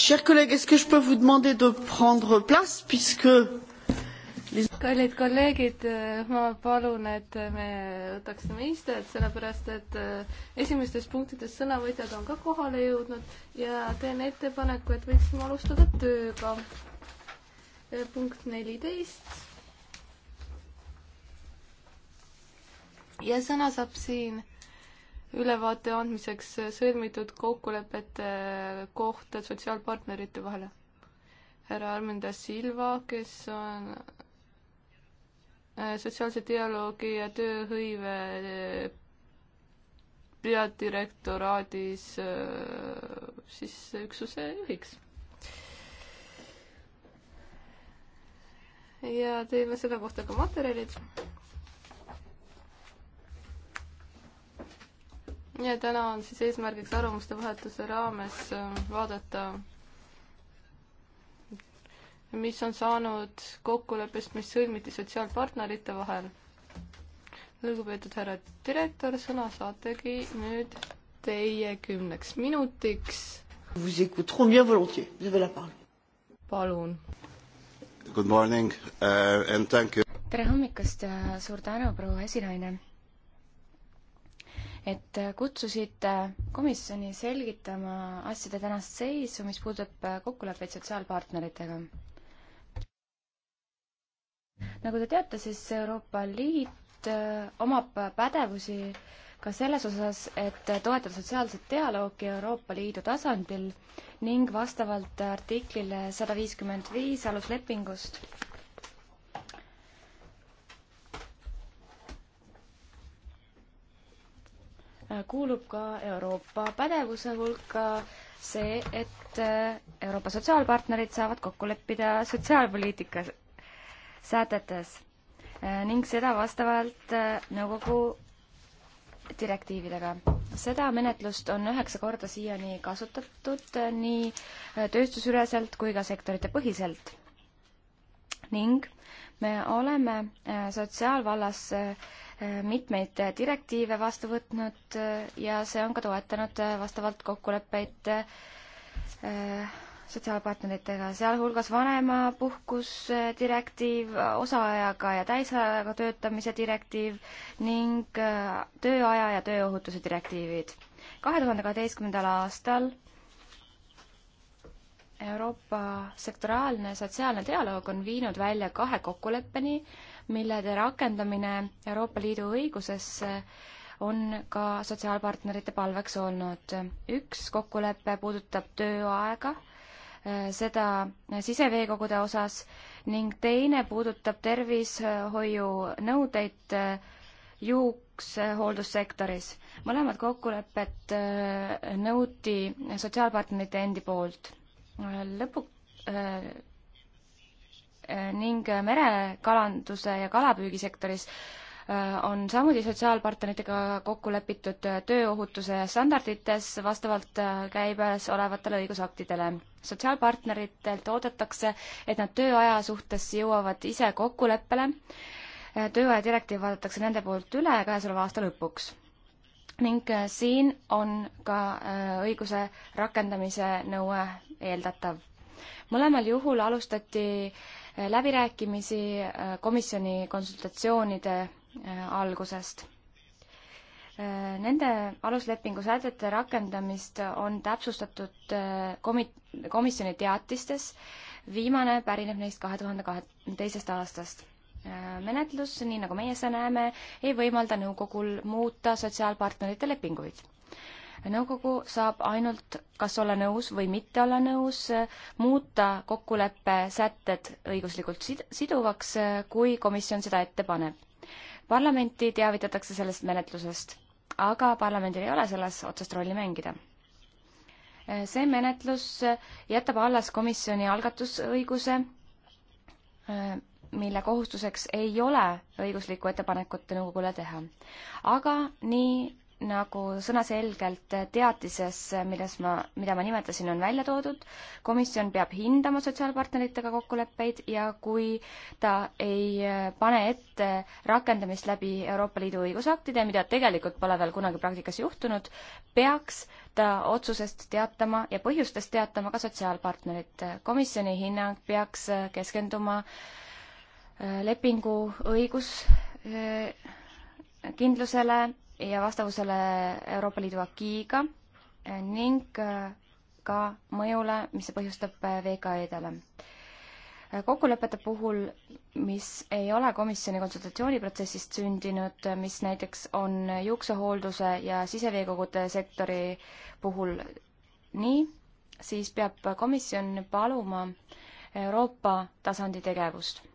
Chers collègues, est-ce que je peux vous demander de prendre place puisque kallid kolleegid, eh, ma palun, et me võtaksime istet, sellepärast et eh, esimestes punktides sõnavõtjad on ka kohale jõudnud ja teen ettepaneku, et võiksime alustada tööga. Eh, punkt neliteist. ja sõna saab siin ülevaate andmiseks sõlmitud kokkulepete kohta sotsiaalpartnerite vahel. härra Armenda Silva, kes on äh, sotsiaalse dialoogi ja tööhõive äh, peadirektoraadis äh, siis üksuse juhiks. ja teeme selle kohta ka materjalid. ja täna on siis eesmärgiks arvamuste vahetuse raames äh, vaadata, mis on saanud kokkuleppest, mis sõlmiti sotsiaalpartnerite vahel. lugupeetud härra direktor, sõna saategi nüüd teie kümneks minutiks. palun. Good morning uh, and thank you. tere hommikust ja suur tänu, proua esinaine et kutsusite komisjoni selgitama asjade tänast seisu, mis puudutab kokkuleppeid sotsiaalpartneritega. nagu te teate, siis Euroopa Liit äh, omab pädevusi ka selles osas, et toetada sotsiaalset dialoogi Euroopa Liidu tasandil ning vastavalt artiklile sada viiskümmend viis aluslepingust kuulub ka Euroopa pädevuse hulka see, et äh, Euroopa sotsiaalpartnerid saavad kokku leppida sotsiaalpoliitika sätetes äh, ning seda vastavalt äh, nõukogu direktiividega. seda menetlust on üheksa korda siiani kasutatud nii tööstusüleselt kui ka sektorite põhiselt. ning me oleme sotsiaalvallas mitmeid direktiive vastu võtnud äh, ja see on ka toetanud äh, vastavalt kokkuleppeid äh, sotsiaalpartneritega, sealhulgas vanemapuhkusdirektiiv, osaajaga ja täisajaga töötamise direktiiv ning tööaja ja tööohutuse direktiivid. kahe tuhande kaheteistkümnendal aastal Euroopa sektoraalne sotsiaalne dialoog on viinud välja kahe kokkuleppeni, millede rakendamine Euroopa Liidu õigusesse on ka sotsiaalpartnerite palveks olnud. üks kokkulepe puudutab tööaega, äh, seda siseveekogude osas ning teine puudutab tervishoiunõudeid äh, juuks äh, hooldussektoris. mõlemad kokkulepped nõuti sotsiaalpartnerite endi poolt. lõpu, Eh, ning eh, merekalanduse ja kalapüügisektoris eh, on samuti sotsiaalpartneritega kokku lepitud tööohutuse standardites vastavalt käibes olevatele õigusaktidele. sotsiaalpartneritelt oodatakse, et nad tööaja suhtes jõuavad ise kokkuleppele. tööaja direktiiv vaadatakse nende poolt üle käesoleva aasta lõpuks ning siin on ka õiguse rakendamise nõue eeldatav. mõlemal juhul alustati äh, läbirääkimisi äh, komisjoni konsultatsioonide äh, algusest. Äh, nende aluslepingu sätete rakendamist on täpsustatud komi-, komisjoni teatistes, viimane pärineb neist kahe tuhande kahe, teisest aastast menetlus, nii nagu meie seda näeme, ei võimalda nõukogul muuta sotsiaalpartnerite lepinguid nõukogu saab ainult kas olla nõus või mitte olla nõus muuta kokkuleppe sätted õiguslikult sid siduvaks, kui komisjon seda ette paneb. parlamenti teavitatakse sellest menetlusest, aga parlamendil ei ole selles otsest rolli mängida see menetlus jätab alles komisjoni algatusõiguse, mille kohustuseks ei ole õiguslikku ettepanekut nõukogule teha. aga nii nagu sõnaselgelt teatises, milles ma, mida ma nimetasin, on välja toodud, komisjon peab hindama sotsiaalpartneritega kokkuleppeid ja kui ta ei äh, pane ette rakendamist läbi Euroopa Liidu õigusaktide, mida tegelikult pole veel kunagi praktikas juhtunud, peaks ta otsusest teatama ja põhjustest teatama ka sotsiaalpartnerit. komisjoni hinnang peaks äh, keskenduma äh, lepingu õigus kindlusele ja vastavusele Euroopa Liidu akiiga ning äh, ka mõjule, mis see põhjustab äh, VKE-dele. Äh, kokkulepete puhul, mis ei ole komisjoni konsultatsiooniprotsessist sündinud, mis näiteks on juuksehoolduse ja siseveekogude sektori puhul nii, siis peab komisjon paluma Euroopa tasandi tegevust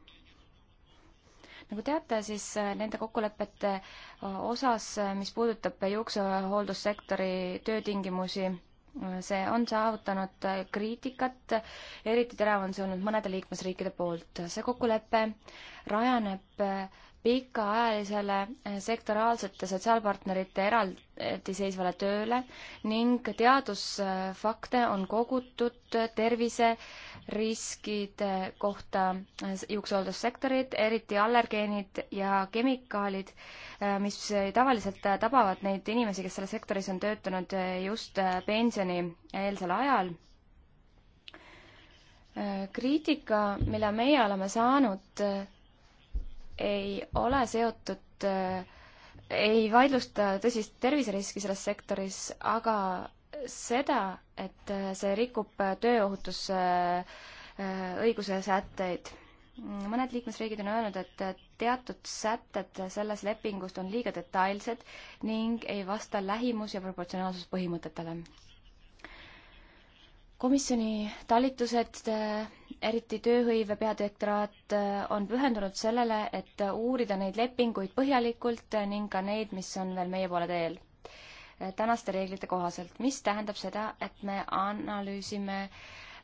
nagu teate, siis äh, nende kokkulepete äh, osas, äh, mis puudutab juuksehooldussektori töötingimusi, see on saavutanud kriitikat, eriti terav on see olnud mõnede liikmesriikide poolt. see kokkulepe rajaneb pikaajalisele eh, sektoraalsete sotsiaalpartnerite eraldiseisvale tööle ning teadusfakte on kogutud terviseriskide kohta eh, juuksehooldussektorit, eriti allergeenid ja kemikaalid, eh, mis tavaliselt tabavad neid inimesi, kes selles sektoris on töötanud just pensionieelsel ajal kriitika, mille meie oleme saanud ei ole seotud, ei vaidlusta tõsist terviseriski selles sektoris, aga seda, et see rikub tööohutuse äh, õiguse sätteid. mõned liikmesriigid on öelnud, et teatud sätted selles lepingus on liiga detailsed ning ei vasta lähimus- ja proportsionaalsuspõhimõtetele komisjoni talitused, eriti tööhõive peadirektoraat, on pühendunud sellele, et uurida neid lepinguid põhjalikult ning ka neid, mis on veel meie poole teel tänaste reeglite kohaselt, mis tähendab seda, et me analüüsime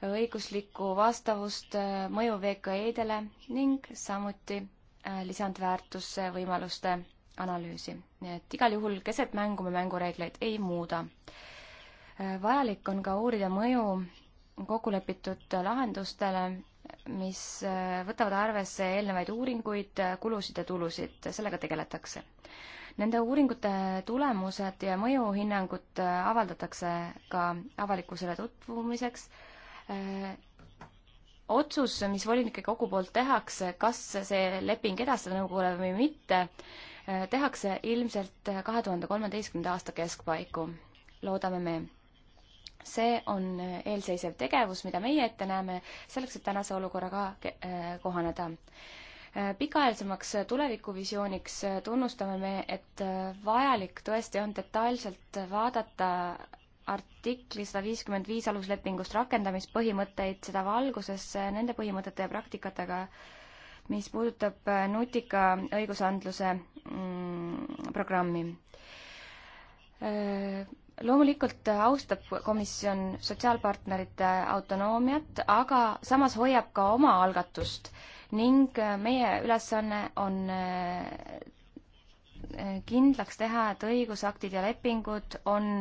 õiguslikku vastavust mõju VKE-dele ning samuti äh, lisandväärtuse võimaluste analüüsi. nii et igal juhul keset mängu me mängureegleid ei muuda vajalik on ka uurida mõju kokkulepitud lahendustele, mis äh, võtavad arvesse eelnevaid uuringuid, kulusid ja tulusid, sellega tegeletakse. Nende uuringute tulemused ja mõjuhinnangud äh, avaldatakse ka avalikkusele tutvumiseks. Äh, otsus, mis volinike kogu poolt tehakse, kas see leping edastada nõukogule või mitte, tehakse ilmselt kahe tuhande kolmeteistkümnenda aasta keskpaiku, loodame me see on äh, eelseisev tegevus, mida meie ette näeme, selleks, et tänase olukorraga äh, kohaneda. Äh, pikaajalisemaks tulevikuvisiooniks tunnustame me, et vajalik tõesti on detailselt vaadata artikli sada viiskümmend viis aluslepingust rakendamispõhimõtteid, seda valguses nende põhimõtete ja praktikatega, mis puudutab nutika õigusandluse mm, programmi loomulikult äh, austab komisjon sotsiaalpartnerite autonoomiat, aga samas hoiab ka oma algatust ning äh, meie ülesanne on äh, kindlaks teha, et õigusaktid ja lepingud on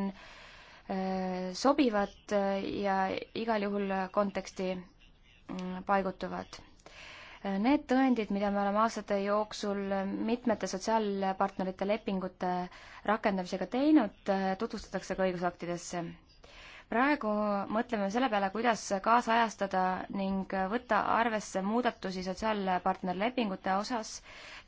sobivad ja igal juhul konteksti mm, paigutuvad Need tõendid, mida me oleme aastate jooksul mitmete sotsiaalpartnerite lepingute rakendamisega teinud, tutvustatakse ka õigusaktidesse praegu mõtleme selle peale, kuidas kaasajastada ning võtta arvesse muudatusi sotsiaalpartnerlepingute osas.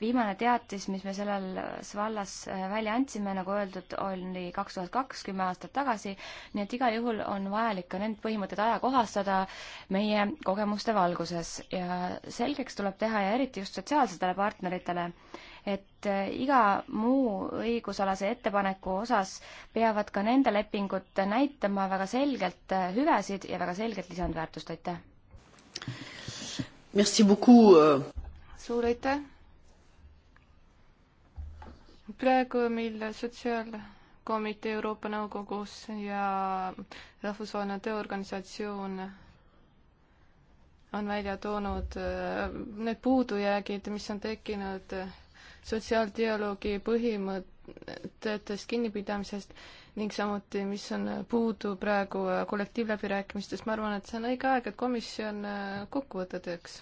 viimane teatis, mis me selles vallas välja andsime, nagu öeldud, oli kaks tuhat kaks, kümme aastat tagasi, nii et igal juhul on vajalik ka need põhimõtted ajakohastada meie kogemuste valguses ja selgeks tuleb teha ja eriti just sotsiaalsetele partneritele, et äh, iga muu õigusalase ettepaneku osas peavad ka nende lepingud näitama väga selgelt äh, hüvesid ja väga selgelt lisandväärtust, aitäh! Äh. suur aitäh! praegu meil Sotsiaalkomitee Euroopa Nõukogus ja Rahvusvaheline Tööorganisatsioon on välja toonud need puudujäägid, mis on tekkinud sotsiaaldialoogi põhimõtetest kinnipidamisest ning samuti, mis on puudu praegu kollektiivläbirääkimistest, ma arvan, et see on õige aeg, et komisjon äh, kokkuvõtte teeks.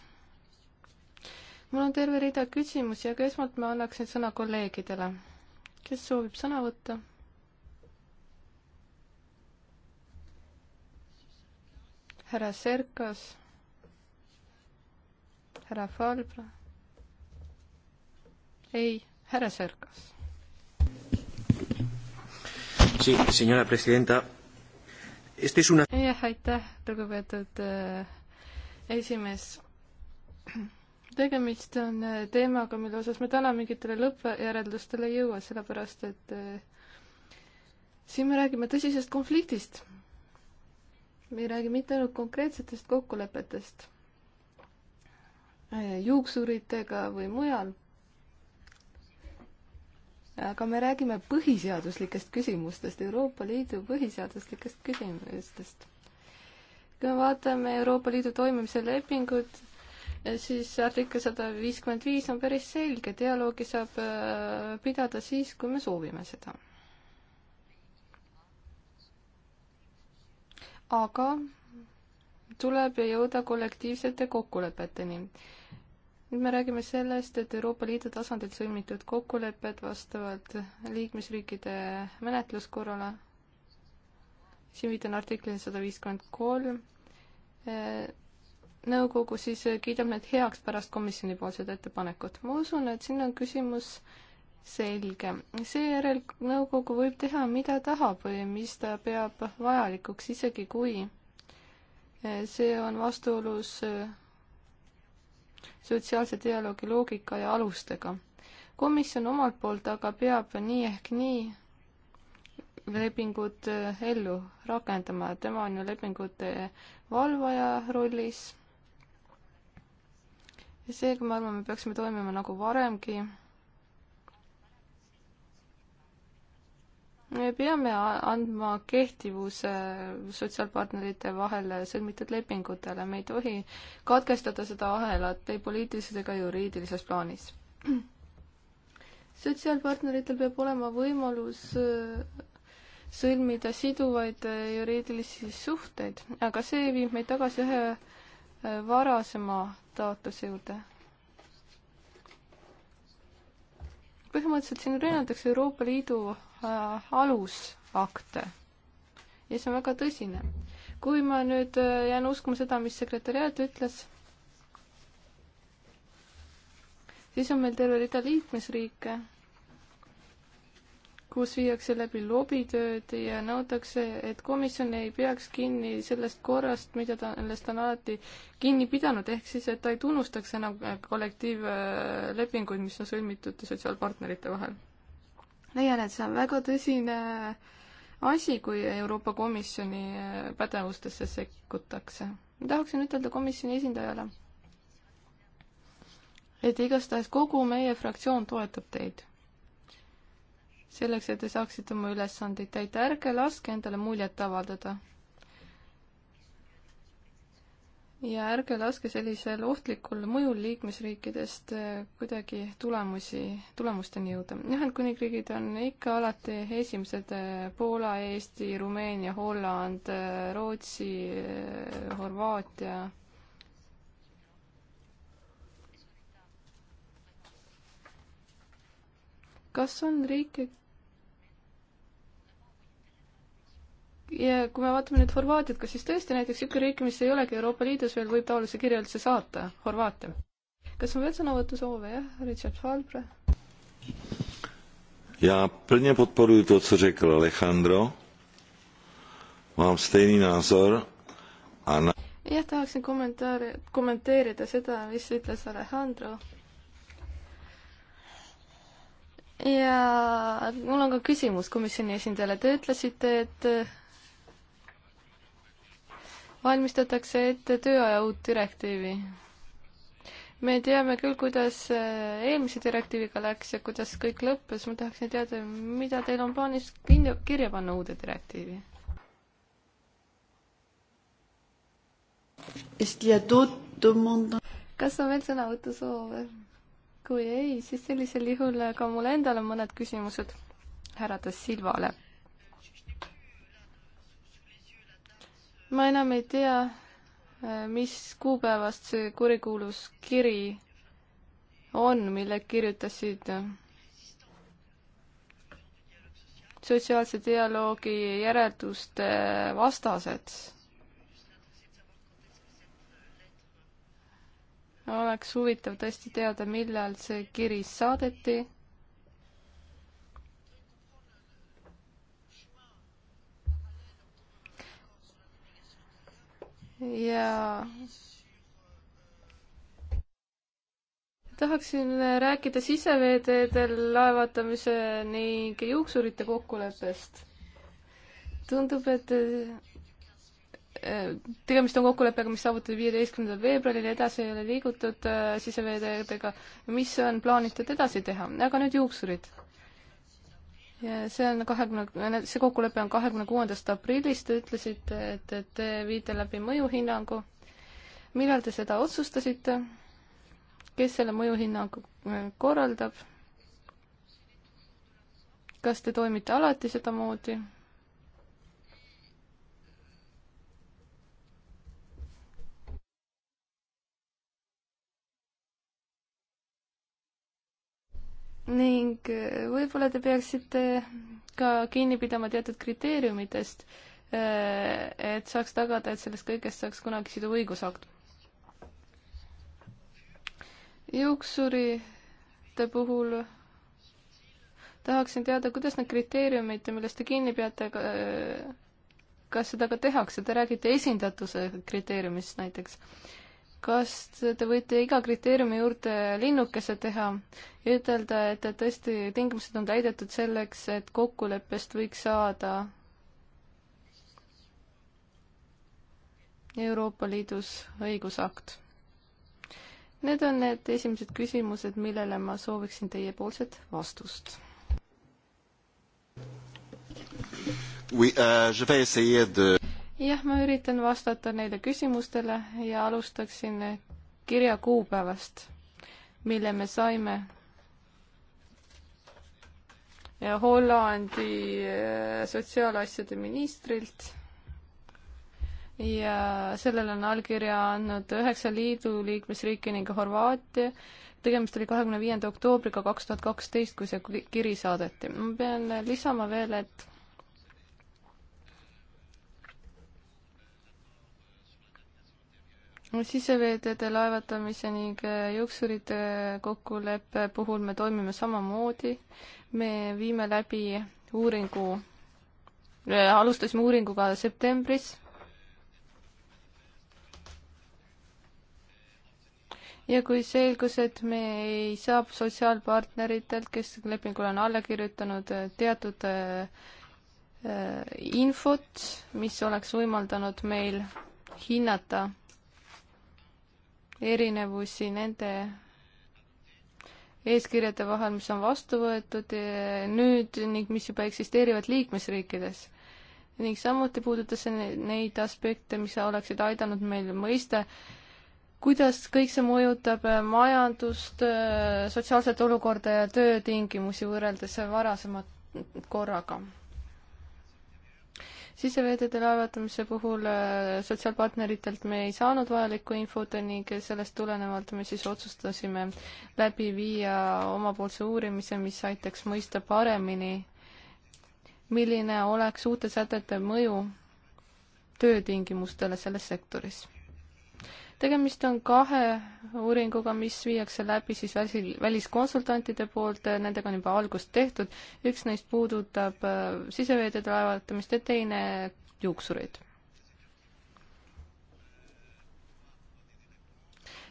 mul on terve rida küsimusi, aga esmalt ma annaksin sõna kolleegidele. kes soovib sõna võtta? härra Serkas, härra Falbra ei, härra Sõrkas. jah, aitäh, lugupeetud äh, esimees tegemist on äh, teemaga, mille osas me täna mingitele lõppjäreldustele ei jõua, sellepärast et äh, siin me räägime tõsisest konfliktist. me ei räägi mitte ainult konkreetsetest kokkulepetest juuksuritega või mujal aga me räägime põhiseaduslikest küsimustest, Euroopa Liidu põhiseaduslikest küsimustest. kui me vaatame Euroopa Liidu toimimise lepingut, siis artikkel sada viiskümmend viis on päris selge, dialoogi saab äh, pidada siis, kui me soovime seda. aga tuleb jõuda kollektiivsete kokkulepeteni nüüd me räägime sellest, et Euroopa Liidu tasandil sõlmitud kokkulepped vastavalt liikmesriikide menetluskorrale, siin viitan artiklile sada viiskümmend kolm, äh, nõukogu siis kiidab need heaks pärast komisjonipoolset ettepanekut. ma usun, et siin on küsimus selge. seejärel nõukogu võib teha, mida tahab või mis ta peab vajalikuks, isegi kui äh, see on vastuolus äh, sotsiaalse dialoogi loogika ja alustega. komisjon omalt poolt aga peab nii ehk nii lepingud äh, ellu rakendama, tema on ju lepingute valvaja rollis. ja seega ma arvan, me peaksime toimima nagu varemgi me peame andma kehtivuse sotsiaalpartnerite vahel sõlmitud lepingutele, me ei tohi katkestada seda ahelat ei poliitilises ega juriidilises plaanis. sotsiaalpartneritel peab olema võimalus äh, sõlmida siduvaid äh, juriidilisi suhteid, aga see viib meid tagasi ühe äh, varasema taotluse juurde, põhimõtteliselt siin rünnatakse Euroopa Liidu Äh, alusakte. ja see on väga tõsine. kui ma nüüd äh, jään uskuma seda, mis sekretäriaat ütles, siis on meil terve rida liikmesriike, kus viiakse läbi lobitööd ja nõutakse, et komisjon ei peaks kinni sellest korrast, mida ta, millest on alati kinni pidanud, ehk siis, et ta ei tunnustaks enam kollektiivlepinguid, mis on sõlmitud sotsiaalpartnerite vahel leian, et see on väga tõsine asi, kui Euroopa Komisjoni äh, pädevustesse sekkutakse. ma tahaksin ütelda komisjoni esindajale, et igastahes kogu meie fraktsioon toetab teid. selleks, et te saaksite oma ülesandeid täita, ärge laske endale muljet avaldada ja ärge laske sellisel ohtlikul mõjul liikmesriikidest äh, kuidagi tulemusi, tulemusteni jõuda. Ühendkuningriigid on ikka alati esimesed äh, Poola, Eesti, Rumeenia, Holland, äh, Rootsi, Horvaatia. kas on riike, ja kui me vaatame nüüd Horvaatiat, kas siis tõesti näiteks niisugune riik, mis ei olegi Euroopa Liidus veel, võib taolise kirja üldse saata, Horvaatia? kas on veel sõnavõtusoove, jah, Richard Falbre? Já plně podporuji to, co řekl Alejandro. Mám stejný názor. A na... jah, tahaksin kommentaari, kommenteerida seda, mis ütles Alejandro. ja mul on ka küsimus komisjoni esindajale. Te ütlesite, et valmistatakse ette tööaja uut direktiivi. me teame küll, kuidas äh, eelmise direktiiviga läks ja kuidas kõik lõppes, ma tahaksin teada, mida teil on plaanis kirja panna uude direktiivi? kas on veel sõnavõtusoove? kui ei, siis sellisel juhul ka mul endal on mõned küsimused härra Da Silvale ma enam ei tea, äh, mis kuupäevast see kurikuulus kiri on, mille kirjutasid äh, sotsiaalse dialoogi järelduste vastased. oleks huvitav tõesti teada, millal see kiri saadeti ja tahaksin rääkida siseveeteedel laevatamise ning juuksurite kokkuleppest. tundub, et äh, tegemist on kokkuleppega, mis saavutati viieteistkümnendal veebruaril ja edasi ei ole liigutud äh, siseveeteedega. mis on plaanitud edasi teha? aga nüüd juuksurid ja see on kahekümne, see kokkulepe on kahekümne kuuendast aprillist, te ütlesite, et, et te viite läbi mõjuhinnangu. millal te seda otsustasite? kes selle mõjuhinnangu äh, korraldab? kas te toimite alati sedamoodi? ning äh, võib-olla te peaksite ka kinni pidama teatud kriteeriumitest, äh, et saaks tagada, et sellest kõigest saaks kunagi siduv õigusakt. juuksurite puhul tahaksin teada, kuidas need kriteeriumid, millest te kinni peate, äh, kas seda ka tehakse, te räägite esindatuse kriteeriumist näiteks kas te võite iga kriteeriumi juurde linnukese teha ja ütelda, et tõesti tingimused on täidetud selleks, et kokkuleppest võiks saada Euroopa Liidus õigusakt? Need on need esimesed küsimused, millele ma sooviksin teiepoolset vastust. Oui, euh, je vais essayer de jah, ma üritan vastata neile küsimustele ja alustaksin kirja kuupäevast, mille me saime ja Hollandi äh, sotsiaalasjade ministrilt ja sellele on allkirja andnud üheksa liidu liikmesriiki ning Horvaatia. tegemist oli kahekümne viienda oktoobriga kaks tuhat kaksteist, kui see kiri saadeti. ma pean lisama veel, et siseveeteede laevatamise ning äh, juuksurite kokkuleppe puhul me toimime samamoodi. me viime läbi uuringu, äh, alustasime uuringuga septembris ja kui selgus, et me ei saa sotsiaalpartneritelt, kes lepingule on alla kirjutanud, äh, teatud infot, mis oleks võimaldanud meil hinnata erinevusi nende eeskirjade vahel, mis on vastu võetud nüüd ning mis juba eksisteerivad liikmesriikides. ning samuti puudutas see neid aspekte, mis oleksid aidanud meil mõista, kuidas kõik see mõjutab äh, majandust, äh, sotsiaalset olukorda ja töötingimusi võrreldes varasema korraga siseveeteede laevatamise puhul äh, sotsiaalpartneritelt me ei saanud vajalikku infot ning sellest tulenevalt me siis otsustasime läbi viia omapoolse uurimise, mis aitaks mõista paremini, milline oleks uute sätete mõju töötingimustele selles sektoris tegemist on kahe uuringuga, mis viiakse läbi siis väsi, väliskonsultantide poolt, nendega on juba algust tehtud, üks neist puudutab äh, siseveeteede laevatamist ja teine juuksureid.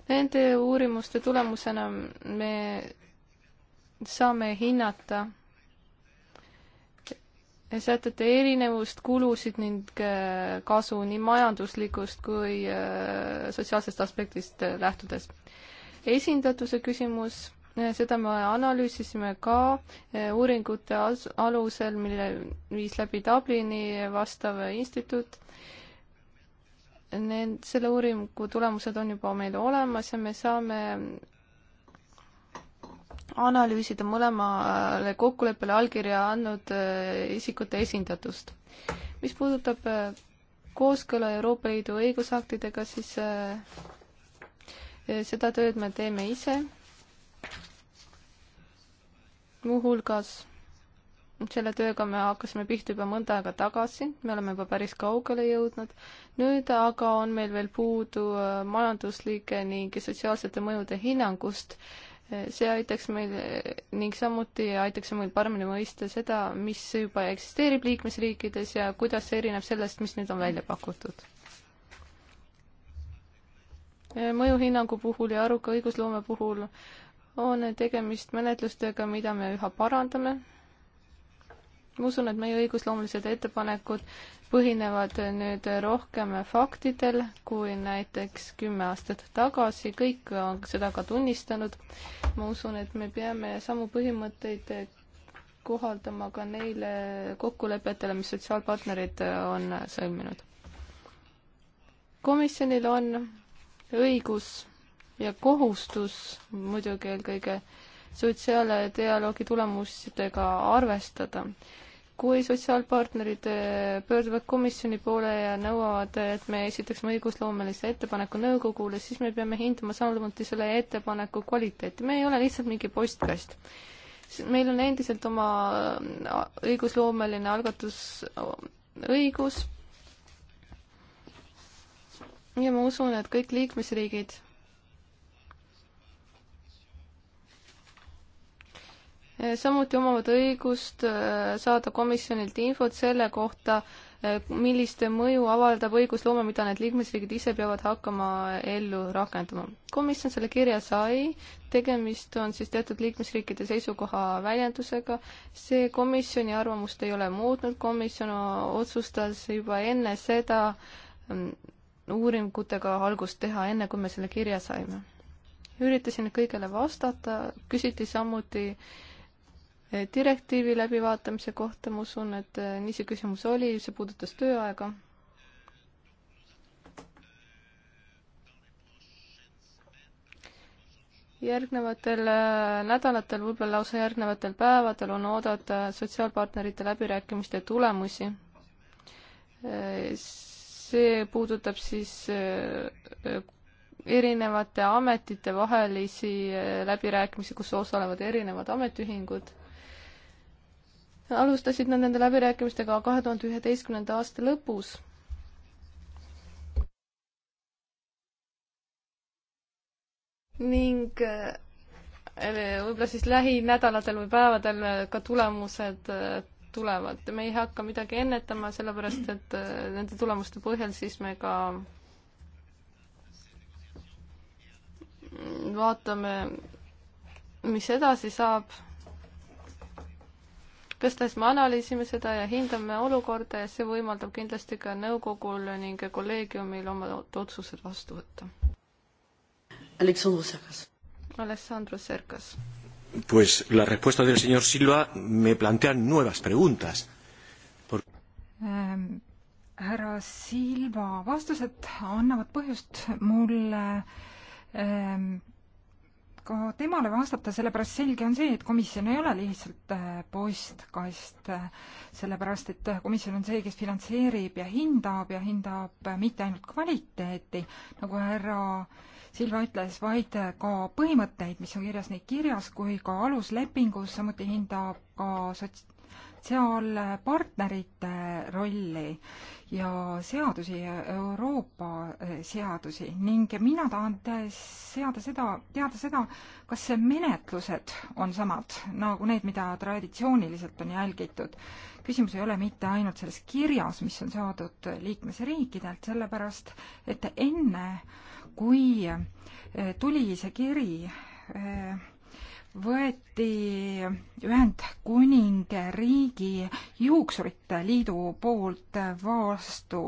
Nende uurimuste tulemusena me saame hinnata sätete erinevust, kulusid ning äh, kasu nii majanduslikust kui äh, sotsiaalsest aspektist äh, lähtudes. esindatuse küsimus, seda me analüüsisime ka uuringute alusel, mille viis läbi Dublini vastav instituut. Need, selle uuringu tulemused on juba meil olemas ja me saame analüüsida mõlemale kokkuleppele allkirja andnud äh, isikute esindatust. mis puudutab äh, kooskõla Euroopa Liidu õigusaktidega, siis äh, seda tööd me teeme ise, muuhulgas selle tööga me hakkasime pihta juba mõnda aega tagasi, me oleme juba päris kaugele jõudnud. nüüd aga on meil veel puudu majanduslike ning sotsiaalsete mõjude hinnangust see aitaks meil ning samuti aitaks meil paremini mõista seda, mis juba eksisteerib liikmesriikides ja kuidas see erineb sellest, mis nüüd on välja pakutud. mõjuhinnangu puhul ja aruka õigusloome puhul on tegemist menetlustega, mida me üha parandame. ma usun, et meie õigusloomelised ettepanekud põhinevad nüüd rohkem faktidel kui näiteks kümme aastat tagasi, kõik on seda ka tunnistanud. ma usun, et me peame samu põhimõtteid kohaldama ka neile kokkulepetele, mis sotsiaalpartnerid on sõlminud. komisjonil on õigus ja kohustus muidugi eelkõige sotsiaaldialoogi tulemustega arvestada kui sotsiaalpartnerid eh, pöörduvad komisjoni poole ja nõuavad, et me esitaksime õigusloomelise ettepaneku nõukogule, siis me peame hindama samuti selle ettepaneku kvaliteeti, me ei ole lihtsalt mingi postkast. meil on endiselt oma äh, õigusloomeline algatusõigus äh, ja ma usun, et kõik liikmesriigid samuti omavad õigust äh, saada komisjonilt infot selle kohta, äh, millist mõju avaldab õigusloome, mida need liikmesriigid ise peavad hakkama ellu rakendama. komisjon selle kirja sai, tegemist on siis teatud liikmesriikide seisukoha väljendusega, see komisjoni arvamust ei ole muutnud, komisjon otsustas juba enne seda mm, uuringutega algust teha, enne kui me selle kirja saime. üritasin kõigele vastata, küsiti samuti äh, Eh, direktiivi läbivaatamise kohta, ma usun, et eh, nii see küsimus oli, see puudutas tööaega. järgnevatel eh, nädalatel, võib-olla lausa järgnevatel päevadel on oodata sotsiaalpartnerite läbirääkimiste tulemusi. see puudutab siis erinevate ametite vahelisi läbirääkimisi, kus osalevad erinevad ametiühingud alustasid nad nende läbirääkimistega kahe tuhande üheteistkümnenda aasta lõpus. ning äh, võib-olla siis lähinädalatel või päevadel ka tulemused äh, tulevad. me ei hakka midagi ennetama, sellepärast et äh, nende tulemuste põhjal siis me ka vaatame, mis edasi saab igatahes me analüüsime seda ja hindame olukorda ja see võimaldab kindlasti ka nõukogul ning kolleegiumil oma otsused vastu võtta. Aleksandr Serkas. Alessandro Serkas. Pues la respuesta del señor Silva me plantea nuevas preguntas Por.... Ähm, härra Silva vastused annavad põhjust mulle ähm, ka temale vastata, sellepärast selge on see, et komisjon ei ole lihtsalt äh, postkast, äh, sellepärast et äh, komisjon on see, kes finantseerib ja hindab ja hindab mitte ainult kvaliteeti, nagu härra Silva ütles, vaid ka põhimõtteid, mis on kirjas nii kirjas kui ka aluslepingus, samuti hindab ka sots-, sotsiaalpartnerite rolli ja seadusi, Euroopa seadusi ning mina tahan seada seda, teada seda, kas menetlused on samad nagu need, mida traditsiooniliselt on jälgitud. küsimus ei ole mitte ainult selles kirjas, mis on saadud liikmesriikidelt, sellepärast et enne, kui tuli see kiri eh, võeti Ühendkuningriigi juuksurite liidu poolt vastu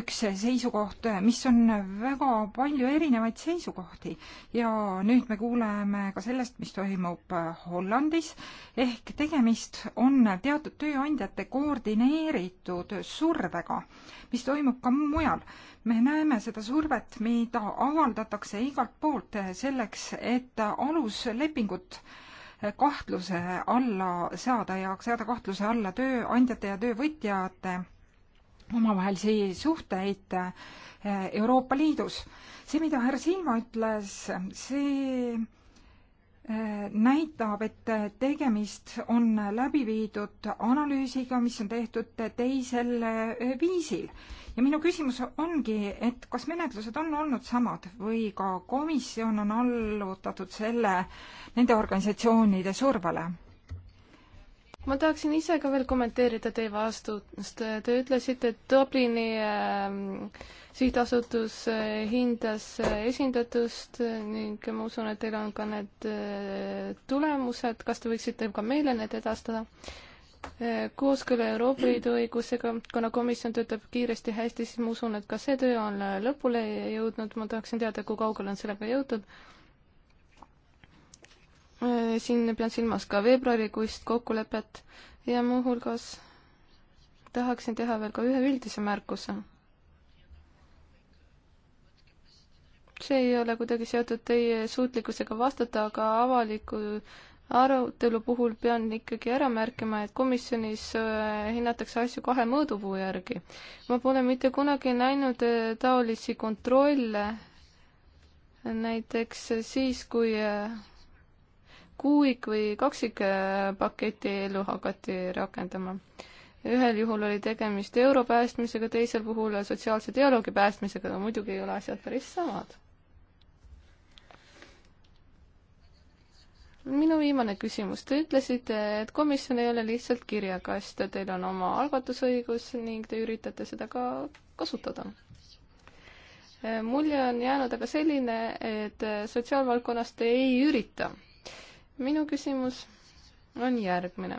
üks seisukoht, mis on väga palju erinevaid seisukohti ja nüüd me kuuleme ka sellest, mis toimub Hollandis, ehk tegemist on teatud tööandjate koordineeritud survega, mis toimub ka mujal me näeme seda survet, mida avaldatakse igalt poolt selleks, et aluslepingut kahtluse alla seada ja seada kahtluse alla tööandjate ja töövõtjate omavahelisi suhteid Euroopa Liidus. see, mida härra Silva ütles, see eh, näitab, et tegemist on läbi viidud analüüsiga, mis on tehtud teisel eh, viisil ja minu küsimus ongi, et kas menetlused on olnud samad või ka komisjon on allutatud selle, nende organisatsioonide survele? ma tahaksin ise ka veel kommenteerida teie vastust. Te ütlesite, et Dublini äh, sihtasutus äh, hindas äh, esindatust ning ma usun, et teil on ka need äh, tulemused. kas te võiksite ka meile need edastada? kooskõla Euroopa Liidu õigusega, kuna komisjon töötab kiiresti hästi, siis ma usun, et ka see töö on lõpule jõudnud, ma tahaksin teada, kui kaugele on sellega jõutud. Äh, siin pean silmas ka veebruarikuist kokkulepet ja muuhulgas tahaksin teha veel ka ühe üldise märkuse. see ei ole kuidagi seotud teie suutlikkusega vastata, aga avaliku äh, arutelu puhul pean ikkagi ära märkima, et komisjonis äh, hinnatakse asju kahe mõõdupuu järgi. ma pole mitte kunagi näinud äh, taolisi kontrolle, näiteks siis, kui äh, kuuik- või kaksikpaketi ellu hakati rakendama. ühel juhul oli tegemist euro päästmisega, teisel puhul sotsiaalse dialoogi päästmisega, muidugi ei ole asjad päris samad minu viimane küsimus, te ütlesite, et komisjon ei ole lihtsalt kirjakast, teil on oma algatusõigus ning te üritate seda ka kasutada. Äh, mulje on jäänud aga selline, et äh, sotsiaalvaldkonnas te ei ürita. minu küsimus on järgmine.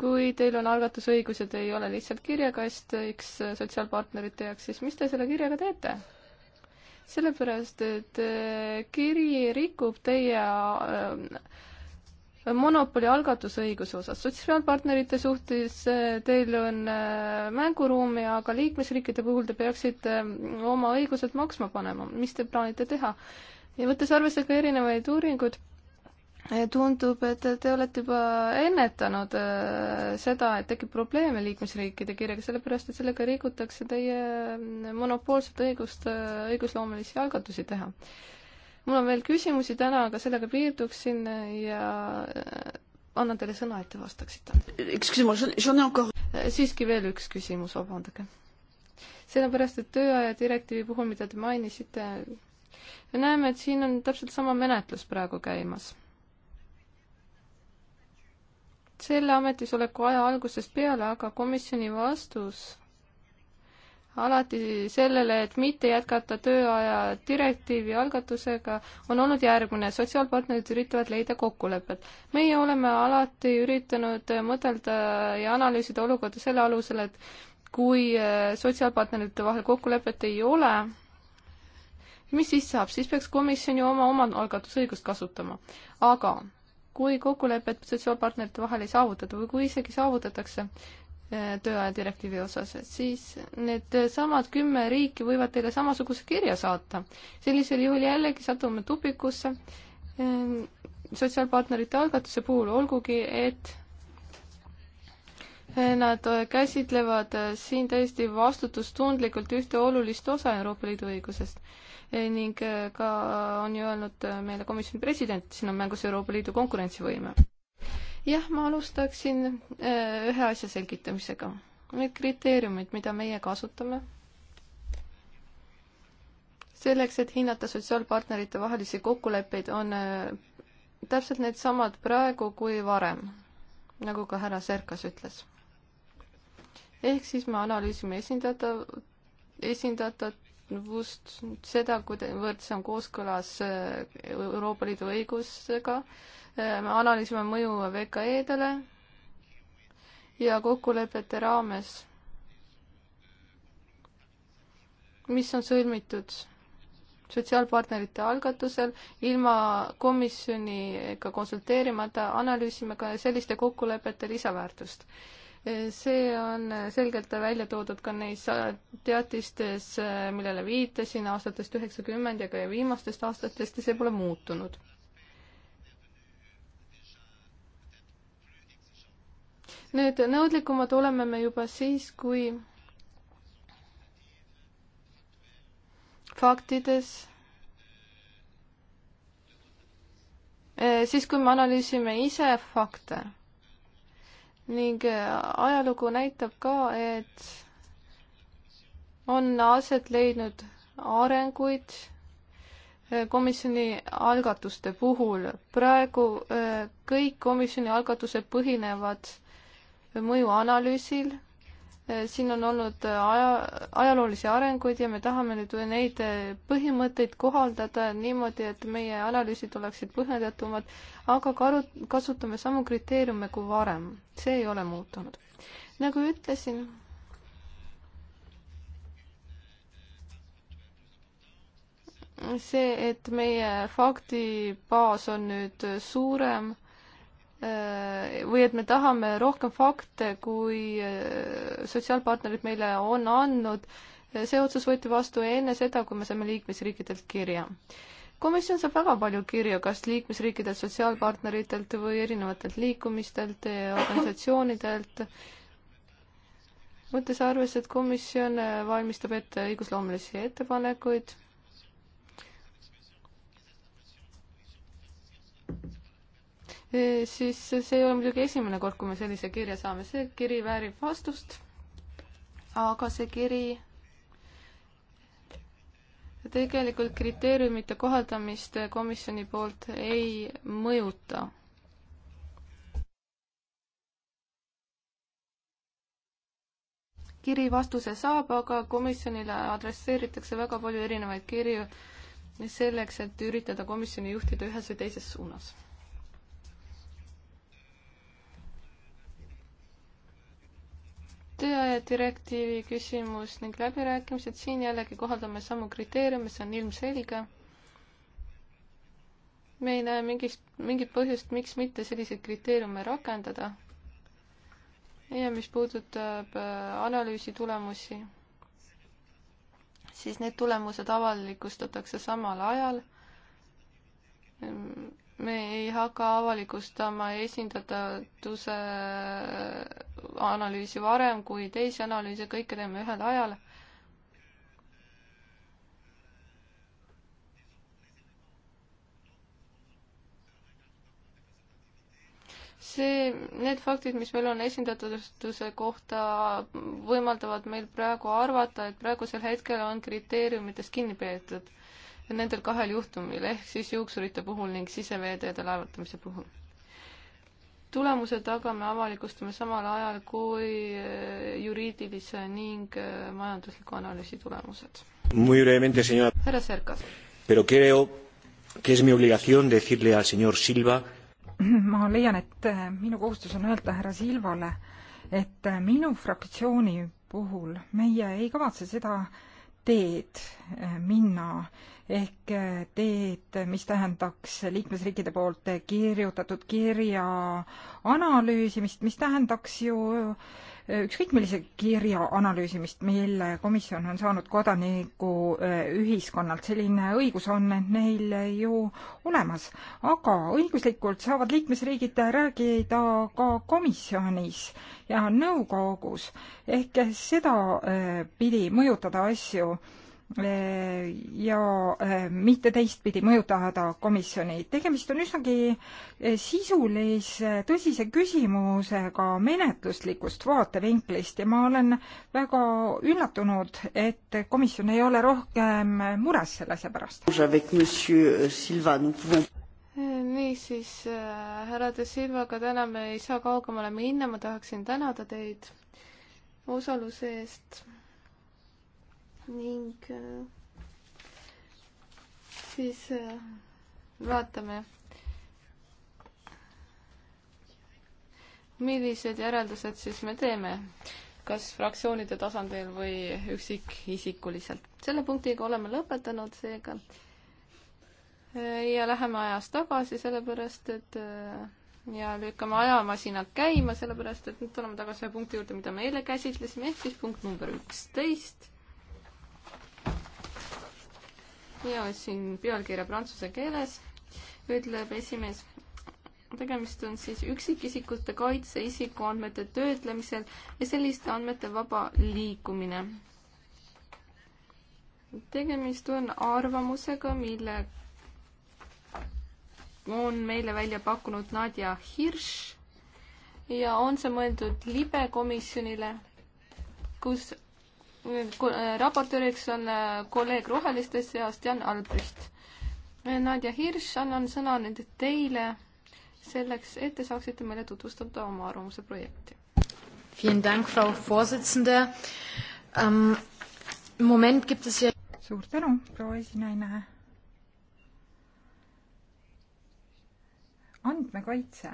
kui teil on algatusõigused, ei ole lihtsalt kirjakast, eks äh, sotsiaalpartnerite jaoks, siis mis te selle kirjaga teete? sellepärast, et äh, kiri rikub teie äh, monopoli algatusõiguse osas. sotsiaalpartnerite suhtes äh, teil on mänguruumi, aga liikmesriikide puhul te peaksite oma õigused maksma panema. mis te plaanite teha? ja võttes arvesse ka erinevaid uuringuid tundub, et te olete juba ennetanud äh, seda, et tekib probleeme liikmesriikide kirjaga, sellepärast et sellega rikutakse teie mm, monopoolset õigust äh, õigusloomelisi algatusi teha. mul on veel küsimusi täna, aga sellega piirduksin äh, ja annan teile sõna, et te vastaksite. siiski veel üks küsimus, vabandage. sellepärast, et tööaja direktiivi puhul, mida te mainisite, me näeme, et siin on täpselt sama menetlus praegu käimas selle ametisoleku aja algusest peale, aga komisjoni vastus alati sellele, et mitte jätkata tööaja direktiivi algatusega, on olnud järgmine. sotsiaalpartnerid üritavad leida kokkulepet. meie oleme alati üritanud mõtelda ja analüüsida olukorda selle alusel, et kui eh, sotsiaalpartnerite vahel kokkulepet ei ole, mis siis saab, siis peaks komisjon ju oma omalgatusõigust kasutama. aga kui kokkulepet sotsiaalpartnerite vahel ei saavutata või kui isegi saavutatakse eh, tööaja direktiivi osas, siis need samad kümme riiki võivad teile samasuguse kirja saata. sellisel juhul jällegi satume tupikusse eh, sotsiaalpartnerite algatuse puhul, olgugi et eh, nad käsitlevad siin täiesti vastutustundlikult ühte olulist osa Euroopa Liidu õigusest Eh, ning eh, ka on ju öelnud eh, meile komisjoni president, siin on mängus Euroopa Liidu konkurentsivõime. jah, ma alustaksin ühe asja selgitamisega. Need kriteeriumid, mida meie kasutame, selleks, et hinnata sotsiaalpartnerite vahelisi kokkuleppeid, on täpselt needsamad praegu kui varem, nagu ka härra Serkas ütles. ehk siis me analüüsime esindatav, esindatat, just seda, kuivõrd see on kooskõlas äh, Euroopa Liidu õigusega. Äh, me analüüsime mõju VKE-dele ja kokkulepete raames, mis on sõlmitud sotsiaalpartnerite algatusel ilma komisjoniga konsulteerimata analüüsime ka selliste kokkulepete lisaväärtust see on selgelt välja toodud ka neis teatistes, millele viitasin aastatest üheksakümmend ja ka viimastest aastatest ja see pole muutunud. Need nõudlikumad oleme me juba siis, kui faktides eh, siis, kui me analüüsime ise fakte ning äh, ajalugu näitab ka, et on aset leidnud arenguid äh, komisjoni algatuste puhul. praegu äh, kõik komisjoni algatused põhinevad mõjuanalüüsil siin on olnud äh, aja, ajaloolisi arenguid ja me tahame nüüd neid äh, põhimõtteid kohaldada niimoodi, et meie analüüsid oleksid põhjendatumad, aga karu-, kasutame samu kriteeriume kui varem. see ei ole muutunud. nagu ütlesin, see, et meie faktibaas on nüüd suurem Äh, või et me tahame rohkem fakte, kui äh, sotsiaalpartnerid meile on andnud. see otsus võeti vastu enne seda, kui me saime liikmesriikidelt kirja. komisjon saab väga palju kirju, kas liikmesriikidelt, sotsiaalpartneritelt või erinevatelt liikumistelt, organisatsioonidelt. võttes arvesse, et komisjon valmistab ette õigusloomelisi ettepanekuid siis see ei ole muidugi esimene kord, kui me sellise kirja saame, see kiri väärib vastust, aga see kiri tegelikult kriteeriumite kohaldamist komisjoni poolt ei mõjuta. kiri vastuse saab, aga komisjonile adresseeritakse väga palju erinevaid kirju selleks, et üritada komisjoni juhtida ühes või teises suunas tööaja direktiivi küsimus ning läbirääkimised, siin jällegi kohaldame samu kriteeriume, see on ilmselge. me ei näe mingist, mingit põhjust, miks mitte selliseid kriteeriume rakendada. ja mis puudutab äh, analüüsi tulemusi, siis need tulemused avalikustatakse samal ajal. me ei hakka avalikustama esindatuse analüüsi varem kui teisi analüüse, kõike teeme ühel ajal. see, need faktid, mis meil on esindatuse kohta, võimaldavad meil praegu arvata, et praegusel hetkel on kriteeriumitest kinni peetud nendel kahel juhtumil ehk siis juuksurite puhul ning siseveeteede laevatamise puhul tulemuse tagame avalikustame samal ajal kui eh, juriidilise ning eh, majandusliku analüüsi tulemused. härra Serkas. Pero creo que es mi obligación decirle al señor Silva ma leian, et eh, minu kohustus on öelda härra Silvale, et minu fraktsiooni puhul meie ei kavatse seda äh, teed eh, minna ehk eh, teed, mis tähendaks liikmesriikide poolt kirjutatud kirja analüüsimist, mis tähendaks ju ükskõik millise kirja analüüsimist, mille komisjon on saanud kodanikuühiskonnalt, äh, selline õigus on neil ju olemas. aga õiguslikult saavad liikmesriigid rääkida ka komisjonis ja nõukogus, ehk seda äh, pidi mõjutada asju Äh, ja äh, mitte teistpidi mõjutada komisjoni. tegemist on üsnagi äh, sisulise tõsise küsimusega menetluslikust vaatevinklist ja ma olen väga üllatunud, et komisjon ei ole rohkem mures sellise pärast. Euh, niisiis, härra De Silvaga täna me ei saa kaugemale minna, ma tahaksin tänada teid osaluse eest ning äh, siis äh, vaatame, millised järeldused siis me teeme, kas fraktsioonide tasandil või üksikisikuliselt. selle punktiga oleme lõpetanud seega ja läheme ajas tagasi, sellepärast et äh, ja lükkame ajamasinad käima, sellepärast et nüüd tuleme tagasi ühe punkti juurde, mida me eile käsitlesime, ehk siis punkt number üksteist ja otsin pealkirja prantsuse keeles, ütleb esimees. tegemist on siis üksikisikute kaitse isikuandmete töötlemisel ja selliste andmete vaba liikumine. tegemist on arvamusega, mille on meile välja pakkunud Nadja Hirš ja on see mõeldud libekomisjonile, kus Äh, raportööriks on äh, kolleeg Roheliste seast Jan Albrecht. Äh, Nadja Hirš, annan sõna nüüd teile selleks, et te saaksite meile tutvustada oma arvamuse projekti. Ähm, suur tänu, proua esinaine. andmekaitse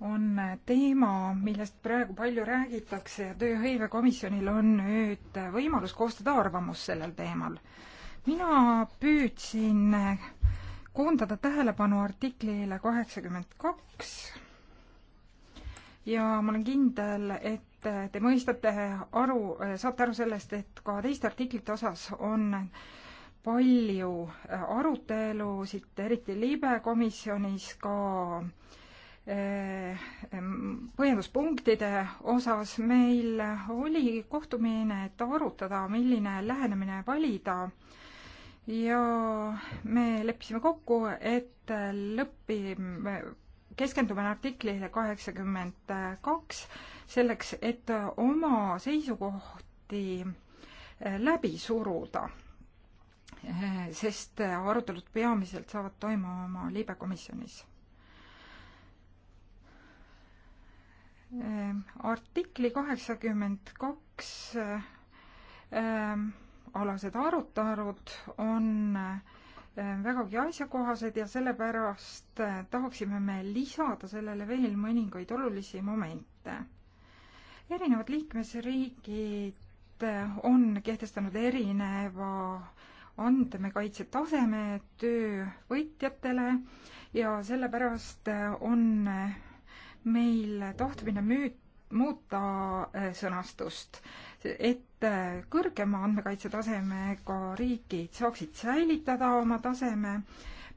on teema, millest praegu palju räägitakse ja tööhõivekomisjonil on nüüd võimalus koostada arvamus sellel teemal. mina püüdsin koondada tähelepanu artiklile kaheksakümmend kaks ja ma olen kindel, et te mõistate aru, saate aru sellest, et ka teiste artiklite osas on palju arutelusid, eriti libekomisjonis ka äh, Eh, põhjenduspunktide osas meil oli kohtumine, et arutada, milline lähenemine valida ja me leppisime kokku, et lõppi keskendume artiklile kaheksakümmend kaks selleks, et oma seisukohti eh, läbi suruda eh, sest arutelud peamiselt saavad toimuma liibekomisjonis Ehm, artikli kaheksakümmend kaks ehm, alased arutelud on ehm, vägagi asjakohased ja sellepärast eh, tahaksime me lisada sellele veel mõningaid olulisi momente. erinevad liikmesriigid eh, on kehtestanud erineva andmekaitse taseme töövõtjatele ja sellepärast eh, on meil tahtmine müüt-, muuta äh, sõnastust, et äh, kõrgema andmekaitsetasemega riigid saaksid säilitada oma taseme.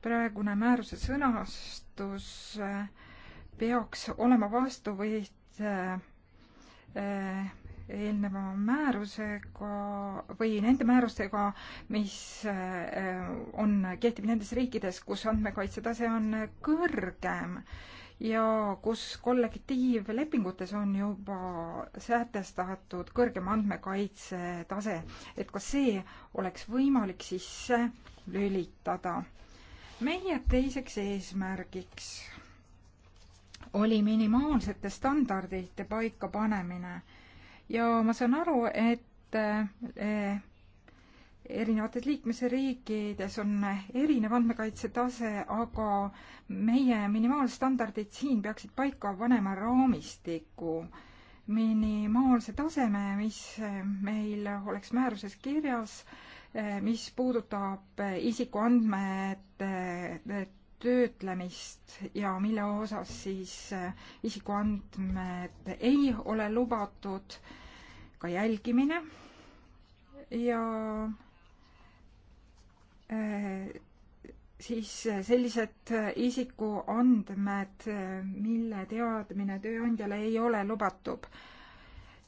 praegune määruse sõnastus äh, peaks olema vastu võit eelneva määrusega või nende määrustega, mis on, kehtib nendes riikides, kus andmekaitsetase on kõrgem ja kus kollektiivlepingutes on juba sätestatud kõrgem andmekaitse tase, et kas see oleks võimalik sisse lülitada. meie teiseks eesmärgiks oli minimaalsete standardite paikapanemine ja ma saan aru, et eh, erinevates liikmesriikides on erinev andmekaitse tase, aga meie minimaalstandardid siin peaksid paika panema raamistiku minimaalse taseme, mis meil oleks määruses kirjas, mis puudutab isikuandmete töötlemist ja mille osas siis isikuandmed ei ole lubatud, ka jälgimine ja Äh, siis äh, sellised äh, isikuandmed, mille teadmine tööandjale ei ole lubatud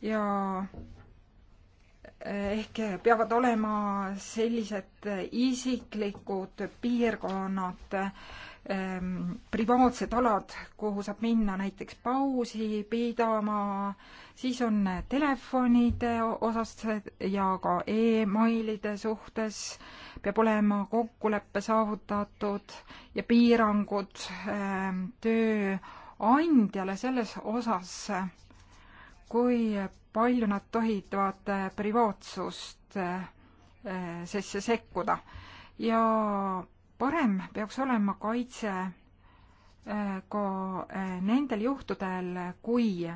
ja ehk peavad olema sellised isiklikud piirkonnad äh,, ähm, privaatsed alad, kuhu saab minna näiteks pausi pidama, siis on telefonide osas ja ka emailide suhtes peab olema kokkulepe saavutatud ja piirangud ähm, tööandjale selles osas, kui palju nad tohivad privaatsust ehm, sisse sekkuda ja parem peaks olema kaitse äh, ka äh, nendel juhtudel, kui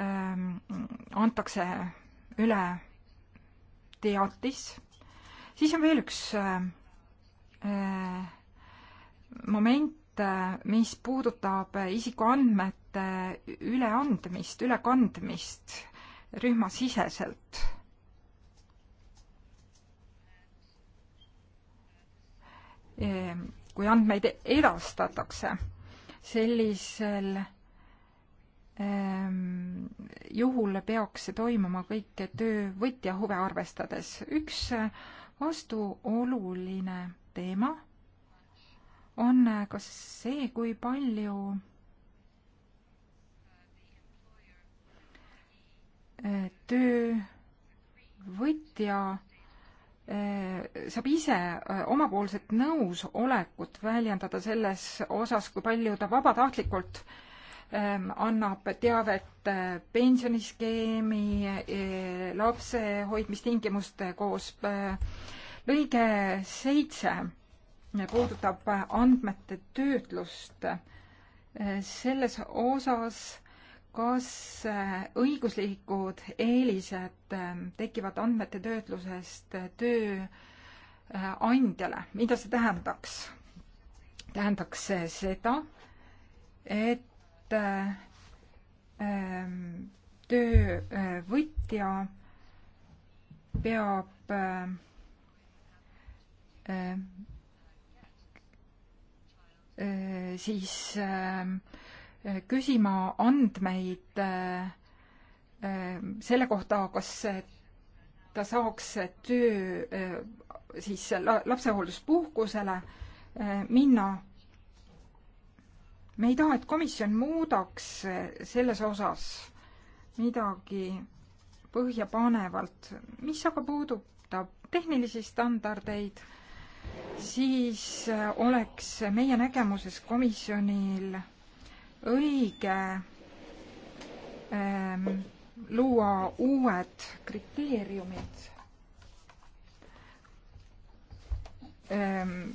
ähm, antakse üle teatis, siis on veel üks äh, moment, mis puudutab isikuandmete üleandmist, ülekandmist rühmasiseselt Ehm, kui andmeid edastatakse. sellisel ehm, juhul peaks see toimuma kõik töövõtja huve arvestades. üks äh, vastuoluline teema on äh, ka see, kui palju äh, töövõtja Äh, saab ise äh, omapoolset nõusolekut väljendada selles osas, kui palju ta vabatahtlikult ähm, annab teavet äh, pensioniskeemi, lapse hoidmistingimuste koos. lõige seitse puudutab andmete töötlust. selles osas kas äh, õiguslikud eelised ähm, tekivad andmete töötlusest äh, tööandjale, äh, mida see tähendaks? tähendaks see seda, et ähm, töövõtja peab siis äh, küsima andmeid äh, selle kohta, kas ta saaks töö äh, siis lapsehoolduspuhkusele äh, minna. me ei taha, et komisjon muudaks selles osas midagi põhjapanevalt, mis aga puudutab tehnilisi standardeid, siis oleks meie nägemuses komisjonil õige ähm, luua uued kriteeriumid ähm,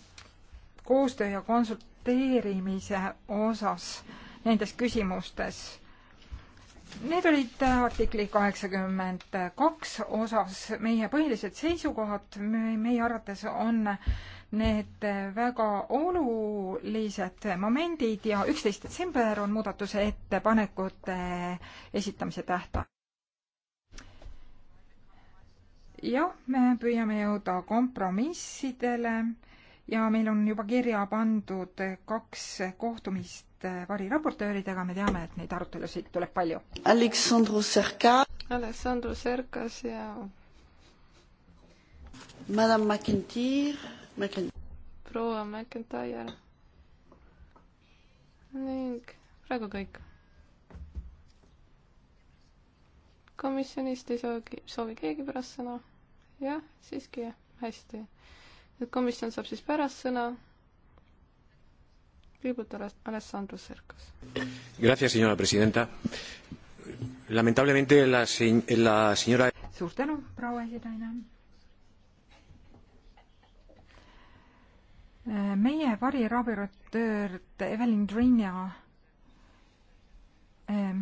koostöö ja konsulteerimise osas nendes küsimustes. Need olid artikli kaheksakümmend kaks osas meie põhilised seisukohad. meie arvates on need väga olulised momendid ja üksteist detsember on muudatuse ettepanekute esitamise tähtaeg. jah, me püüame jõuda kompromissidele ja meil on juba kirja pandud kaks kohtumist variraportööridega, me teame, et neid arutelusid tuleb palju. Aleksandru Serka. Aleksandru Serkas ja. Madame McIntyre Mäkin-. proua McIntyre. ning praegu kõik. komisjonist ei soovi, soovi keegi pärast sõna? jah, siiski, hästi. nüüd komisjon saab siis pärast sõna. kõigepealt Alessandro Serkas. Gracias, senora presidenta. Lamentablemente la, la señora. suur tänu, proua esinaine meie variraportöör Evelyn Drinja ähm,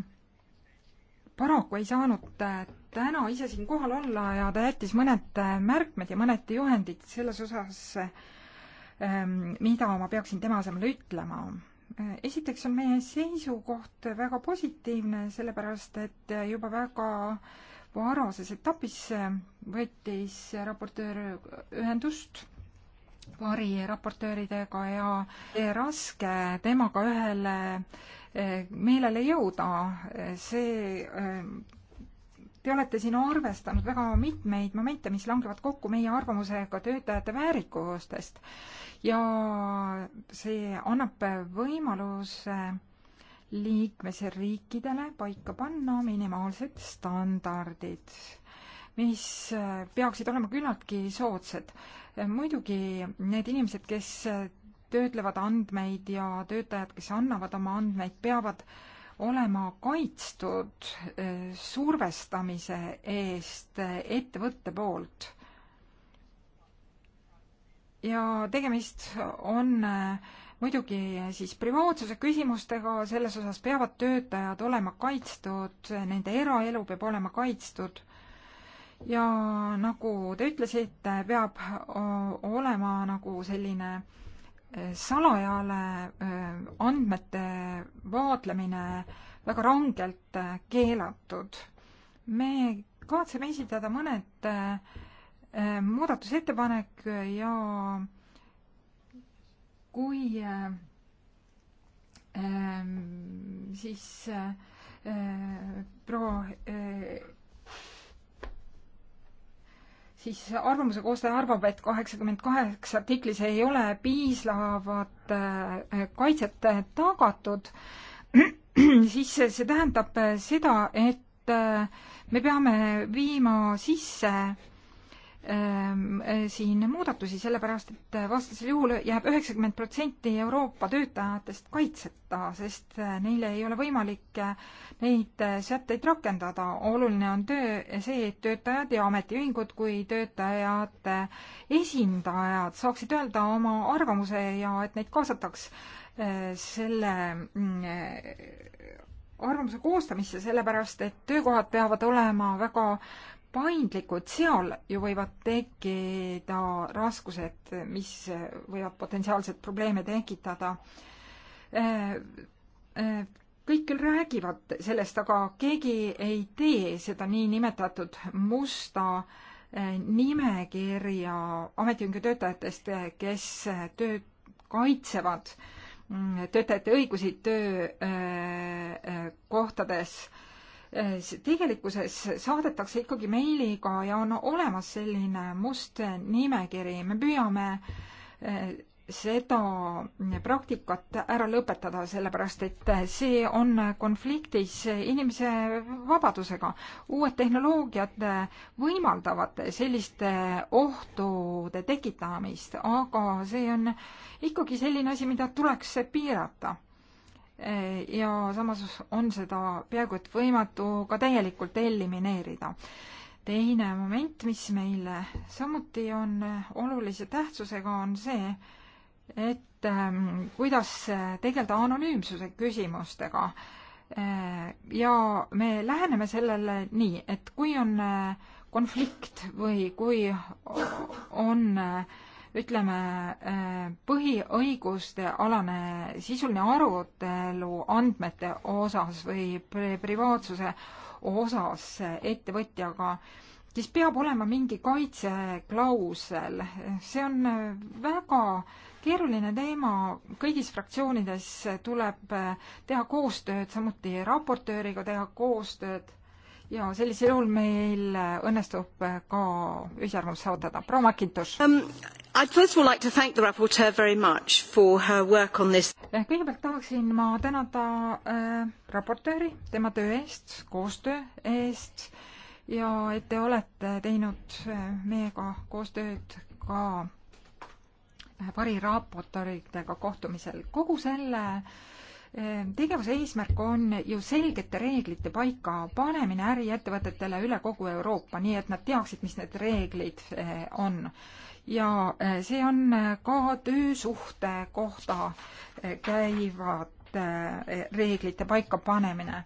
paraku ei saanud äh, täna ise siin kohal olla ja ta jättis mõned äh, märkmed ja mõned juhendid selles osas, ähm, mida ma peaksin tema asemel ütlema. Äh, esiteks on meie seisukoht väga positiivne, sellepärast et juba väga varases etapis võttis raportöör ühendust variraportööridega ja raske temaga ühele eh, meelele jõuda. Eh, see, eh, te olete siin arvestanud väga mitmeid momente, mis langevad kokku meie arvamusega töötajate väärikustest ja see annab võimaluse liikmesriikidele paika panna minimaalsed standardid mis peaksid olema küllaltki soodsad muidugi need inimesed, kes töötlevad andmeid ja töötajad, kes annavad oma andmeid, peavad olema kaitstud eh, survestamise eest eh, ettevõtte poolt. ja tegemist on eh, muidugi siis privaatsuse küsimustega, selles osas peavad töötajad olema kaitstud, nende eraelu peab olema kaitstud ja nagu te ütlesite, peab olema nagu selline salajale andmete vaatlemine väga rangelt keelatud. me kavatseme esitada mõned muudatusettepanek ja kui siis proua siis arvamuse koostaja arvab, et kaheksakümmend kaheksa artiklis ei ole piisavat äh, kaitset tagatud, siis see tähendab seda, et äh, me peame viima sisse Ähm, äh, siin muudatusi, sellepärast et vastasel juhul jääb üheksakümmend protsenti Euroopa töötajatest kaitseta, sest äh, neile ei ole võimalik äh, neid sätteid rakendada. oluline on töö, see, et töötajad ja ametiühingud kui töötajate esindajad saaksid öelda oma arvamuse ja et neid kaasataks selle mm, arvamuse koostamisse, sellepärast et töökohad peavad olema väga äh, paindlikud, seal ju võivad tekkida raskused, mis võivad potentsiaalselt probleeme tekitada. Äh, äh, kõik küll räägivad sellest, aga keegi ei tee seda niinimetatud musta äh, nimekirja ametiühingu töötajatest, kes tööd kaitsevad mm, töötajate õigusi töökohtades äh, Äh, tegelikkuses saadetakse ikkagi meiliga ja on olemas selline must nimekiri, me püüame äh, seda praktikat ära lõpetada, sellepärast et äh, see on konfliktis inimese vabadusega. uued tehnoloogiad võimaldavad selliste ohtude tekitamist, aga see on ikkagi selline asi, mida tuleks piirata Eh, ja samas on seda peaaegu et võimatu ka täielikult elimineerida. teine moment, mis meile samuti on olulise tähtsusega, on see, et ehm, kuidas tegeleda anonüümsuse küsimustega. Eh, ja me läheneme sellele nii, et kui on eh, konflikt või kui on äh, ütleme, äh, põhiõiguste alane sisuline arutelu andmete osas või privaatsuse osas ettevõtjaga, siis peab olema mingi kaitseklausel. see on väga keeruline teema, kõigis fraktsioonides tuleb äh, teha koostööd, samuti raportööriga teha koostööd ja sellisel juhul meil äh, õnnestub äh, ka ühisarvamus saavutada. proua Makintosh um,. I'd first of all like to thank the rapporteur very much for her work on this. Eh, kõigepealt tahaksin ma tänada äh, raportööri tema töö eest, koostöö eest ja et te olete teinud äh, meiega koostööd ka variraportööridega kohtumisel. kogu selle äh, Ehm, tegevuse eesmärk on ju selgete reeglite paika panemine äriettevõtetele üle kogu Euroopa, nii et nad teaksid, mis need reeglid eh, on. ja eh, see on eh, ka töösuhte kohta käivad uute eh, reeglite paikapanemine.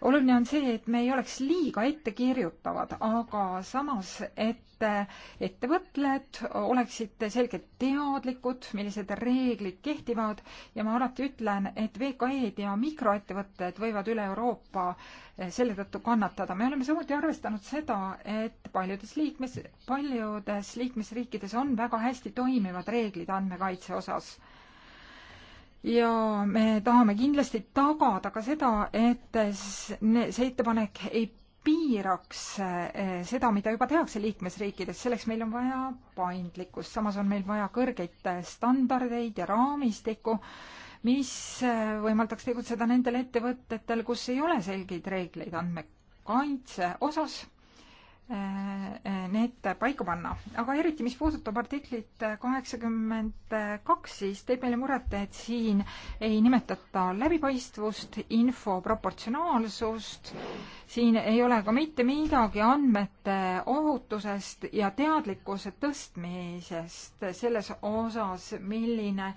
oluline on see, et me ei oleks liiga ettekirjutavad, aga samas, et eh, ettevõtlejad oleksid selgelt teadlikud, millised reeglid kehtivad ja ma alati ütlen, et VKE-d ja mikroettevõtted võivad üle Euroopa eh, selle tõttu kannatada. me oleme samuti arvestanud seda, et paljudes liikmes, paljudes liikmesriikides on väga hästi toimivad reeglid andmekaitse osas ja me tahame kindlasti tagada ka seda, et see ettepanek ei piiraks eh, seda, mida juba tehakse liikmesriikides, selleks meil on vaja paindlikkust, samas on meil vaja kõrgeid eh, standardeid ja raamistikku, mis eh, võimaldaks tegutseda nendel ettevõtetel, kus ei ole selgeid reegleid andmekaitse osas need paika panna. aga eriti, mis puudutab artiklit kaheksakümmend kaks, siis teeb meile muret, et siin ei nimetata läbipaistvust, info proportsionaalsust, siin ei ole ka mitte midagi andmete ohutusest ja teadlikkuse tõstmisest selles osas, milline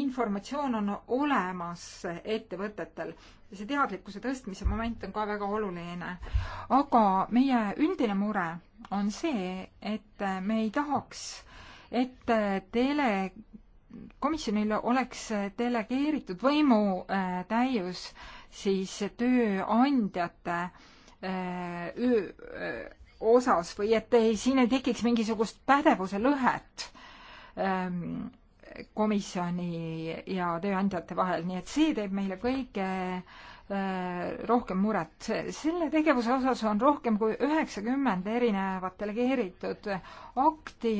informatsioon on olemas ettevõtetel ja see teadlikkuse tõstmise moment on ka väga oluline. aga meie üldine mure on see, et me ei tahaks, et tele, komisjonil oleks delegeeritud võimu äh, täius siis tööandjate äh, osas või et ei, siin ei tekiks mingisugust pädevuse lõhet komisjoni ja tööandjate vahel, nii et see teeb meile kõige äh, rohkem muret. selle tegevuse osas on rohkem kui üheksakümmend erinevat delegeeritud akti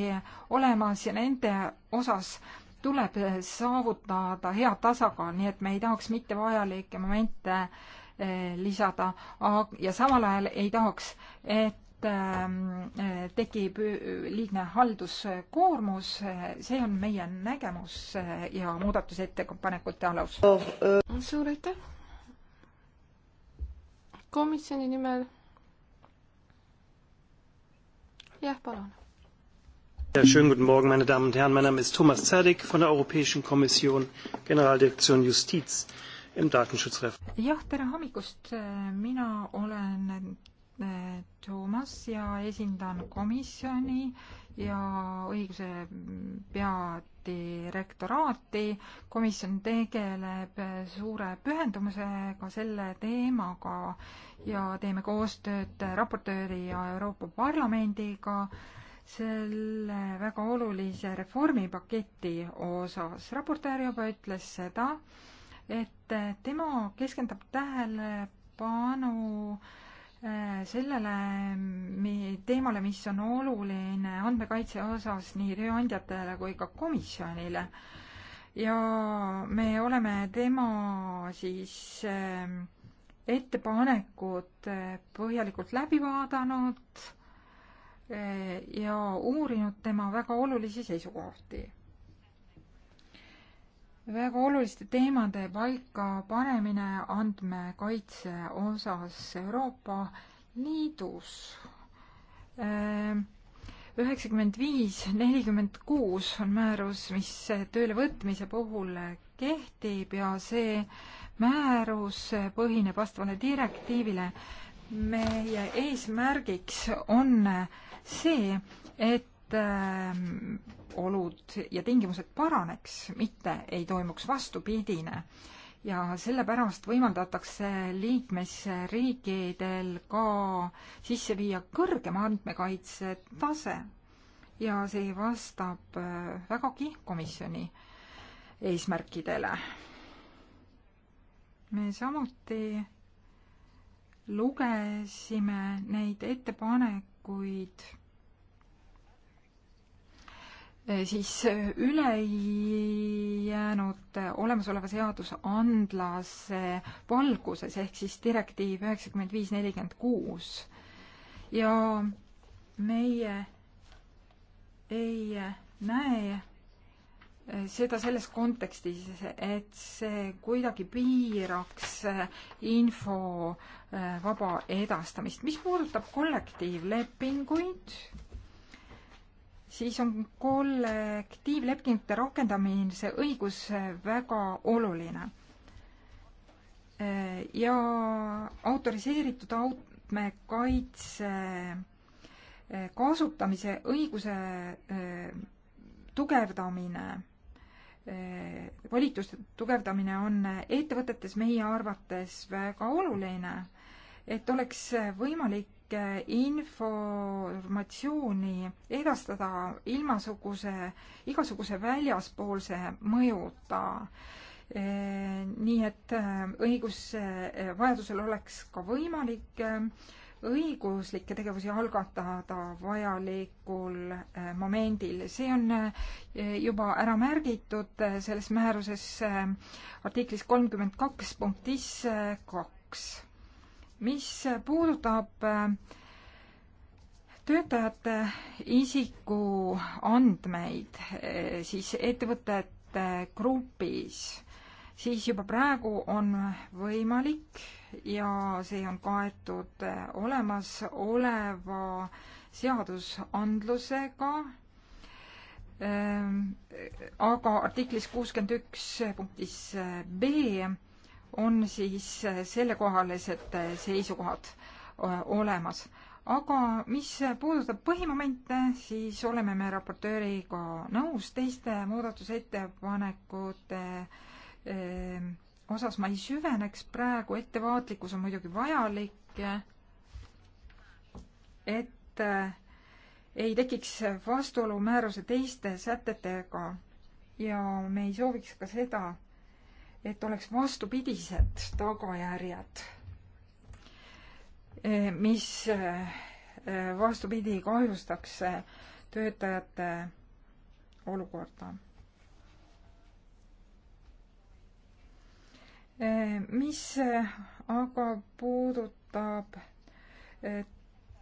olemas ja nende osas tuleb saavutada hea tasakaal, nii et me ei tahaks mittevajalikke momente äh, lisada ja samal ajal ei tahaks, et Ähm, äh, tekib äh, liigne halduskoormus, äh, see on meie nägemus ja muudatusettepanekute alus. suur aitäh! komisjoni nimel. jah, palun. Ja, schönen guten Morgen, meine Damen und Herren. Mein Name ist Thomas Zerdik von der Europäischen Kommission, Generaldirektion Justiz im Datenschutzreferat. jah, tere hommikust, mina olen Toomas ja esindan komisjoni ja õiguse peadirektoraati. komisjon tegeleb suure pühendumusega selle teemaga ja teeme koostööd raportööri ja Euroopa Parlamendiga selle väga olulise reformipaketi osas. raportöör juba ütles seda, et tema keskendab tähelepanu äh, tähelepanu Äh, sellele teemale, mis on oluline andmekaitse osas nii tööandjatele kui ka komisjonile. ja me oleme tema siis ähm, ettepanekud äh, põhjalikult läbi vaadanud äh, ja uurinud tema väga olulisi seisukohti väga oluliste teemade paikapanemine andmekaitse osas Euroopa Liidus. Ehm, üheksakümmend viis, nelikümmend kuus on määrus, mis töölevõtmise puhul kehtib ja see määrus põhineb vastavale direktiivile. meie eesmärgiks on see, et Ähm, olud ja tingimused paraneks, mitte ei toimuks vastupidine. ja sellepärast võimaldatakse liikmesriikidel ka sisse viia kõrgem andmekaitse tase ja see vastab äh, vägagi komisjoni eesmärkidele. me samuti lugesime neid ettepanekuid Äh, siis äh, ülejäänud äh, olemasoleva seadusandlase valguses ehk siis direktiiv üheksakümmend viis nelikümmend kuus ja meie ei näe seda selles kontekstis, et see kuidagi piiraks info vaba edastamist. mis puudutab kollektiivlepinguid, siis on kollektiivlepingute rakendamise õigus väga oluline. ja autoriseeritud automeekaitse kasutamise õiguse e, tugevdamine, e, volituste tugevdamine on ettevõtetes meie arvates väga oluline, et oleks võimalik kõike informatsiooni edastada ilmasuguse, igasuguse väljaspoolse mõjuta. Eh, nii et eh, õigus eh, vajadusel oleks ka võimalik õiguslikke tegevusi algatada vajalikul momendil. see on juba ära märgitud selles määruses artiklis kolmkümmend kaks punktis kaks mis puudutab äh, töötajate isikuandmeid äh, siis ettevõtete grupis, siis juba praegu on võimalik ja see on kaetud äh, olemasoleva seadusandlusega aga artiklis kuuskümmend üks punktis B on siis sellekohalised seisukohad äh, olemas. aga mis puudutab põhimomente, siis oleme me raportööriga nõus teiste muudatusettepanekute ähm, osas ma ei süveneks praegu, ettevaatlikkus on muidugi vajalik, et äh, ei tekiks vastuolu määruse teiste sätetega ja me ei sooviks ka seda, et oleks vastupidised tagajärjed, mis eh, vastupidi kahjustaks töötajate olukorda. Eh, mis aga puudutab eh,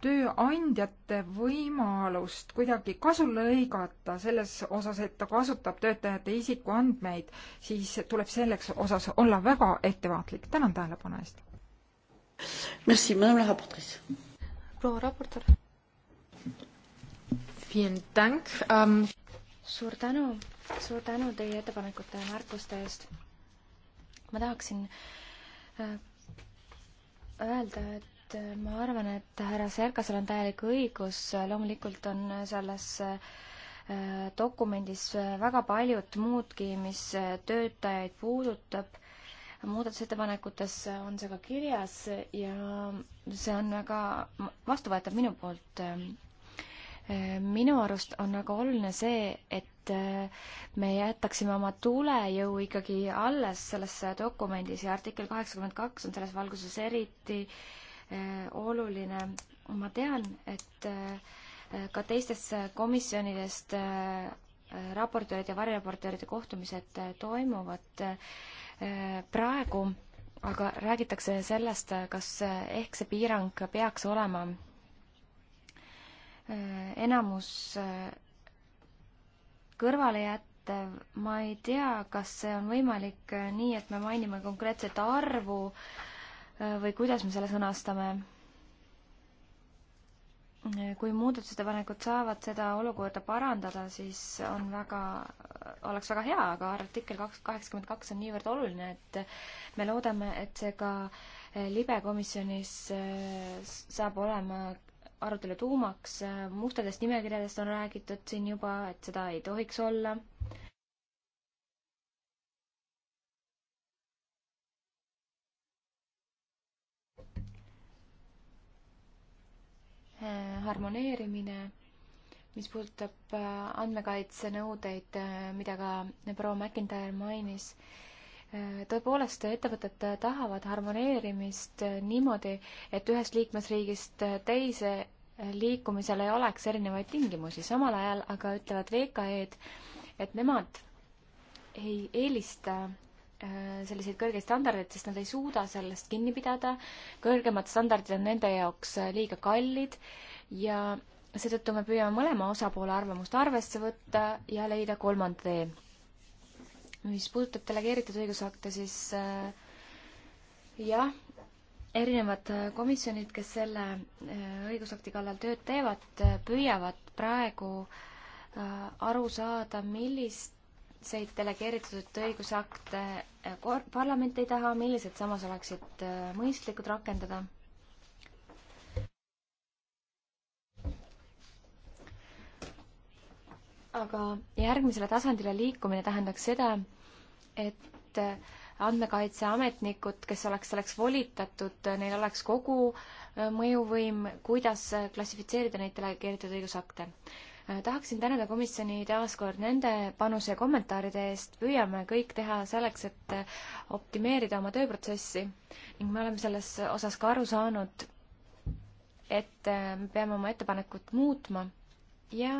tööandjate võimalust kuidagi kasu lõigata selles osas, et ta kasutab töötajate isikuandmeid, siis tuleb selleks osas olla väga ettevaatlik. tänan tähelepanu eest. Merci, madame la raportrice. proua raportöör. Dank um.... suur tänu, suur tänu teie ettepanekute ja märkuste eest. ma tahaksin äh, öelda, et president, äh, ma arvan, et härra Serkasel on täielik õigus, loomulikult on selles äh, dokumendis äh, väga paljut muudki, mis töötajaid puudutab. muudatusettepanekutes on see ka kirjas ja see on väga vastuvõetav minu poolt. minu arust on väga oluline see, et me jätaksime oma tulejõu ikkagi alles selles dokumendis ja artikkel kaheksakümmend kaks on selles valguses eriti äh, Äh, oluline. ma tean, et äh, ka teistest komisjonidest äh, raportöörid ja variraportööride kohtumised toimuvad praegu, aga räägitakse sellest, kas ehk see piirang peaks olema enamus kõrvale jättev, ma ei tea, kas see on võimalik nii, et me mainime konkreetset arvu äh, või kuidas me selle sõnastame. kui muudatusettepanekud saavad seda olukorda parandada, siis on väga, oleks väga hea, aga artikkel kaks, kaheksakümmend kaks on niivõrd oluline, et me loodame, et see ka eh, libe komisjonis eh, saab olema arutelu tuumaks, eh, mustadest nimekirjadest on räägitud siin juba, et seda ei tohiks olla Äh, harmoneerimine, mis puudutab äh, andmekaitsenõudeid, äh, mida ka proua McIntyre mainis. tõepoolest, ettevõtted tahavad harmoneerimist niimoodi, et ühest liikmesriigist teise liikumisel ei oleks erinevaid tingimusi, samal ajal aga ütlevad VKE-d, et nemad ei eelista Äh, selliseid kõrgeid standardeid, sest nad ei suuda sellest kinni pidada. kõrgemad standardid on nende jaoks äh, liiga kallid ja seetõttu me püüame mõlema osapoole arvamust arvesse võtta ja leida kolmanda tee. mis puudutab delegeeritud õigusakte, siis äh, jah, erinevad komisjonid, kes selle õigusakti kallal tööd teevad, püüavad praegu aru saada, millist milliseid delegeeritud õigusakte eh, parlament ei taha, millised samas oleksid eh, mõistlikud rakendada? aga järgmisele tasandile liikumine tähendaks seda, et eh, andmekaitseametnikud, kes oleks selleks volitatud, neil oleks kogu mõjuvõim, kuidas klassifitseerida neid delegeeritud õigusakte. Äh, tahaksin tänada komisjoni taas kord nende panuse ja kommentaaride eest, püüame kõik teha selleks, et äh, optimeerida oma tööprotsessi ning me oleme selles osas ka aru saanud, et äh, me peame oma ettepanekut muutma ja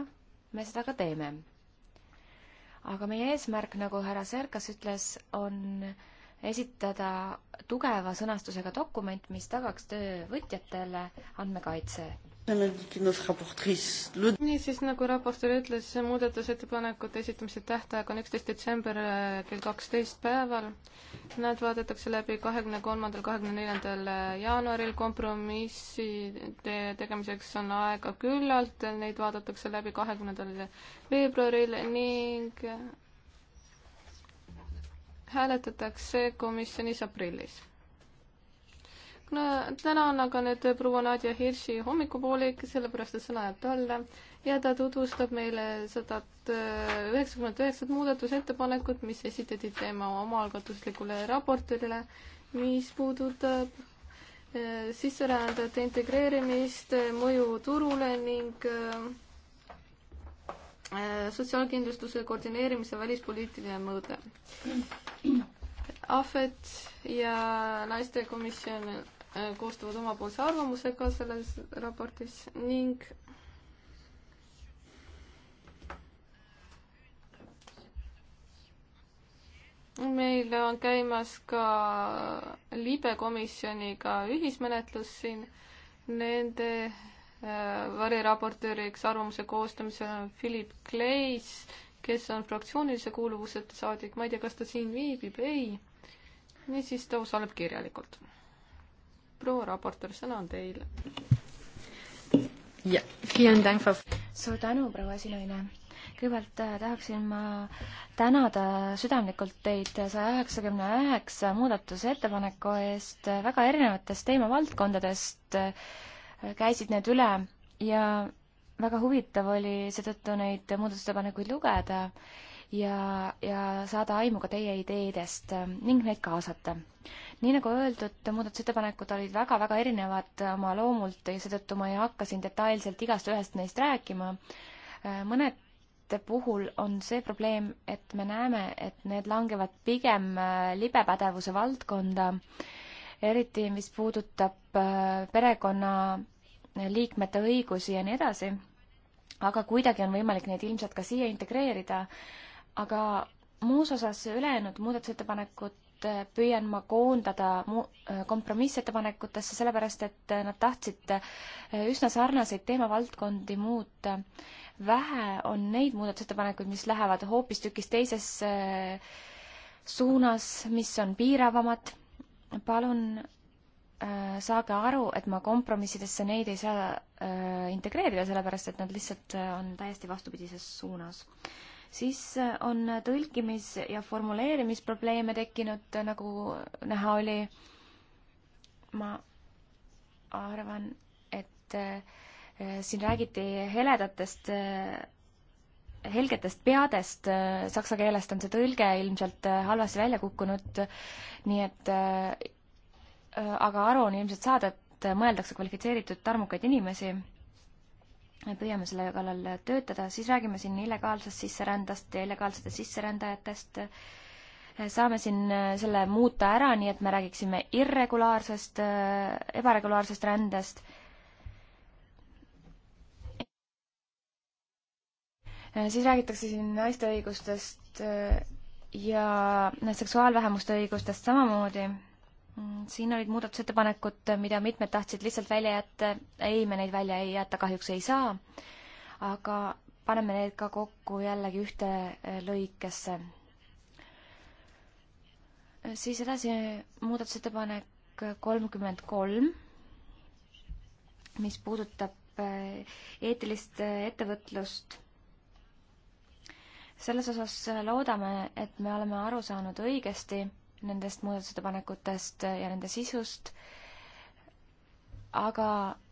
me seda ka teeme. aga meie eesmärk, nagu härra Serkas ütles, on esitada tugeva sõnastusega dokument, mis tagaks töövõtjatele andmekaitse niisiis, nagu raportöör ütles, muudatusettepanekute esitamise tähtaeg on üksteist detsember eh, kell kaksteist päeval. Nad vaadatakse läbi kahekümne kolmandal, kahekümne neljandal eh, jaanuaril, kompromisside tegemiseks on aega küllalt, neid vaadatakse läbi kahekümnendal veebruaril ning eh, hääletatakse komisjonis aprillis no,. tänan aga nüüd proua Nadja Hirši hommikupoolik, sellepärast et sõna jääb talle ja ta tutvustab meile sadat äh, üheksakümmend üheksat muudatusettepanekut, mis esitati tema omaalgatuslikule raportile, mis puudutab äh, sisserändajate integreerimist, äh, mõju turule ning sotsiaalkindlustuse koordineerimise välispoliitiline mõõde. Ahvet ja naistekomisjon Äh, koostavad omapoolse arvamuse ka selles raportis ning meil on käimas ka libekomisjoniga ühismenetlus siin. Nende äh, variraportööriks arvamuse koostamisel on Philip Kleis, kes on fraktsioonilise kuuluvuseta saadik, ma ei tea, kas ta siin viibib, ei. niisiis ta osaleb kirjalikult proua raportöör, sõna on teil. suur tänu, proua esinaine kõigepealt äh, tahaksin ma tänada südamlikult teid saja üheksakümne üheksa muudatusettepaneku eest väga erinevatest teemavaldkondadest äh, käisid need üle ja väga huvitav oli seetõttu neid muudatusettepanekuid lugeda ja, ja saada aimu ka teie ideedest ähm, ning neid kaasata. nii nagu öeldud, muudatusettepanekud olid väga-väga erinevad oma loomult ja seetõttu ma ei hakka siin detailselt igast ühest neist rääkima. Äh, mõned ettevõtete puhul on see probleem, et me näeme, et need langevad pigem äh, libepädevuse valdkonda, eriti mis puudutab äh, perekonnaliikmete õigusi ja nii edasi, aga kuidagi on võimalik neid ilmselt ka siia integreerida aga muus osas ülejäänud muudatusettepanekut äh, püüan ma koondada mu-, äh, kompromissettepanekutesse, sellepärast et äh, nad tahtsid üsna sarnaseid teemavaldkondi muuta. vähe on neid muudatusettepanekuid, mis lähevad hoopistükkis teises suunas, mis on piiravamad. palun saage aru, et ma kompromissidesse neid ei saa integreerida, sellepärast et nad lihtsalt on täiesti vastupidises suunas siis äh, on tõlkimis- ja formuleerimisprobleeme tekkinud, äh, nagu näha oli. ma arvan, et äh, siin räägiti heledatest, helgetest peadest, saksa keelest on see tõlge ilmselt halvasti välja kukkunud, nii et aga aru on ilmselt saada, et mõeldakse kvalifitseeritud tarmukaid inimesi püüame selle kallal töötada, siis räägime siin illegaalsest sisserändast ja illegaalsetest sisserändajatest. saame siin äh, selle muuta ära, nii et me räägiksime irregulaarsest, äh, ebaregulaarsest rändest. Äh, siis räägitakse siin naiste õigustest ja seksuaalvähemuste õigustest samamoodi Mm, siin olid muudatusettepanekud, mida mitmed tahtsid lihtsalt välja jätta. ei, me neid välja ei jäta, kahjuks ei saa. aga paneme need ka kokku jällegi ühte eh, lõikesse. siis edasi muudatusettepanek kolmkümmend kolm, mis puudutab eh, eetilist eh, ettevõtlust. selles osas loodame, et me oleme aru saanud õigesti nendest muudatusettepanekutest ja nende sisust, aga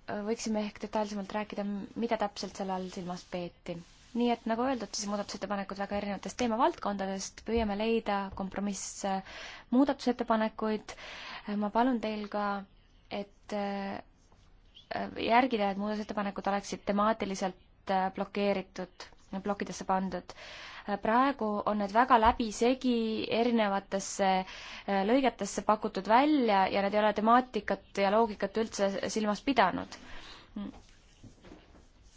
äh, võiksime ehk detailsemalt rääkida, mida täpselt selle all silmas peeti. nii et nagu öeldud, siis muudatusettepanekud väga erinevatest teemavaldkondadest, püüame leida kompromisse muudatusettepanekuid. Äh, ma palun teil ka, et äh, järgida, et muudatusettepanekud oleksid temaatiliselt blokeeritud, plokkidesse pandud praegu on need väga läbisegi erinevatesse äh, lõigetesse pakutud välja ja need ei ole temaatikat ja loogikat üldse silmas pidanud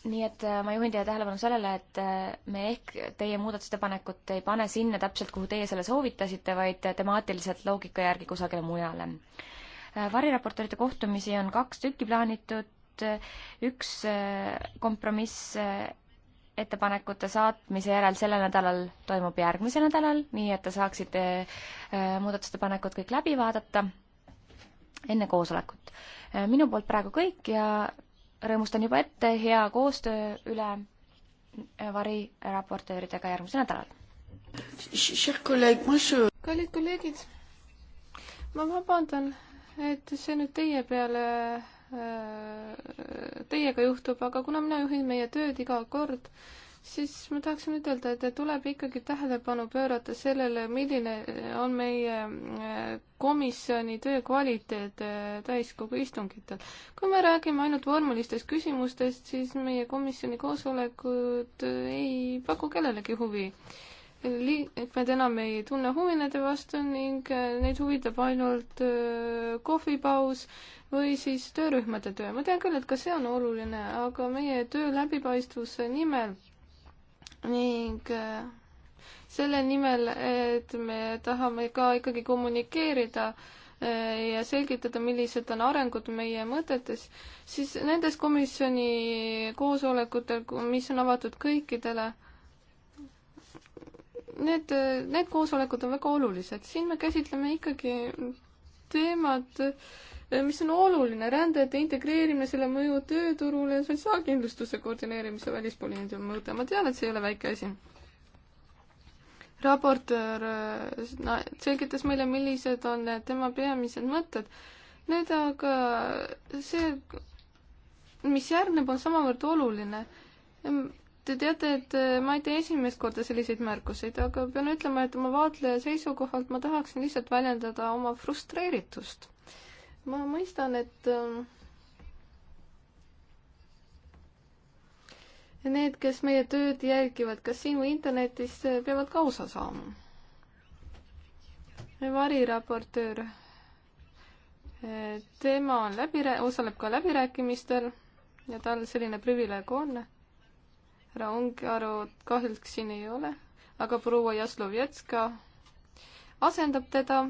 nii et äh, ma juhin teie tähelepanu sellele, et äh, me ehk teie muudatusettepanekut ei pane sinna täpselt, kuhu teie selle soovitasite, vaid temaatiliselt loogika järgi kusagile mujale. variraportorite kohtumisi on kaks tükki plaanitud, üks kompromiss ettepanekute saatmise järel sellel nädalal toimub järgmisel nädalal, nii et te saaksite äh, muudatustepanekud kõik läbi vaadata enne koosolekut. Äh, minu poolt praegu kõik ja rõõmustan juba ette hea koostöö üle äh, variraportööridega järgmisel nädalal. kallid kolleegid, ma vabandan, et see nüüd teie peale Äh, teiega juhtub, aga kuna mina juhin meie tööd iga kord, siis ma tahaksin ütelda, et tuleb ikkagi tähelepanu pöörata sellele, milline on meie äh, komisjoni töö kvaliteet äh, täiskogu istungitel. kui me räägime ainult vormelistest küsimustest, siis meie komisjoni koosolekud ei paku kellelegi huvi liikmed enam ei tunne huvi nende vastu ning äh, neid huvitab ainult äh, kohvipaus või siis töörühmade töö. ma tean küll, et ka see on oluline, aga meie töö läbipaistvuse nimel ning äh, selle nimel, et me tahame ka ikkagi kommunikeerida ja selgitada, millised on arengud meie mõtetes, siis nendes komisjoni koosolekutel, mis on avatud kõikidele, need, need koosolekud on väga olulised, siin me käsitleme ikkagi teemat, eh, mis on oluline, rändajate integreerimine, selle mõju tööturule ja sotsiaalkindlustuse koordineerimise välispoliitika mõõde, ma tean, et see ei ole väike asi. raportöör eh, no, selgitas meile, millised on tema peamised mõtted, nüüd aga see, mis järgneb, on samavõrd oluline Te teate, et äh, ma ei tee esimest korda selliseid märkuseid, aga pean ütlema, et oma vaatleja seisukohalt ma tahaksin lihtsalt väljendada oma frustreeritust. ma mõistan, et ja äh, need, kes meie tööd jälgivad, kas siin või internetis, äh, peavad ka osa saama. variraportöör, tema on läbi, osaleb ka läbirääkimistel ja tal selline privileeg on härra Ungaru kahjuks siin ei ole, aga proua Jaslovetska asendab teda.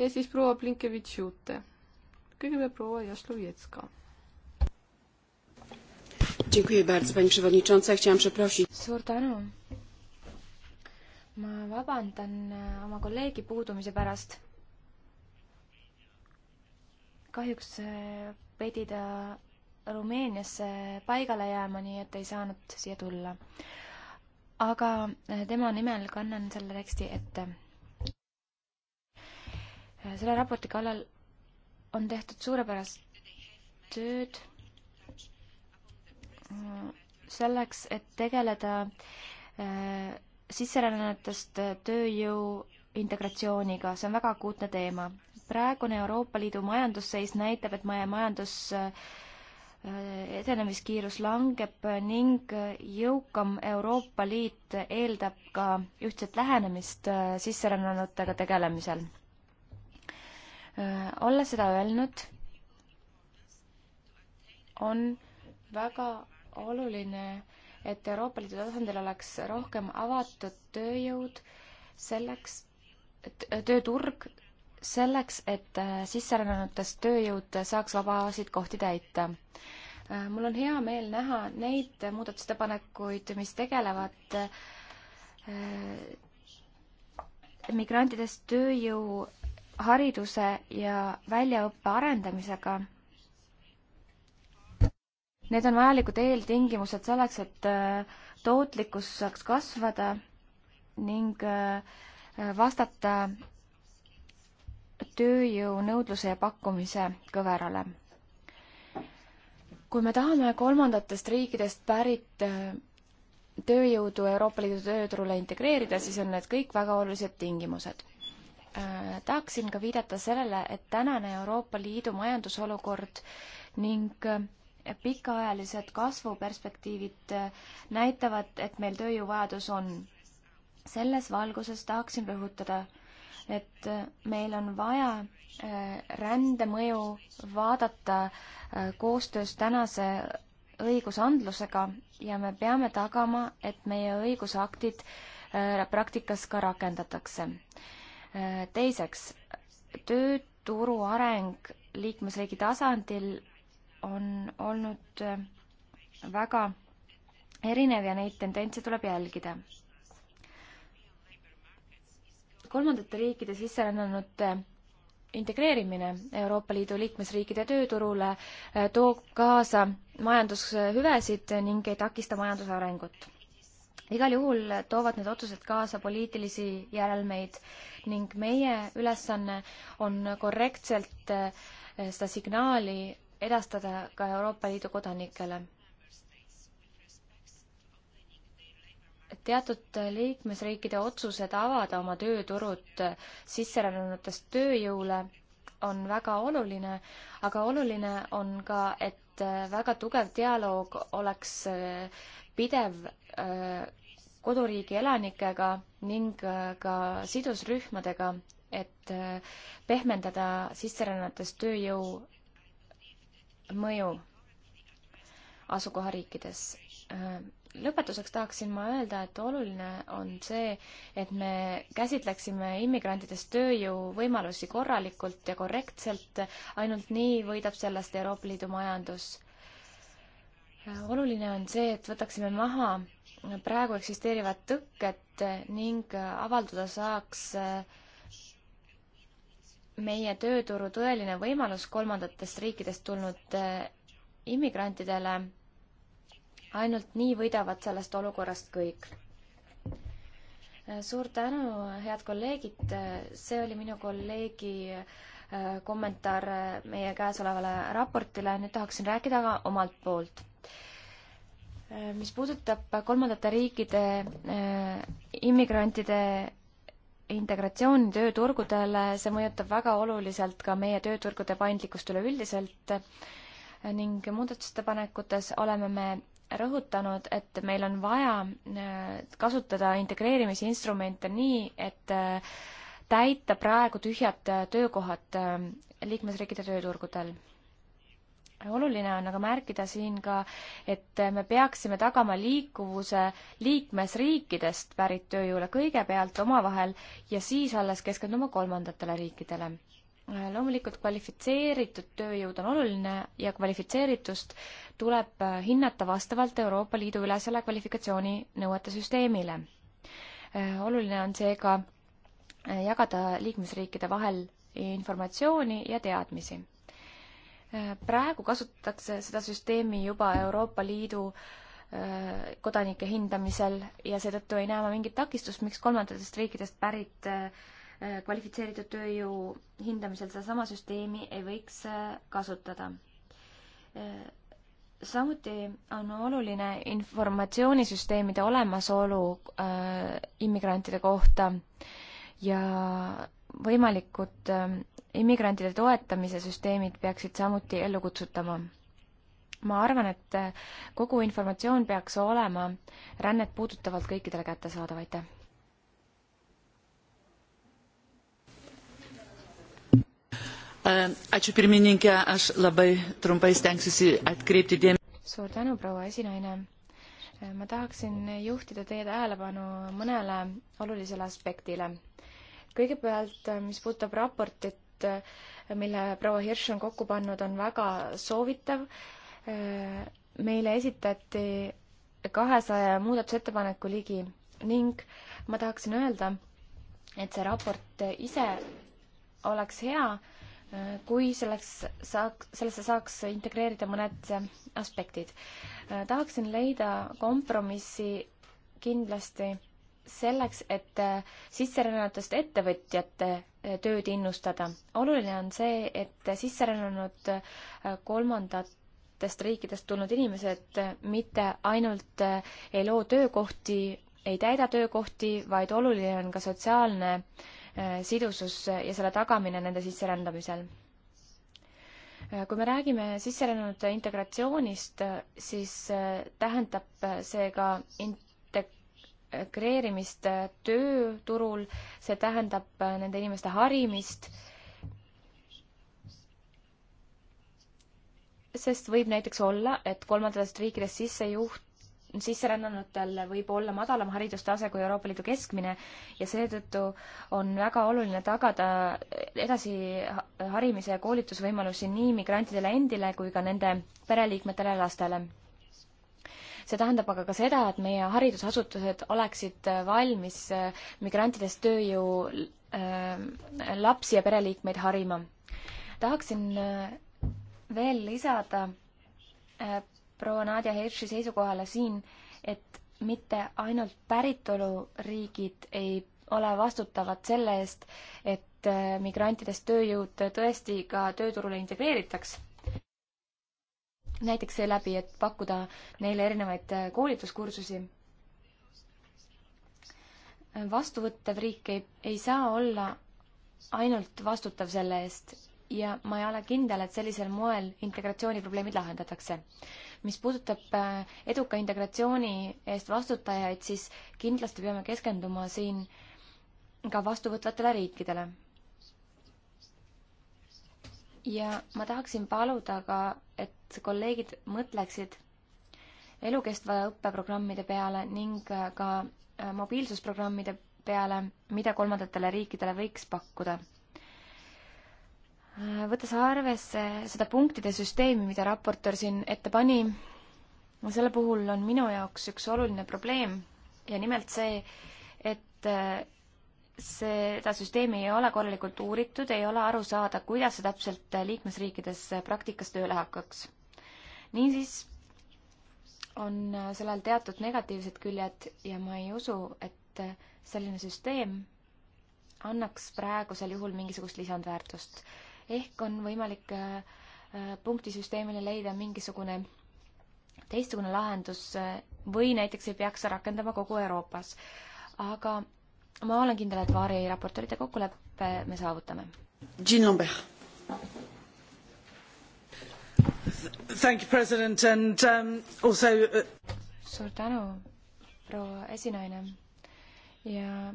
ja siis proua Blinkevitš-Jute. kõigepealt proua Jaslovetska. suur tänu ma vabandan äh, oma kolleegi puudumise pärast. kahjuks äh, pidi ta Rumeeniasse paigale jääma, nii et ei saanud siia tulla. aga eh, tema nimel kannan selle teksti ette. Eh, selle raporti kallal on tehtud suurepärast tööd eh, selleks, et tegeleda äh, sisserännanutest tööjõu integratsiooniga, see on väga akuutne teema. praegune Euroopa Liidu majandusseis näitab, et meie majandus äh, edenemiskiirus langeb ning jõukam Euroopa Liit eeldab ka ühtset lähenemist äh, sisserännanutega tegelemisel. Äh, olles seda öelnud, on väga oluline, et Euroopa Liidu tasandil oleks rohkem avatud tööjõud selleks, äh, tööturg selleks, et äh, sisserännanutest tööjõud saaks vabasid kohti täita. Äh, mul on hea meel näha neid muudatusettepanekuid, mis tegelevad äh, migrantidest tööjõu hariduse ja väljaõppe arendamisega need on vajalikud eeltingimused selleks, et tootlikkus saaks kasvada ning vastata tööjõu nõudluse ja pakkumise kõverale. kui me tahame kolmandatest riikidest pärit äh, tööjõudu Euroopa Liidu tööturule integreerida, siis on need kõik väga olulised tingimused. Äh, tahaksin ka viidata sellele, et tänane Euroopa Liidu majandusolukord ning äh, pikaajalised kasvuperspektiivid näitavad, et meil tööjõuvajadus on. selles valguses tahaksin rõhutada et äh, meil on vaja äh, rändemõju vaadata äh, koostöös tänase õigusandlusega ja me peame tagama, et meie õigusaktid praktikas ka rakendatakse. teiseks, tööturu areng liikmesriigi tasandil on olnud väga erinev ja neid tendentse tuleb jälgida kolmandate riikide sisserännanute integreerimine Euroopa Liidu liikmesriikide tööturule eh, toob kaasa majandushüvesid ning ei takista majanduse arengut. igal juhul toovad need otsused kaasa poliitilisi järelmeid ning meie ülesanne on korrektselt eh, seda signaali edastada ka Euroopa Liidu kodanikele teatud liikmesriikide otsused avada oma tööturud sisserännanutest tööjõule on väga oluline, aga oluline on ka, et väga tugev dialoog oleks äh, pidev äh, koduriigi elanikega ning äh, ka sidusrühmadega, et pehmendada sisserännatest tööjõu mõju asukohariikides lõpetuseks tahaksin ma öelda, et oluline on see, et me käsitleksime immigrantidest tööjõu võimalusi korralikult ja korrektselt, ainult nii võidab sellest Euroopa Liidu majandus. oluline on see, et võtaksime maha praegu eksisteerivad tõkked ning avalduda saaks meie tööturu tõeline võimalus kolmandatest riikidest tulnud immigrantidele ainult nii võidavad sellest olukorrast kõik. suur tänu, head kolleegid, see oli minu kolleegi äh, kommentaar äh, meie käesolevale raportile, nüüd tahaksin rääkida ka omalt poolt. Äh, mis puudutab kolmandate riikide immigrantide integratsiooni tööturgudele, see mõjutab väga oluliselt ka meie tööturgude paindlikkust üleüldiselt ning muudatusettepanekutes oleme me rõhutanud, et meil on vaja äh, kasutada integreerimisinstrumente nii, et äh, täita praegu tühjad äh, töökohad liikmesriikide tööturgudel oluline on aga märkida siin ka, et me peaksime tagama liikuvuse liikmesriikidest pärit tööjõule kõigepealt omavahel ja siis alles keskenduma kolmandatele riikidele. Äh, loomulikult kvalifitseeritud tööjõud on oluline ja kvalifitseeritust tuleb äh, hinnata vastavalt Euroopa Liidu ülesele kvalifikatsiooninõuete süsteemile. Äh, oluline on seega jagada liikmesriikide vahel informatsiooni ja teadmisi. praegu kasutatakse seda süsteemi juba Euroopa Liidu kodanike hindamisel ja seetõttu ei näe ma mingit takistust, miks kolmandatest riikidest pärit Äh, kvalifitseeritud tööjõu hindamisel sedasama süsteemi ei võiks äh, kasutada. Äh, samuti on oluline informatsioonisüsteemide olemasolu äh, immigrantide kohta ja võimalikud äh, immigrantide toetamise süsteemid peaksid samuti ellu kutsutama ma arvan, et kogu informatsioon peaks olema rännet puudutavalt kõikidele kättesaadav, aitäh! Ačiū pirmininkė, aš labai trumpai stengsiuosi atkreipti dėmesį. suur tänu, proua esinaine. ma tahaksin juhtida teie tähelepanu mõnele olulisele aspektile. kõigepealt, mis puudutab raportit, mille proua Hirš on kokku pannud, on väga soovitav. meile esitati kahesaja muudatusettepaneku ligi ning ma tahaksin öelda, et see raport ise oleks hea kui selleks saaks, sellesse saaks integreerida mõned aspektid. tahaksin leida kompromissi kindlasti selleks, et sisserännanutest ettevõtjate tööd innustada. oluline on see, et sisserännanud kolmandatest riikidest tulnud inimesed mitte ainult ei loo töökohti, ei täida töökohti, vaid oluline on ka sotsiaalne äh, Äh, sidusus ja selle tagamine nende sisserändamisel. Äh, kui me räägime sisserännanute integratsioonist, äh, siis tähendab see ka integreerimist tööturul, see tähendab nende inimeste harimist sest võib näiteks olla, et kolmandatest riikidest sisse juht, sisserännanutel võib olla madalam haridustase kui Euroopa Liidu keskmine ja seetõttu on väga oluline tagada edasi harimise ja koolitusvõimalusi nii migrantidele endile kui ka nende pereliikmetele ja lastele see tähendab aga ka seda, et meie haridusasutused oleksid valmis äh, migrantidest tööjõu äh, lapsi ja pereliikmeid harima. tahaksin äh, veel lisada äh, proua Nadja Hirši seisukohale siin, et mitte ainult päritoluriigid ei ole vastutavad selle eest, et äh, migrantidest tööjõud tõesti ka tööturule integreeritaks. näiteks seeläbi, et pakkuda neile erinevaid äh, koolituskursusi. vastuvõttev riik ei, ei saa olla ainult vastutav selle eest ja ma ei ole kindel, et sellisel moel integratsiooniprobleemid lahendatakse mis puudutab äh, eduka integratsiooni eest vastutajaid, siis kindlasti peame keskenduma siin ka vastuvõtvatele riikidele. ja ma tahaksin paluda ka, et kolleegid mõtleksid elukestva õppeprogrammide peale ning ka äh, mobiilsusprogrammide peale, mida kolmandatele riikidele võiks pakkuda Äh, võttes arvesse seda punktide süsteemi, mida raportöör siin ette pani, selle puhul on minu jaoks üks oluline probleem ja nimelt see, et äh, seda süsteemi ei ole korralikult uuritud, ei ole aru saada, kuidas see täpselt liikmesriikides praktikas tööle hakkaks. niisiis on äh, sellel teatud negatiivsed küljed ja ma ei usu, et selline süsteem annaks praegusel juhul mingisugust lisandväärtust ehk on võimalik äh, äh, punktisüsteemile leida mingisugune teistsugune lahendus äh, või näiteks ei peaks rakendama kogu Euroopas. aga ma olen kindel, et Vaari raportorite kokkuleppe me saavutame. Jean Lambert. Thank you, president and um, also uh, suur tänu, proua esinaine ja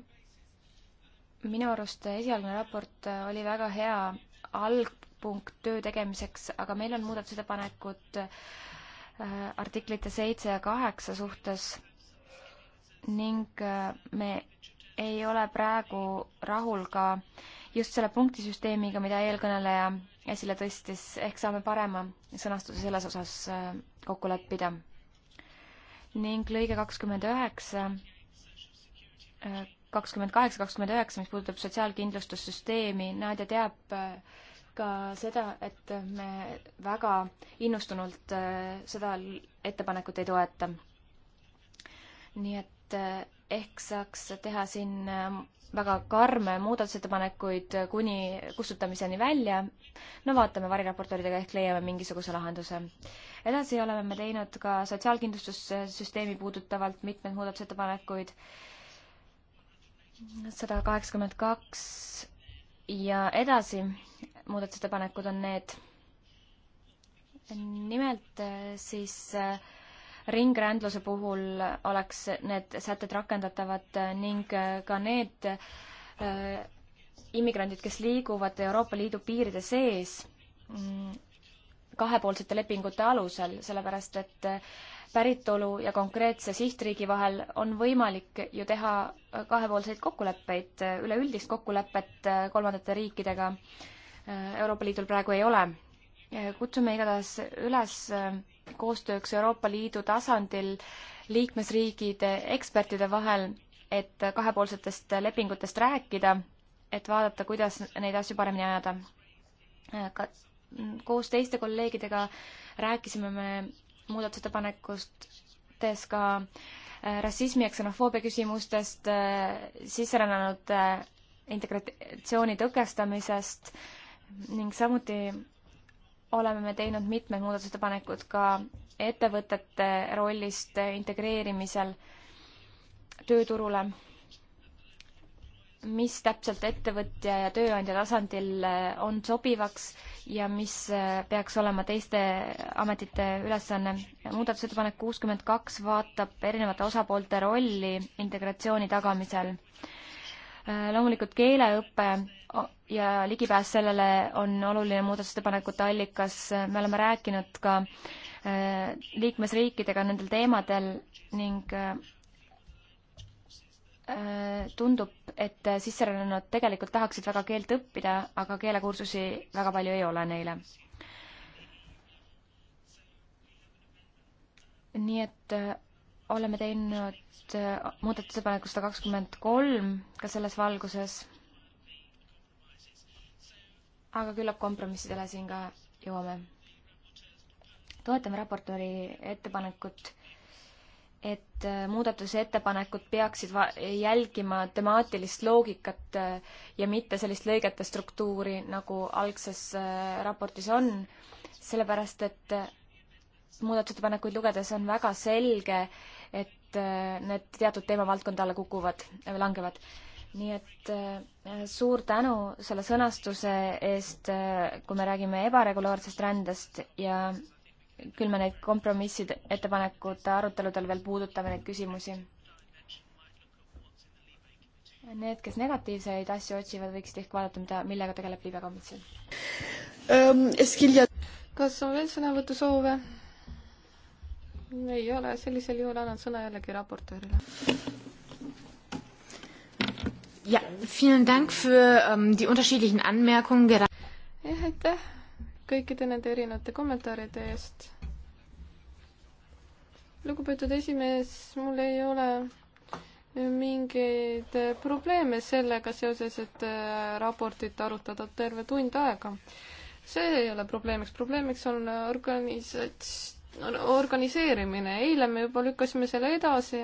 minu arust esialgne raport oli väga hea algpunkt töö tegemiseks, aga meil on muudatusettepanekud äh, artiklite seitse ja kaheksa suhtes ning äh, me ei ole praegu rahul ka just selle punktisüsteemiga, mida eelkõneleja esile tõstis, ehk saame parema sõnastuse selles osas äh, kokku leppida. ning lõige kakskümmend üheksa kakskümmend kaheksa, kakskümmend üheksa, mis puudutab sotsiaalkindlustussüsteemi, Nadja teab äh, ka seda, et me väga innustunult äh, seda ettepanekut ei toeta. nii et äh, ehk saaks teha siin väga karme muudatusettepanekuid kuni kustutamiseni välja. no vaatame variraportööridega, ehk leiame mingisuguse lahenduse. edasi oleme me teinud ka sotsiaalkindlustussüsteemi puudutavalt mitmeid muudatusettepanekuid sada kaheksakümmend kaks ja edasi muudatusettepanekud on need. nimelt äh, siis äh, ringrändluse puhul oleks need sätted rakendatavad äh, ning ka need immigrandid, kes liiguvad Euroopa Liidu piiride sees mm, kahepoolsete lepingute alusel, sellepärast et päritolu ja konkreetse sihtriigi vahel on võimalik ju teha kahepoolseid kokkuleppeid, üleüldist kokkulepet kolmandate riikidega Euroopa Liidul praegu ei ole. kutsume igatahes üles koostööks Euroopa Liidu tasandil liikmesriigide ekspertide vahel, et kahepoolsetest lepingutest rääkida, et vaadata, kuidas neid asju paremini ajada. ka koos teiste kolleegidega rääkisime me muudatusettepanekutes ka äh, rassismi ja ksenofoobia küsimustest, äh, sisserännanute äh, integratsiooni tõkestamisest ning samuti oleme me teinud mitmed muudatusettepanekud ka ettevõtete rollist integreerimisel tööturule mis täpselt ettevõtja ja tööandja tasandil eh, on sobivaks ja mis eh, peaks olema teiste ametite ülesanne. muudatusettepanek kuuskümmend kaks vaatab erinevate osapoolte rolli integratsiooni tagamisel. Eh, loomulikult keeleõpe ja ligipääs sellele on oluline muudatusettepanekute allikas, me oleme rääkinud ka liikmesriikidega nendel teemadel ning Äh, tundub, et sisserännanud tegelikult tahaksid väga keelt õppida, aga keelekursusi väga palju ei ole neile. nii et äh, oleme teinud äh, muudatusettepaneku sada kakskümmend kolm ka selles valguses. aga küllap kompromissidele siin ka jõuame. toetame raportööri ettepanekut et äh, muudatusettepanekud peaksid jälgima temaatilist loogikat äh, ja mitte sellist lõigete struktuuri, nagu algses äh, raportis on, sellepärast et muudatusettepanekuid lugedes on väga selge, et need teatud teemavaldkonda alla kukuvad, langevad. nii et suur tänu selle sõnastuse eest, kui me räägime ebaregulaarsest rändest ja küll me neid kompromisside ettepanekute aruteludel veel puudutame neid küsimusi. Need, kes negatiivseid asju otsivad, võiksid ehk vaadata, mida, millega tegeleb Liibe komisjon um,. Ähm, kas on veel sõnavõtusoove? ei ole, sellisel juhul annan sõna jällegi raportöörile. ja, vielen Dank für ähm, die unterschiedlichen Anmerkungen. jah, aitäh kõikide nende erinevate kommentaaride eest. lugupeetud esimees, mul ei ole mingeid probleeme sellega seoses, et äh, raportit arutada terve tund aega. see ei ole probleemiks, probleemiks on organisats-, organiseerimine, eile me juba lükkasime selle edasi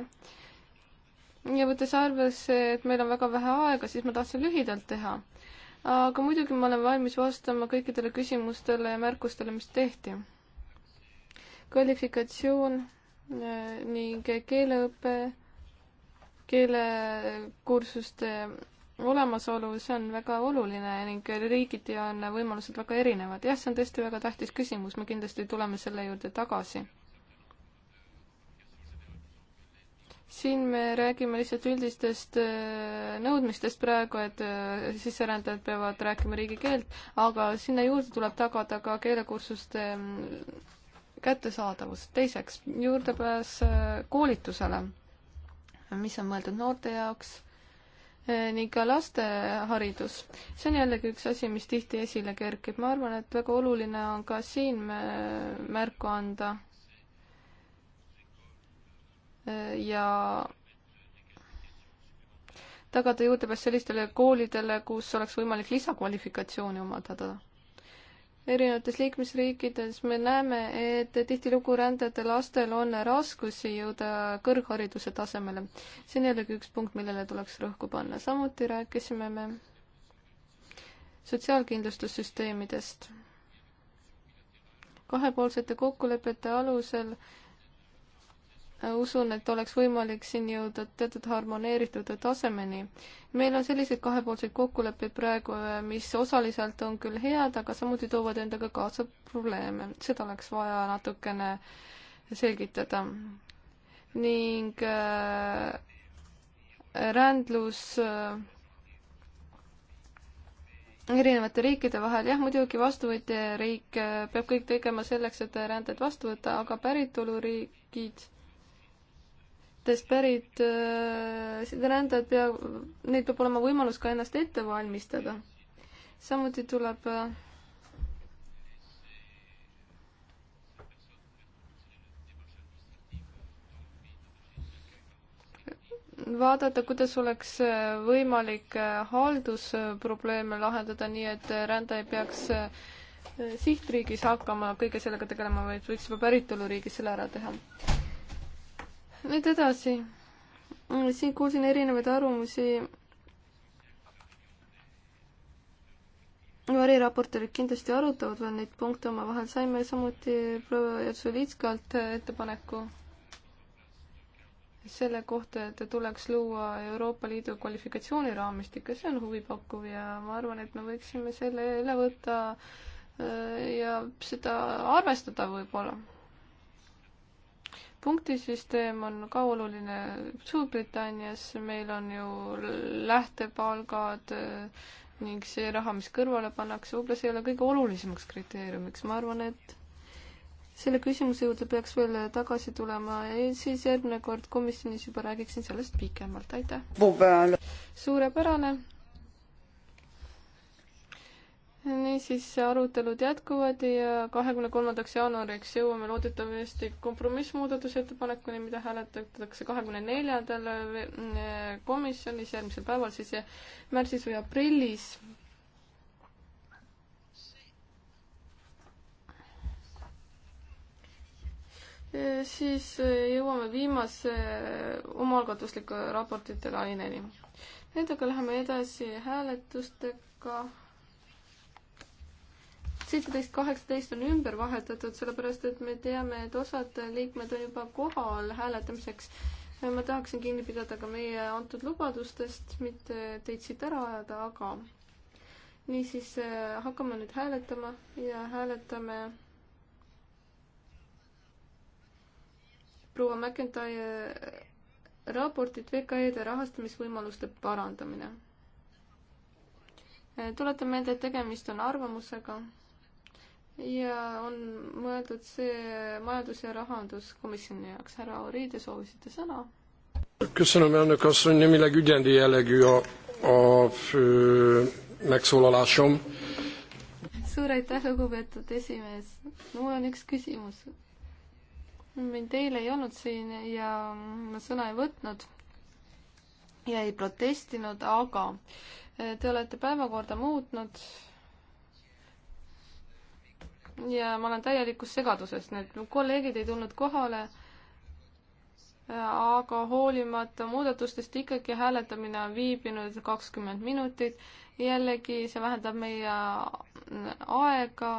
ja võttes arvesse, et meil on väga vähe aega, siis ma tahtsin lühidalt teha aga muidugi ma olen valmis vastama kõikidele küsimustele ja märkustele, mis tehti. kvalifikatsioon eh, ning keeleõpe, keelekursuste olemasolu, see on väga oluline ning riigiti on võimalused väga erinevad. jah, see on tõesti väga tähtis küsimus, me kindlasti tuleme selle juurde tagasi. siin me räägime lihtsalt üldistest äh, nõudmistest praegu, et äh, sisserändajad peavad rääkima riigikeelt, aga sinna juurde tuleb tagada ka keelekursuste mm, kättesaadavus. teiseks, juurdepääs äh, koolitusele, mis on mõeldud noorte jaoks ning ka laste haridus. see on jällegi üks asi, mis tihti esile kerkib. ma arvan, et väga oluline on ka siin märku anda ja tagada juurdepääs sellistele koolidele, kus oleks võimalik lisakvalifikatsiooni omandada. erinevates liikmesriikides me näeme, et tihtilugu rändajate lastel on raskusi jõuda kõrghariduse tasemele. see on jällegi üks punkt, millele tuleks rõhku panna. samuti rääkisime me sotsiaalkindlustussüsteemidest. kahepoolsete kokkulepete alusel äh, usun, et oleks võimalik siin jõuda teatud harmoneeritud tasemeni. meil on selliseid kahepoolseid kokkuleppeid praegu, mis osaliselt on küll head, aga samuti toovad endaga kaasa probleeme. seda oleks vaja natukene selgitada. ning äh, rändlus äh, erinevate riikide vahel, jah, muidugi vastuvõtjariik äh, peab kõik tegema selleks, et rändet vastu võtta, aga päritoluriigid äh, riikidest pärit äh, rändajad pea, neil peab olema võimalus ka ennast ette valmistada. samuti tuleb äh, vaadata, kuidas oleks äh, võimalik haldusprobleeme lahendada, nii et rändaja ei peaks sihtriigis hakkama kõige sellega tegelema, vaid võiks juba päritoluriigis selle ära teha nüüd edasi. siin kuulsin erinevaid arvamusi. variraportorid kindlasti arutavad veel neid punkte omavahel, saime samuti proua Jatsulitskalt ettepaneku selle kohta, et tuleks luua Euroopa Liidu kvalifikatsiooniraamistik ja see on huvipakkuv ja ma arvan, et me võiksime selle üle võtta äh, ja seda arvestada võib-olla punktisüsteem on ka oluline Suurbritannias, meil on ju lähtepalgad eh, ning see raha, mis kõrvale pannakse, võib-olla see ei ole kõige olulisemaks kriteeriumiks, ma arvan, et selle küsimuse juurde peaks veel tagasi tulema ja siis järgmine kord komisjonis juba räägiksin sellest pikemalt, aitäh! suurepärane! niisiis, arutelud jätkuvad ja kahekümne kolmandaks jaanuariks jõuame loodetavasti kompromissmuudatusettepanekuni, mida hääletatakse kahekümne neljandal komisjonis järgmisel päeval siis ja märtsis või aprillis. siis jõuame viimase omaalgatuslike raportite laineni. Nüüd aga läheme edasi hääletustega seitseteist, kaheksateist on ümber vahetatud, sellepärast et me teame, et osad liikmed on juba kohal hääletamiseks. ma tahaksin kinni pidada ka meie antud lubadustest, mitte teid siit ära ajada, aga niisiis äh, hakkame nüüd hääletama ja hääletame proua McIntyre äh, raportit VKE-de rahastamisvõimaluste parandamine. Äh, tuletan meelde, et tegemist on arvamusega ja on mõeldud see majandus- ja rahanduskomisjoni jaoks. härra Ori, te soovisite sõna? köszönöm, elnök asszony, némileg ügyendi jellegű a, a fő megszólalásom. suur aitäh, lugupeetud esimees. mul on üks küsimus. mind eile ei olnud siin ja ma sõna ei võtnud ja ei protestinud, aga eh, te olete päevakorda muutnud ja ma olen täielikus segaduses, need kolleegid ei tulnud kohale, aga hoolimata muudatustest ikkagi hääletamine on viibinud kakskümmend minutit, jällegi see vähendab meie aega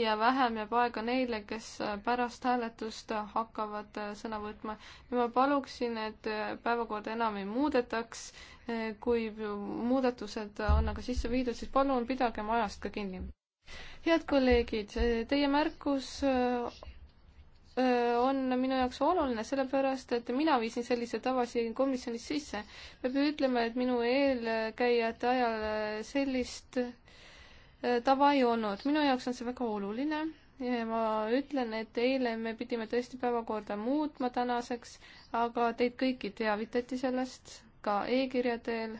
ja vähem jääb aega neile, kes pärast hääletust hakkavad sõna võtma. ja ma paluksin, et päevakorda enam ei muudetaks. kui muudatused on aga sisse viidud, siis palun pidagem ajast ka kinni head kolleegid, teie märkus äh, on minu jaoks oluline, sellepärast et mina viisin sellise tava siin komisjonis sisse. peab ju ütlema, et minu eelkäijate ajal sellist äh, tava ei olnud. minu jaoks on see väga oluline ja ma ütlen, et eile me pidime tõesti päevakorda muutma tänaseks, aga teid kõiki teavitati sellest ka e-kirja teel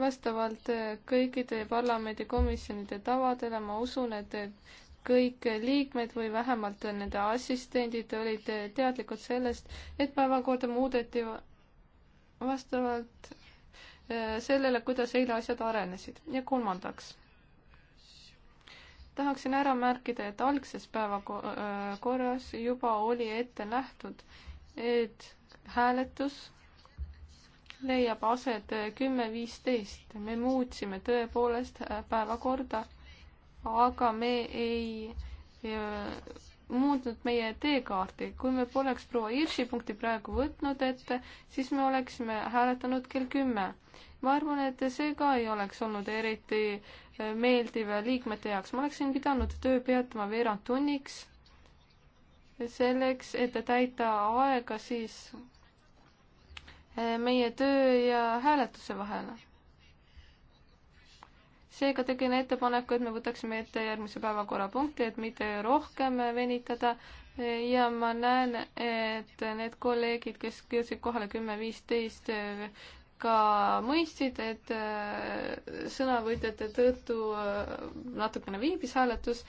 vastavalt äh, kõikide parlamendikomisjonide tavadele ma usun, et äh, kõik liikmed või vähemalt nende assistendid olid äh, teadlikud sellest, et päevakorda muudeti vastavalt sellele, kuidas eile asjad arenesid. ja kolmandaks tahaksin ära märkida, et algses päevakorras juba oli ette nähtud, et hääletus leiab aset kümme viisteist. me muutsime tõepoolest päevakorda, aga me ei, ei äh, muutnud meie teekaarti. kui me poleks proua Hirši punkti praegu võtnud ette, siis me oleksime hääletanud kell kümme. ma arvan, et see ka ei oleks olnud eriti äh, meeldiv liikmete jaoks. ma oleksin pidanud töö peatama veerand tunniks, selleks, et täita aega siis Äh, meie töö ja hääletuse vahele. seega tegin ettepaneku, et me võtaksime ette järgmise päevakorrapunkti, et mitte rohkem venitada ja ma näen, et need kolleegid, kes jõudsid kohale kümme viisteist, ka mõistsid, et äh, sõnavõtjate tõttu äh, natukene viibis hääletus.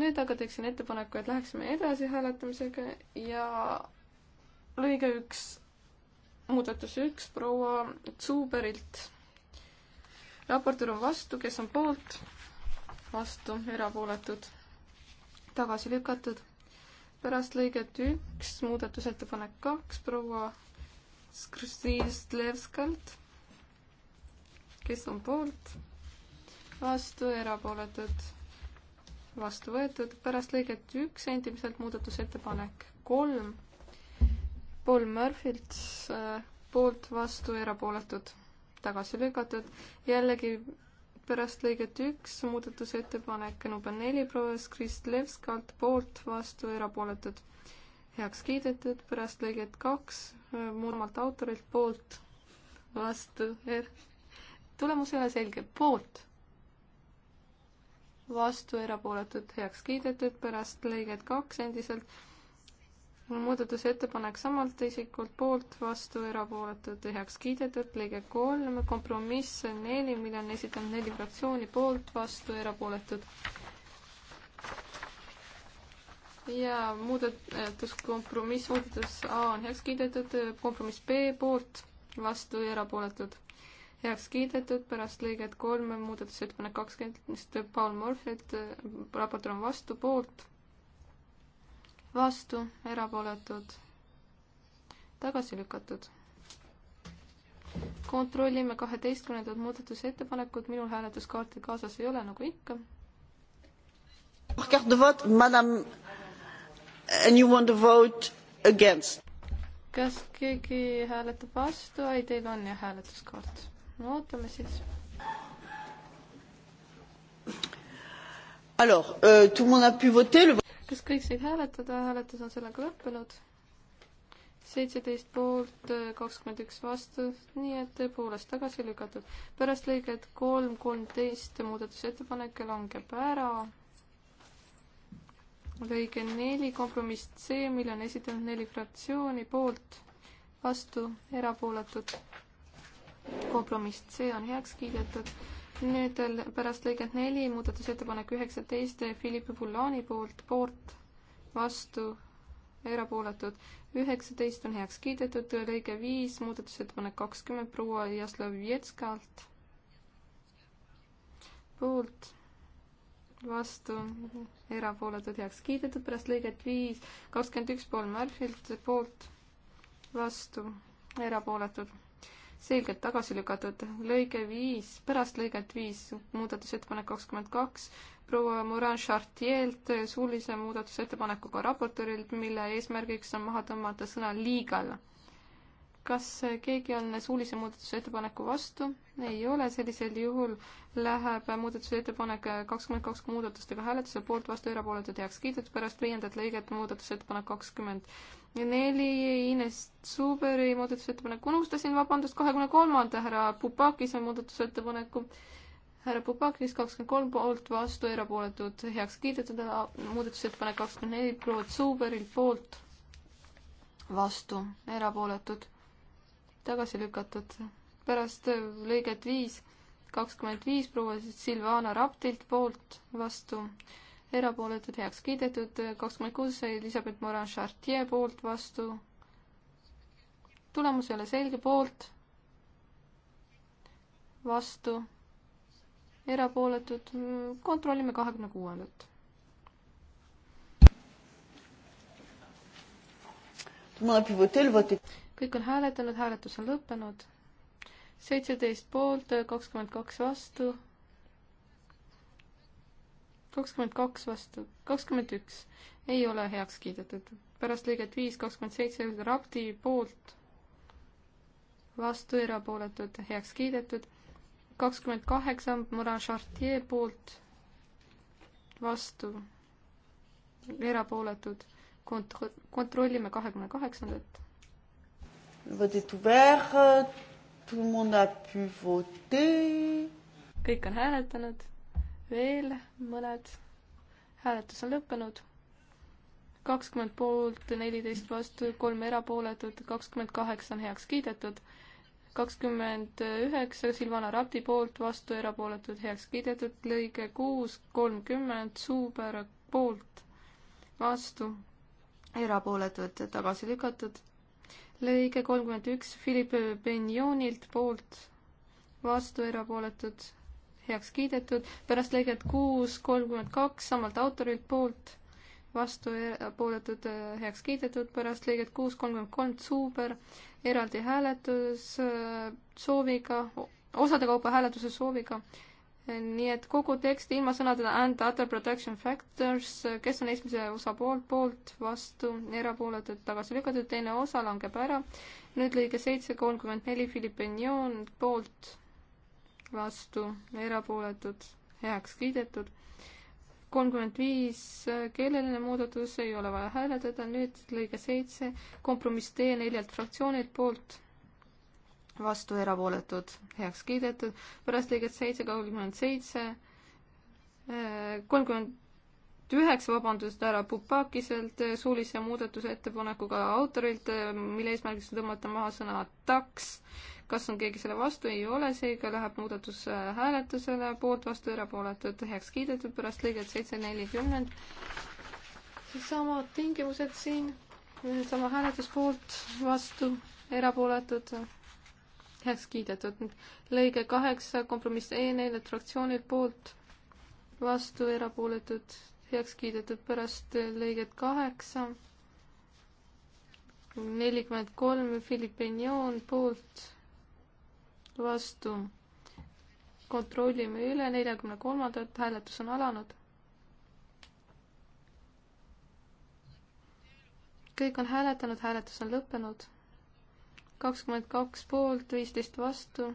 nüüd aga teeksin ettepaneku, et läheksime edasi hääletamisega ja lõige üks muudatus üks proua Zuberilt. raportöör on vastu, kes on poolt? vastu, erapooletud, tagasi lükatud. pärast lõiget üks, muudatusettepanek kaks proua Skrzyslevskalt, kes on poolt? vastu, erapooletud vastu võetud, pärast lõiget üks endiselt muudatusettepanek kolm Paul Murphy't äh, poolt, vastu, erapooletud, tagasi lükatud. jällegi pärast lõiget üks muudatusettepanek number neli proovis Kristlevskalt poolt, vastu, erapooletud. heaks kiidetud, pärast lõiget kaks äh, muudamalt autorilt poolt, vastu er..., tulemus ei ole selge, poolt, vastu, erapooletud, heaks kiidetud, pärast lõiget kaks endiselt muudatusettepanek samalt isikult poolt, vastu, erapooletud, heaks kiidetud, lõige kolm, kompromiss neli, mille on esitanud neli fraktsiooni poolt, vastu, erapooletud. ja muudatus, kompromiss, muudatus A on heaks kiidetud, kompromiss B poolt, vastu, erapooletud. heaks kiidetud, pärast lõiget kolm, muudatusettepanek kakskümmend, Paul Morfitt, raportöör on vastu, poolt vastu, erapooletud, tagasi lükatud. kontrollime kaheteistkümnendat muudatusettepanekut, minul hääletuskaarti kaasas ei ole, nagu ikka. kas keegi hääletab vastu, ei, teil on jah hääletuskaart. no ootame siis alors euh, tout le monde a pu voter le kas kõik said hääletada, hääletus on sellega lõppenud. seitseteist poolt, kakskümmend üks vastu, nii et tõepoolest tagasi lükatud. pärast lõiget kolm, kolmteist muudatusettepanek langeb ära. lõige neli, kompromiss C, mille on esitanud neli fraktsiooni poolt, vastu, erapooletud. kompromiss C on heaks kiidetud nüüd pärast lõiget neli muudatusettepanek üheksateist Philippe Boulani poolt, poolt, vastu, erapooletud. üheksateist on heaks kiidetud, lõige viis muudatusettepanek kakskümmend proua Jaslovjetskalt. poolt, vastu, erapooletud, heaks kiidetud, pärast lõiget viis kakskümmend üks Paul Murphy'lt poolt, vastu, erapooletud selgelt tagasi lükatud. lõige viis, pärast lõiget viis, muudatusettepanek kakskümmend kaks, proua Morin Chartier'lt suulise muudatusettepanekuga raportöörilt, mille eesmärgiks on maha tõmmata sõna legal. kas keegi on suulise muudatusettepaneku vastu? ei ole, sellisel juhul läheb muudatusettepanek kakskümmend kaks muudatustega hääletuse poolt, vastu erapooletud heaks kiidetud, pärast viiendat lõiget muudatusettepanek kakskümmend 20 neli Ines Zuberi muudatusettepanek, unustasin, vabandust, kahekümne kolmanda härra Pupakise muudatusettepaneku. härra Pupakis kakskümmend kolm poolt, vastu, erapooletud, heaks kiidetud, muudatusettepanek kakskümmend neli proua Zuberilt poolt, vastu, erapooletud, tagasi lükatud. pärast lõiget viis, kakskümmend viis proua Silvana Raptilt poolt, vastu erapooletud heaks kiidetud, kakskümmend kuus Elizabeth Morin Chartier poolt vastu. tulemus ei ole selge, poolt, vastu, erapooletud, kontrollime kahekümne kuuendat. kõik on hääletanud, hääletus on lõppenud. seitseteist poolt, kakskümmend kaks vastu kakskümmend kaks vastu, kakskümmend üks ei ole heaks kiidetud. pärast lõiget viis, kakskümmend seitse rapti poolt, vastu erapooletud, heaks kiidetud. kakskümmend kaheksa Morin Chartier poolt, vastu erapooletud. Kontro-, kontrollime kahekümne kaheksandat. Vote est ouvert, tout le monde a pu voter. kõik on hääletanud veel mõned. hääletus on lõppenud. kakskümmend poolt, neliteist vastu, kolm erapooletut, kakskümmend kaheksa on heaks kiidetud. kakskümmend üheksa Silvana Rapti poolt, vastu erapooletud, heaks kiidetud. lõige kuus, kolmkümmend Suuber poolt, vastu erapooletud, tagasi lükatud. lõige kolmkümmend üks Philippe Benjonilt poolt, vastu erapooletud heaks kiidetud, pärast lõiget kuus kolmkümmend kaks samalt autorilt poolt, vastu erapooletud äh, heaks kiidetud, pärast lõiget kuus kolmkümmend kolm Zuber, eraldi hääletus äh, sooviga, osade kaupa hääletuse sooviga, nii et kogu tekst ilma sõnadeta and other protection factors, äh, kes on esimese osa poolt, poolt, vastu, erapooletud, tagasi lükatud, teine osa langeb ära, nüüd lõige seitse kolmkümmend neli Philippe Nion poolt vastu, erapooletud, heaks kiidetud. kolmkümmend viis, keeleline muudatus, ei ole vaja hääletada, nüüd lõige seitse, kompromiss D neljalt fraktsioonilt poolt, vastu, erapooletud, heaks kiidetud. pärast lõiget seitse, kolmkümmend seitse, äh, kolmkümmend üheksa vabandust ära Pupakiselt äh, suulise muudatusettepanekuga autorilt, äh, mille eesmärgiks on tõmmata maha sõna taks kas on keegi selle vastu, ei ole, seega läheb muudatus äh, hääletusele, poolt, vastu, erapooletud, heaks kiidetud, pärast lõiget seitse nelikümmend. samad tingimused siin, sama hääletus poolt, vastu, erapooletud, heaks kiidetud. lõige kaheksa, kompromiss E neljalt fraktsioonilt poolt, vastu, erapooletud, heaks kiidetud pärast lõiget kaheksa nelikümmend kolm Philippe Nion poolt, vastu. kontrollime üle, neljakümne kolmandat hääletus on alanud. kõik on hääletanud, hääletus on lõppenud. kakskümmend kaks poolt, viisteist vastu,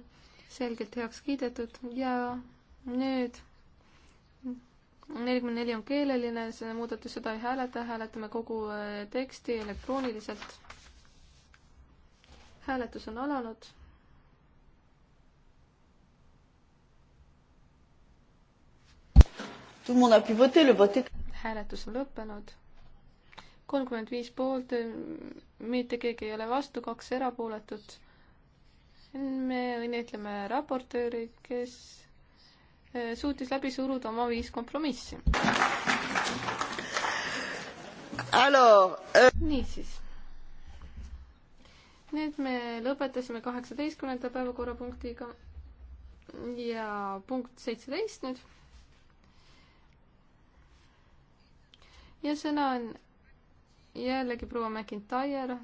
selgelt heaks kiidetud ja nüüd nelikümmend neli on keeleline, see muudatus, seda ei hääleta, hääletame kogu eh, teksti elektrooniliselt. hääletus on alanud Tout le monde a pu voter, le vote est... hääletus on lõppenud. kolmkümmend viis poolt, mitte keegi ei ole vastu, kaks erapooletut. me õnnitleme raportööri, kes eh, suutis läbi suruda oma viis kompromissi. Euh, niisiis. nüüd me lõpetasime kaheksateistkümnenda päevakorrapunktiga ja punkt seitseteist nüüd ja sõna on jällegi proua McIntyre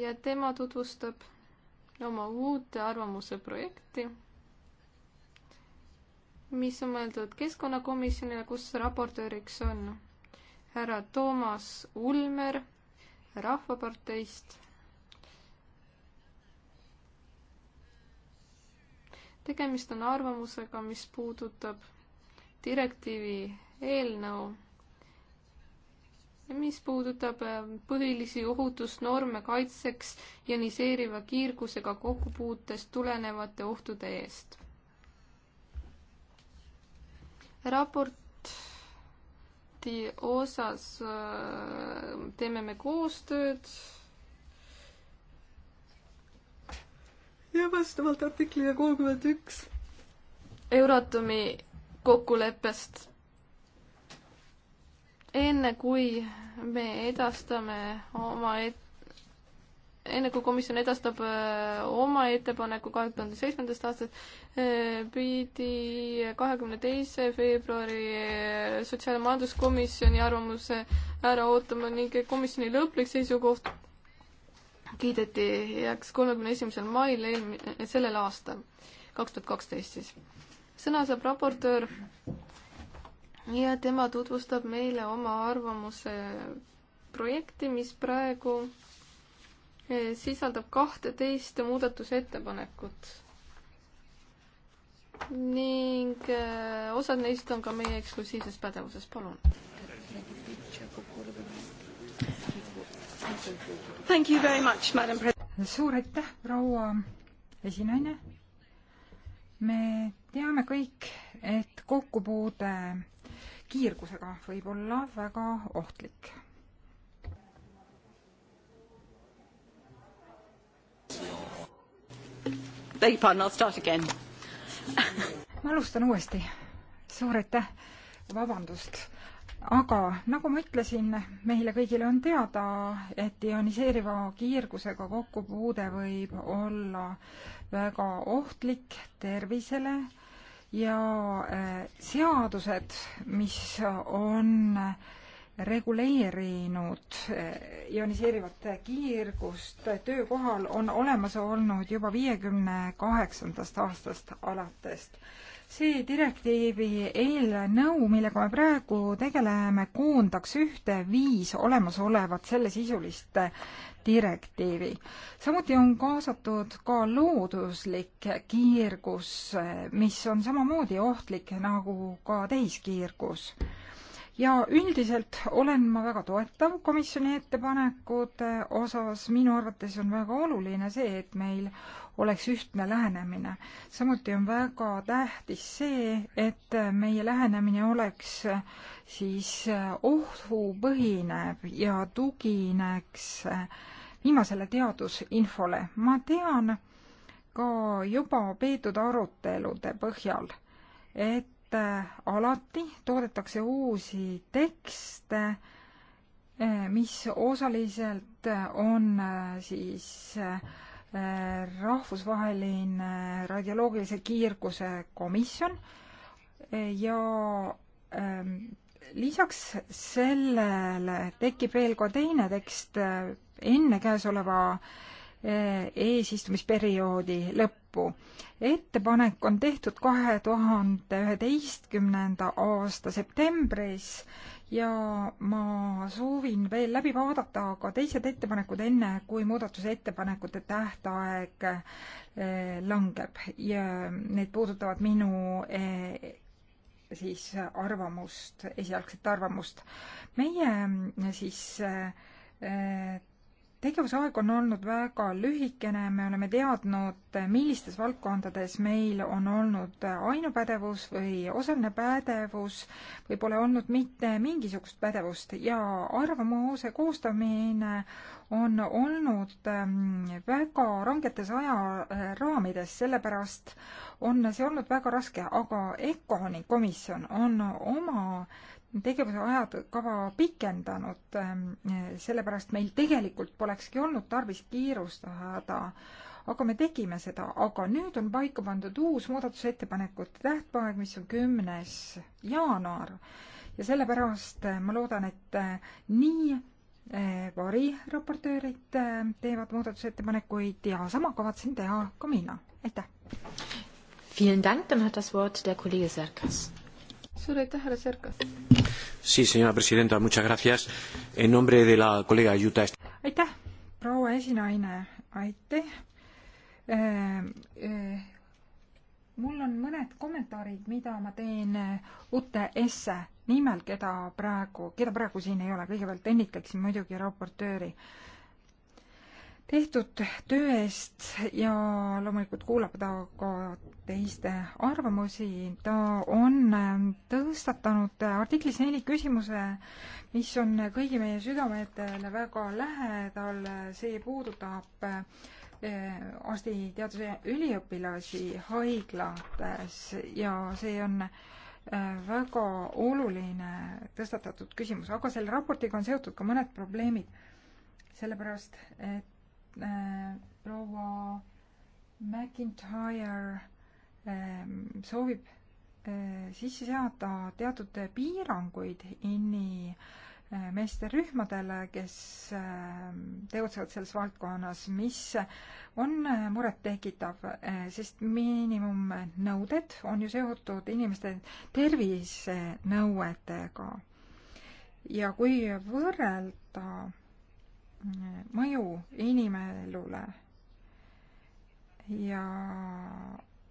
ja tema tutvustab oma uut arvamuse projekti, mis on mõeldud keskkonnakomisjonile, kus raportööriks on härra Toomas Ulmer Rahvaparteist. tegemist on arvamusega, mis puudutab direktiivi eelnõu mis puudutab äh, põhilisi ohutusnorme kaitseks ioniseeriva kiirgusega kokkupuutest tulenevate ohtude eest. raporti osas äh, teeme me koostööd ja vastavalt artiklile kolmkümmend üks Euratomi kokkuleppest enne kui me edastame oma et-, enne kui komisjon edastab äh, oma ettepaneku kahe tuhande seitsmendast aastast, äh, pidi kahekümne teise veebruari äh, sotsiaal- ja majanduskomisjoni arvamuse ära ootama ning komisjoni lõplik seisukoht kiideti heaks kolmekümne esimesel mail eelmi-, sellel aastal, kaks tuhat kaksteist siis. sõna saab raportöör ja tema tutvustab meile oma arvamuse projekti, mis praegu eh, sisaldab kahteteist muudatusettepanekut. ning eh, osad neist on ka meie eksklusiivses pädevuses, palun. suur aitäh, proua esinaine. me teame kõik, et kokkupuude kiirgusega võib olla väga ohtlik. ma alustan uuesti. suur aitäh, vabandust aga nagu ma ütlesin, meile kõigile on teada, et ioniseeriva kiirgusega kokkupuude võib olla väga ohtlik tervisele ja äh, seadused, mis on reguleerinud äh, ioniseerivat kiirgust töökohal, on olemas olnud juba viiekümne kaheksandast aastast alates see direktiivi eelnõu, millega me praegu tegeleme, koondaks ühte viis olemasolevat sellesisulist direktiivi. samuti on kaasatud ka looduslik kiirgus, mis on samamoodi ohtlik nagu ka tehiskiirgus ja üldiselt olen ma väga toetav komisjoni ettepanekute osas, minu arvates on väga oluline see, et meil oleks ühtne lähenemine. samuti on väga tähtis see, et meie lähenemine oleks siis ohupõhine ja tugineks viimasele teadusinfole. ma tean ka juba peetud arutelude põhjal, et et äh, alati toodetakse uusi tekste, äh, mis osaliselt äh, on siis rahvusvaheline radioloogilise kiirguse komisjon ja ähm, lisaks sellele tekib veel ka teine tekst enne käesoleva äh, Eh, eesistumisperioodi lõppu. ettepanek on tehtud kahe tuhande üheteistkümnenda aasta septembris ja ma soovin veel läbi vaadata ka teised ettepanekud, enne kui muudatusettepanekute tähtaeg eh, langeb ja need puudutavad minu eh, siis arvamust, esialgset arvamust. meie siis tegevusaeg on olnud väga lühikene, me oleme teadnud, millistes valdkondades meil on olnud ainupädevus või osaline pädevus või pole olnud mitte mingisugust pädevust ja arvamuse koostamine on olnud ähm, väga rangetes ajaraamides, sellepärast on see olnud väga raske, aga ECONi komisjon on oma tegevuse ajakava pikendanud, ehm, sellepärast meil tegelikult polekski olnud tarvis kiirustada, aga me tegime seda, aga nüüd on paika pandud uus muudatusettepanekute tähtpäev, mis on kümnes jaanuar ja sellepärast ehm, ma loodan, et ehm, nii variraportöörid teevad muudatusettepanekuid ja sama kavatsen teha ka mina, aitäh! Vielen Dank, dann hat das Wort der Kollege Serkas suur aitäh, härra Serkas! Sí, señora presidenta, muchas gracias. En nombre de la colega Juta Est-. aitäh, proua esinaine, aitäh äh,. Äh, mul on mõned kommentaarid, mida ma teen äh, Ute Esse nimel, keda praegu, keda praegu siin ei ole. kõigepealt õnnitleksin muidugi raportööri äh, tehtud töö eest ja loomulikult kuulab ta ka teiste arvamusi. ta on ähm, tõstatanud artiklis neli küsimuse, mis on kõigi meie südametele väga lähedal. see puudutab äh, arstiteaduse üliõpilasi haiglates ja see on äh, väga oluline tõstatatud küsimus, aga selle raportiga on seotud ka mõned probleemid. sellepärast, et proua McIntyre ähm, soovib äh, sisse seada teatud piiranguid inni äh, meisterrühmadele, kes ähm, tegutsevad selles valdkonnas, mis on äh, murettekitav, sest miinimumnõuded on ju seotud inimeste tervisenõuetega. ja kui võrrelda mõju inimelule ja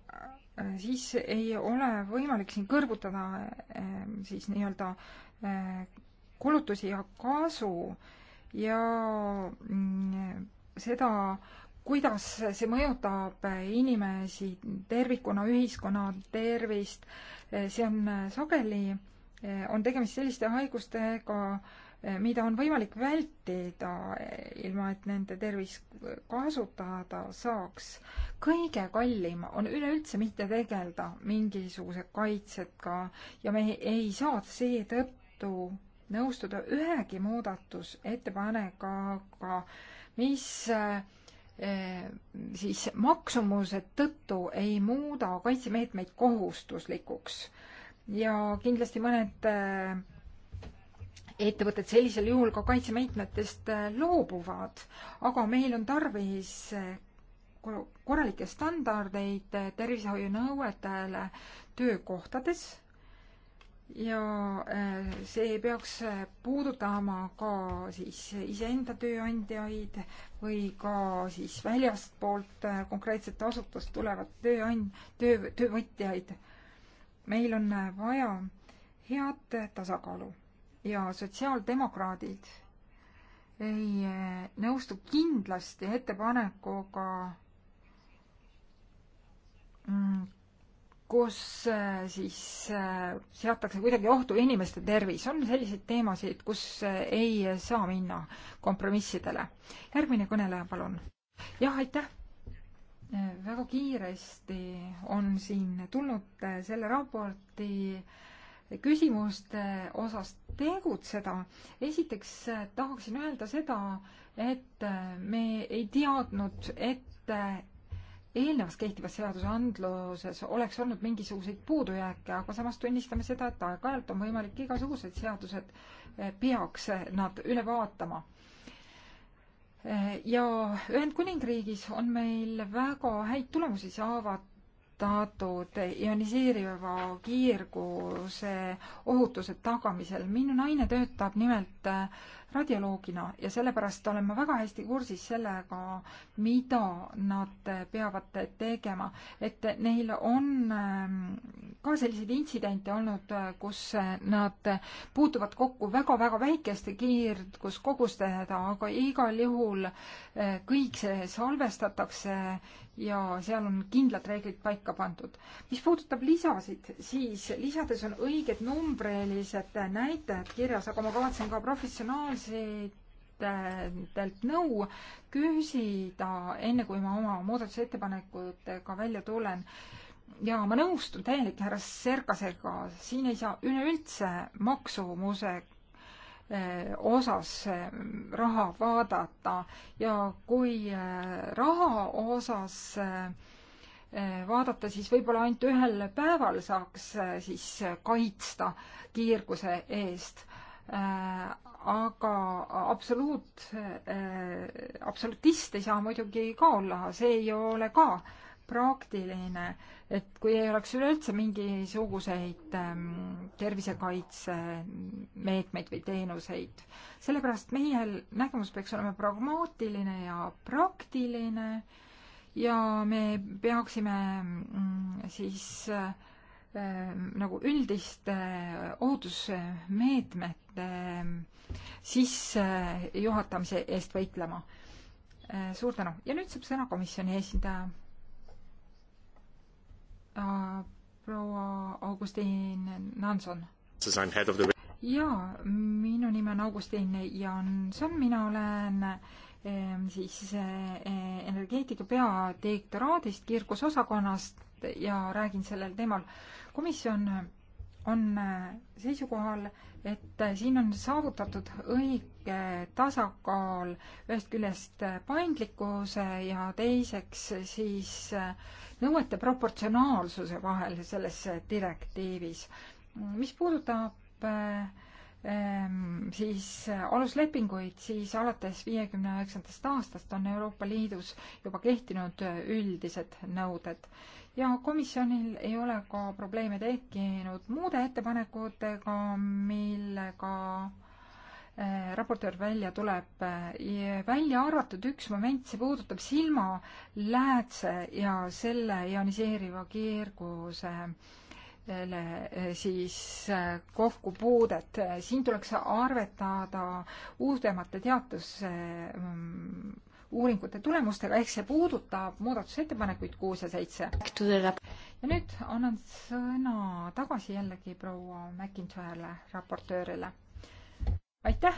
äh, siis ei ole võimalik siin kõrvutada äh, siis nii-öelda äh, kulutusi ja kasu ja mm, seda, kuidas see mõjutab inimesi tervikuna, ühiskonna tervist, see on sageli, on tegemist selliste haigustega, Eh, mida on võimalik vältida, eh, ilma et nende tervist kasutada saaks. kõige kallim on üleüldse mitte tegeleda mingisuguse kaitsega ja me ei saa seetõttu nõustuda ühegi muudatusettepanekaga, mis eh, siis maksumuse tõttu ei muuda kaitsemeetmeid kohustuslikuks. ja kindlasti mõned ettevõtted sellisel juhul ka kaitsemeetmetest äh, loobuvad, aga meil on tarvis äh, korralikke standardeid äh, tervishoiunõuetele töökohtades ja see peaks puudutama ka siis iseenda tööandjaid või ka siis väljastpoolt konkreetset asutust tulevat tööand-, töö, töövõtjaid. meil on vaja head tasakaalu ja sotsiaaldemokraadid ei eh, nõustu kindlasti ettepanekuga, mm, kus eh, siis eh, seatakse kuidagi ohtu inimeste tervis. on selliseid teemasid, kus ei saa minna kompromissidele. järgmine kõneleja, palun. jah, aitäh. väga kiiresti on siin tulnud selle raporti äh, küsimuste osas tegutseda. esiteks eh, tahaksin öelda seda, et eh, me ei teadnud, et eh, eelnevas kehtivas seadusandluses oleks olnud mingisuguseid puudujääke, aga samas tunnistame seda, et aeg-ajalt on võimalik igasugused seadused, peaks nad üle vaatama. ja Ühendkuningriigis on meil väga häid tulemusi saavad kasutatud ioniseeriva kiirguse ohutuse tagamisel. minu naine töötab nimelt äh, radioloogina ja sellepärast olen ma väga hästi kursis sellega, mida nad peavad tegema. et neil on ähm, ka selliseid intsidente olnud, äh, kus nad puutuvad kokku väga-väga väikeste kiirguskogustega, aga igal juhul äh, kõik see salvestatakse ja seal on kindlad reeglid paika pandud. mis puudutab lisasid, siis lisades on õiged numbrilised näitajad kirjas, aga ma kavatsen ka professionaalsetelt nõu küsida, enne kui ma oma muudatusettepanekutega välja tulen ja ma nõustun täielikult härra Serkasega, siin ei saa üleüldse maksumusega osas ehm, raha vaadata ja kui eh, raha osas eh, eh, vaadata, siis võib-olla ainult ühel päeval saaks siis kaitsta kiirguse eest. aga absoluut, absolutist ei saa muidugi ka olla, see ei ole ka äh, praktiline, et kui ei oleks üleüldse mingisuguseid ähm, tervisekaitsemeetmeid või teenuseid. sellepärast meie nägemus peaks olema pragmaatiline ja praktiline ja me peaksime mm, siis ähm, nagu äh, nagu üldiste ohutusmeetmete ähm, sissejuhatamise eest võitlema. Äh, suur tänu ja nüüd saab sõna komisjoni esindaja Äh, proua Augustin Nanson. jaa, minu nimi on Augustin Janson, mina olen ähm, siis äh, energeetika peadirektoraadist, kiirgusosakonnast ja räägin sellel teemal. komisjon on äh, seisukohal, et siin on saavutatud õig-, õige tasakaal ühest küljest paindlikkuse ja teiseks siis äh, nõuete proportsionaalsuse vahel selles direktiivis. mis puudutab äh, ähm, siis aluslepinguid, siis alates viiekümne üheksandast aastast on Euroopa Liidus juba kehtinud üldised nõuded ja komisjonil ei ole ka probleeme tekkinud muude ettepanekutega, millega Äh, raportöör välja tuleb, äh, välja arvatud üks moment, see puudutab silmaläätse ja selle ioniseeriva kiirgusele äh, siis kokkupuudet. siin tuleks arvetada uutemate teaduse mm, uuringute tulemustega, ehk see puudutab muudatusettepanekuid kuus ja seitse. ja nüüd annan sõna tagasi jällegi proua McIntyre'le, raportöörile aitäh!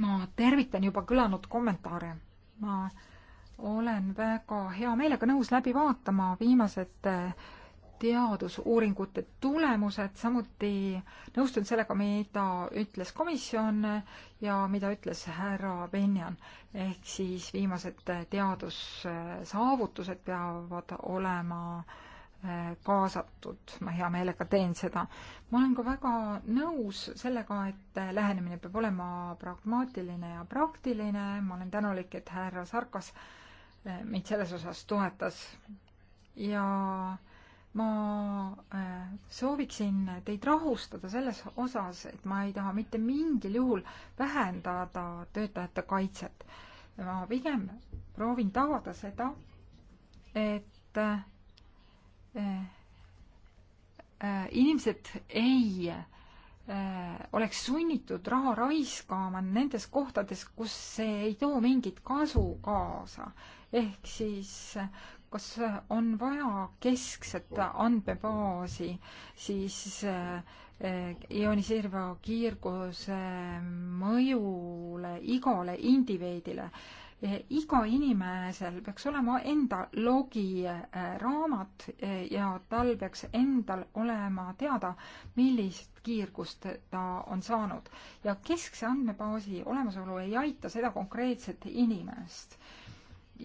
ma tervitan juba kõlanud kommentaare. ma olen väga hea meelega nõus läbi vaatama viimased eh, teadusuuringute tulemused, samuti nõustun sellega, mida ütles komisjon eh, ja mida ütles härra Benjan. ehk siis viimased eh, teadussaavutused peavad olema äh, Äh, kaasatud, ma hea meelega teen seda. ma olen ka väga nõus sellega, et äh, lähenemine peab olema pragmaatiline ja praktiline, ma olen tänulik, et härra Sarkas äh, mind selles osas toetas. ja ma sooviksin teid rahustada selles osas, et ma ei taha mitte mingil juhul vähendada töötajate kaitset. ma pigem proovin tagada seda, et Äh, äh, inimesed ei äh, oleks sunnitud raha raiskama nendes kohtades, kus see ei too mingit kasu kaasa. ehk siis kas on vaja keskset andmebaasi siis ioniseeriva kiirguse mõjule igale indiveedile Eh, iga inimesel peaks olema enda logiraamat eh, eh, ja tal peaks endal olema teada, millist kiirgust ta on saanud. ja keskse andmebaasi olemasolu ei aita seda konkreetset inimest.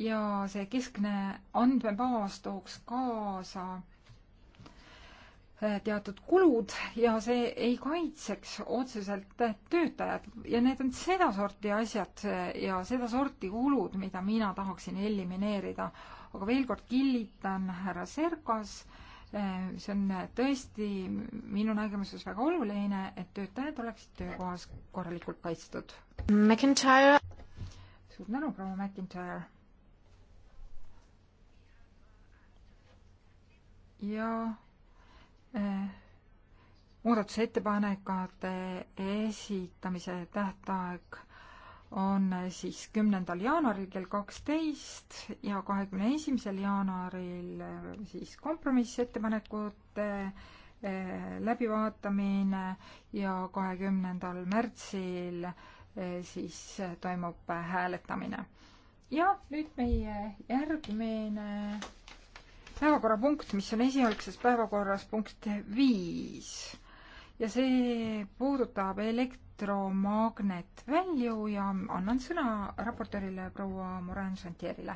ja see keskne andmebaas tooks kaasa teatud kulud ja see ei kaitseks otseselt töötajat ja need on sedasorti asjad ja sedasorti kulud, mida mina tahaksin elimineerida. aga veel kord kinnitan härra Serkas, see on tõesti minu nägemuses väga oluline, et töötajad oleksid töökohas korralikult kaitstud. McIntyre. suur tänu, proua McIntyre. ja Äh, muudatusettepanekute esitamise tähtaeg on äh, siis kümnendal jaanuaril kell kaksteist ja kahekümne esimesel jaanuaril äh, siis kompromissettepanekute läbivaatamine ja kahekümnendal märtsil siis toimub hääletamine. ja nüüd meie järgmine päevakorrapunkt, mis on esialgses päevakorras punkt viis ja see puudutab elektromagnetvälju ja annan sõna raportöörile proua Morin Chantierile.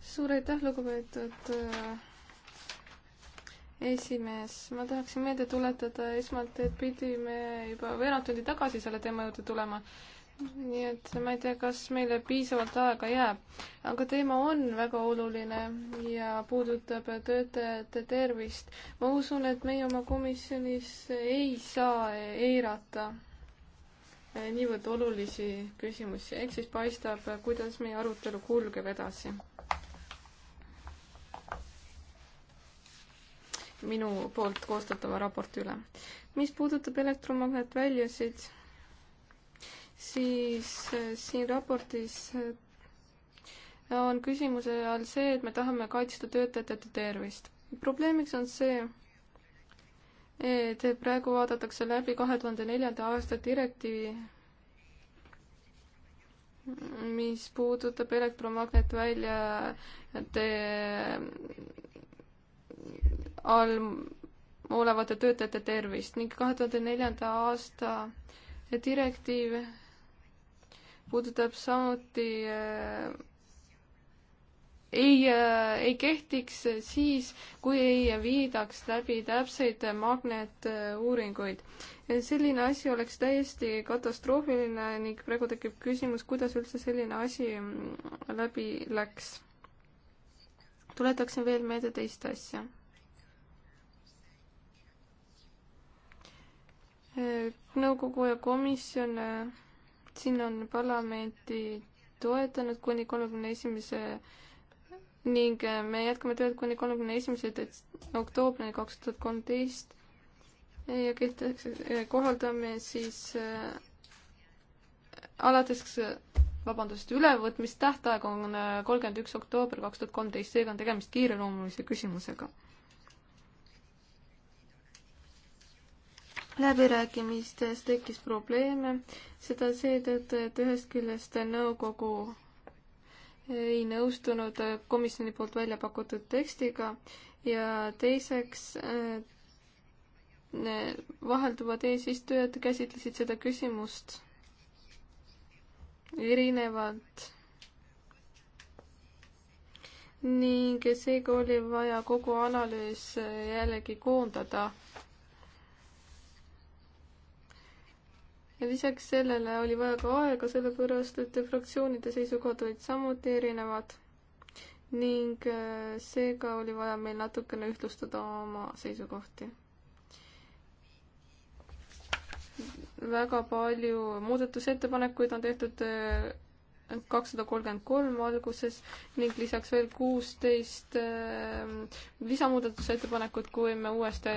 suur aitäh, lugupeetud äh, esimees, ma tahaksin meelde tuletada esmalt, et pidime juba veerand tundi tagasi selle teema juurde tulema nii et ma ei tea, kas meile piisavalt aega jääb, aga teema on väga oluline ja puudutab töötajate tervist. ma usun, et meie oma komisjonis ei saa eirata niivõrd olulisi küsimusi, ehk siis paistab, kuidas meie arutelu kulgeb edasi. minu poolt koostatava raporti üle. mis puudutab elektromagnetväljasiid siis äh, siin raportis äh, on küsimuse all see, et me tahame kaitsta töötajate tervist. probleemiks on see, et praegu vaadatakse läbi kahe tuhande neljanda aasta direktiivi, mis puudutab elektromagnetväljade all olevate töötajate tervist ning kahe tuhande neljanda aasta direktiiv puudutab samuti äh, ei, äh, ei kehtiks siis, kui ei viidaks läbi täpseid magnetuuringuid. selline asi oleks täiesti katastroofiline ning praegu tekib küsimus, kuidas üldse selline asi mm, läbi läks. tuletaksin veel meelde teist asja äh, nõukogu ja komisjon siin on parlamenti toetanud kuni kolmekümne esimese ning äh, me jätkame tööd kuni kolmekümne esimese oktoobrini kaks tuhat kolmteist ja kehteks, äh, kohaldame siis äh, alates, äh, vabandust, ülevõtmistähtaeg on kolmkümmend üks oktoober kaks tuhat kolmteist, seega on tegemist kiireloomulise küsimusega läbirääkimistes tekkis probleeme, seda seetõttu, et ühest küljest nõukogu ei nõustunud komisjoni poolt välja pakutud tekstiga ja teiseks äh, vahelduvad eesistujad käsitlesid seda küsimust erinevalt ning seega oli vaja kogu analüüs jällegi koondada lisaks sellele oli vaja ka aega, sellepärast et fraktsioonide seisukohad olid samuti erinevad ning äh, seega oli vaja meil natukene ühtlustada oma seisukohti. väga palju muudatusettepanekuid on tehtud äh, kakssada kolmkümmend kolm alguses ning lisaks veel kuusteist äh, lisamuudatusettepanekut, kui me uuesti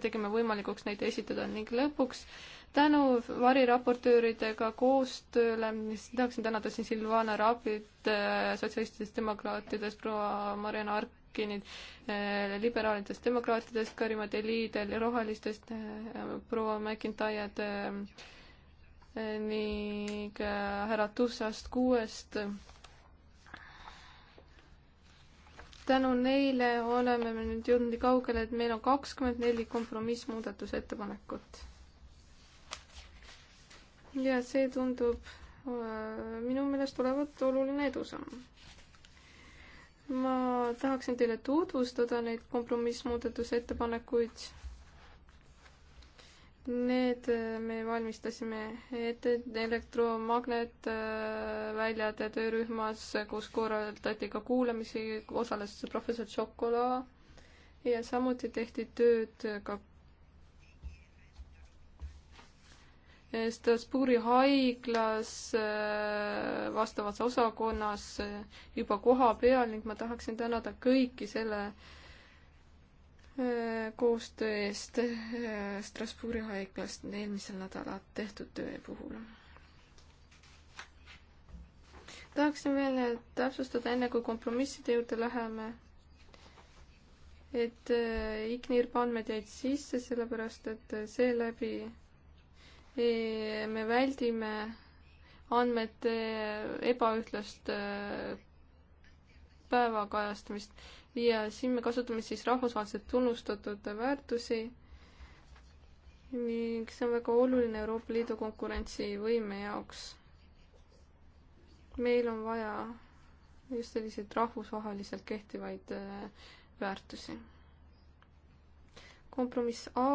tegime võimalikuks neid esitada ning lõpuks äh, tänu variraportööridega koostööle, tahaksin tänada siin Silvana Rapit äh, sotsialistidest demokraatidest, proua Mariann Arkinit äh, liberaalidest demokraatidest, Karima Deliidel rohelistest, äh, proua McIntyre'd ning härra Tussast kuuest. tänu neile oleme me nüüd jõudnud nii kaugele, et meil on kakskümmend neli kompromissmuudatusettepanekut ja see tundub äh, minu meelest olevat oluline edusamm. ma tahaksin teile tutvustada neid kompromissmuudatusettepanekuid. Need äh, me valmistasime ette elektromagnetväljade äh, töörühmas, kus korraldati ka kuulamisi, osales professor Tšokola ja samuti tehti tööd ka Strasbourgi haiglas äh, vastavas osakonnas äh, juba koha peal ning ma tahaksin tänada kõiki selle äh, koostöö eest Strasbourgi haiglast eelmisel nädalal tehtud töö puhul. tahaksin veel täpsustada, enne kui kompromisside juurde läheme, et IGNIRP andmed jäid sisse, sellepärast et seeläbi me väldime andmete ebaühtlast päevakajastamist ja siin me kasutame siis rahvusvaheliselt tunnustatud väärtusi ning see on väga oluline Euroopa Liidu konkurentsivõime jaoks. meil on vaja just selliseid rahvusvaheliselt kehtivaid väärtusi. kompromiss A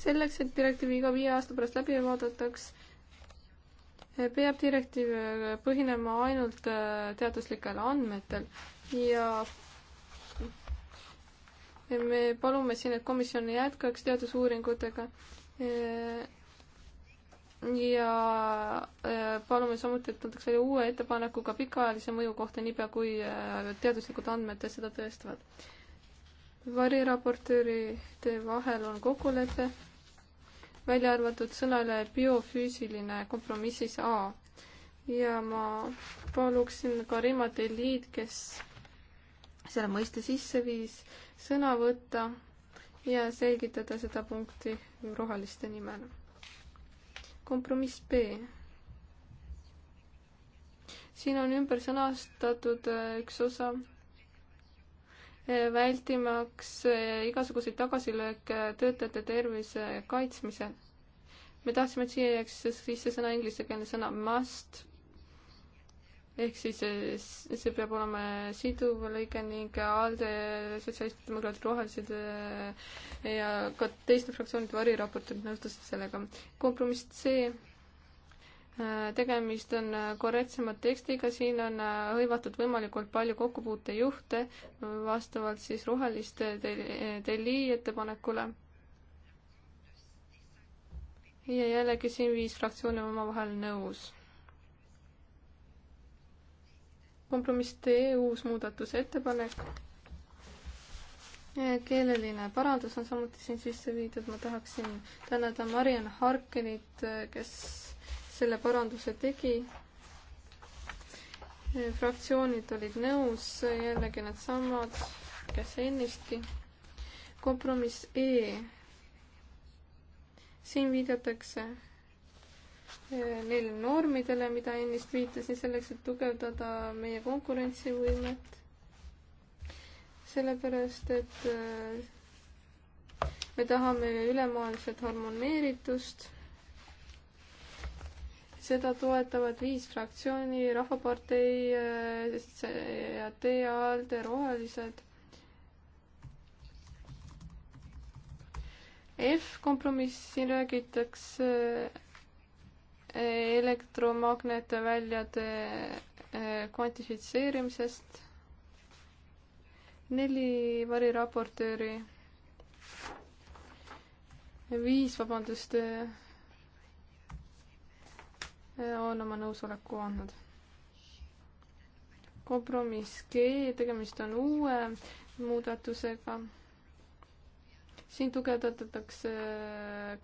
selleks, et direktiivi iga viie aasta pärast läbi vaadataks, peab direktiiv äh, põhinema ainult äh, teaduslikel andmetel ja me palume siin, et komisjon jätkaks teadusuuringutega äh, ja palume samuti, et antaks välja uue ettepanekuga pikaajalise mõju kohta, niipea kui teaduslikud andmed seda tõestavad. variraportööride vahel on kokkulepe välja arvatud sõnale biofüüsiline kompromissis A. ja ma paluksin Karima Deliid, kes selle mõiste sisse viis, sõna võtta ja selgitada seda punkti roheliste nimel. kompromiss B. siin on ümber sõnastatud äh, üks osa vältimaks eh, igasuguseid tagasilööke töötajate tervise kaitsmisel. me tahtsime, et siia jääks sisse sõna inglisekeelne sõna must ehk siis eh, see peab olema siduv lõige ning ALDE, sotsialistid, demokraadid, rohelised eh, ja ka teiste fraktsioonide variraportid nõustusid sellega. kompromiss C Äh, tegemist on äh, korrektsema tekstiga, siin on äh, hõivatud võimalikult palju kokkupuutejuhte vastavalt siis roheliste teli ettepanekule. ja jällegi siin viis fraktsiooni omavahel nõus. kompromiss tee uus muudatusettepanek. keeleline parandus on samuti siin sisse viidud, ma tahaksin tänada Mariann Harkinit, kes selle paranduse tegi. Eh, fraktsioonid olid nõus, jällegi needsamad, kes ennistki. kompromiss E. siin viidatakse eh, neile normidele, mida ennist viitasin, selleks, et tugevdada meie konkurentsivõimet. sellepärast, et eh, me tahame ülemaailmset harmoneeritust seda toetavad viis fraktsiooni, Rahvapartei, CAD, ALDE, Rohelised. F kompromiss, siin räägitakse eh, elektromagnetväljade eh, kvantifitseerimisest. neli variraportööri, viis, vabandust eh, on oma nõusoleku andnud. kompromiss G, tegemist on uue muudatusega. siin tugevdatakse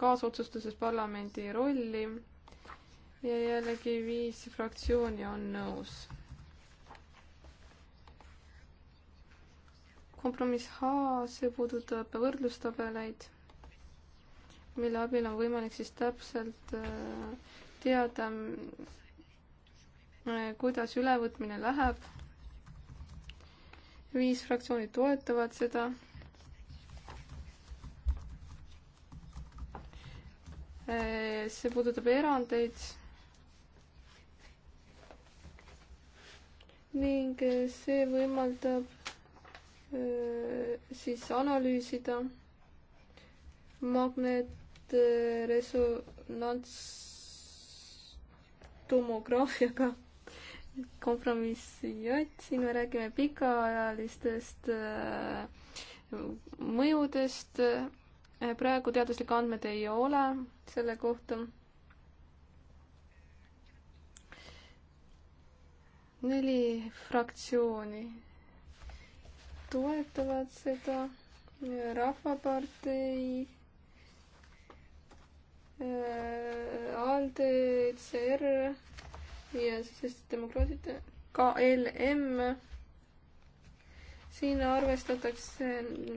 kaasotsustuses parlamendi rolli ja jällegi viis fraktsiooni on nõus kompromiss H, see puudutab võrdlustabeleid, mille abil on võimalik siis täpselt äh, teada, kuidas ülevõtmine läheb. viis fraktsiooni toetavad seda. see puudutab erandeid. ning see võimaldab äh, siis analüüsida magnetresonants äh, tomograafiaga. kompromiss J, siin me räägime pikaajalistest äh, mõjudest. Äh, praegu teaduslikke andmeid ei ole selle kohta. neli fraktsiooni toetavad seda Rahvapartei Äh, ALDE, CR ja siis demokraadid, KLM. siin arvestatakse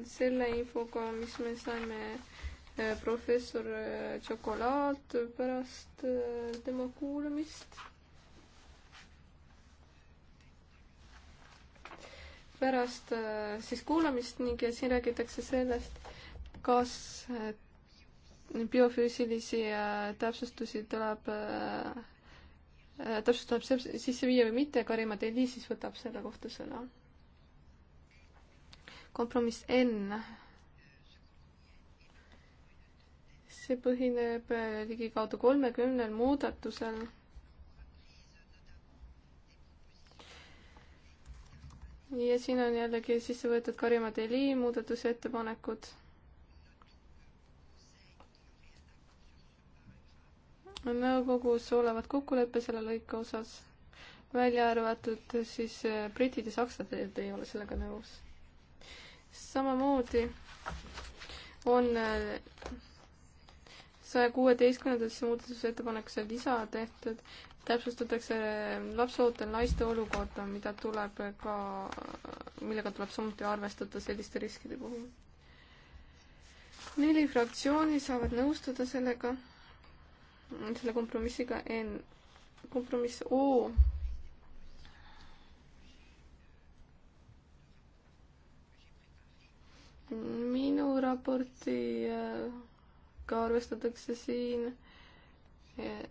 selle infoga, mis me saime äh, professor äh, Tšokolaat pärast tema kuulamist. pärast siis kuulamist ning siin räägitakse sellest, kas biofüüsilisi äh, täpsustusi tuleb äh, äh, täpselt tuleb sisse viia või mitte, Karima Telli siis võtab selle kohta sõna. kompromiss N. see põhineb ligikaudu kolmekümnel muudatusel. ja siin on jällegi sisse võetud Karima Telli muudatusettepanekud nõukogus olevat kokkuleppe selle lõike osas, välja arvatud siis äh, britid ja sakslased ei ole sellega nõus. samamoodi on äh, saja kuueteistkümnendasse muudatusettepanekusse lisa tehtud, täpsustatakse äh, lapseootel naiste olukorda, mida tuleb ka, millega tuleb samuti arvestada selliste riskide puhul. neli fraktsiooni saavad nõustuda sellega selle kompromissiga N, kompromiss O. minu raportiga äh, arvestatakse siin äh,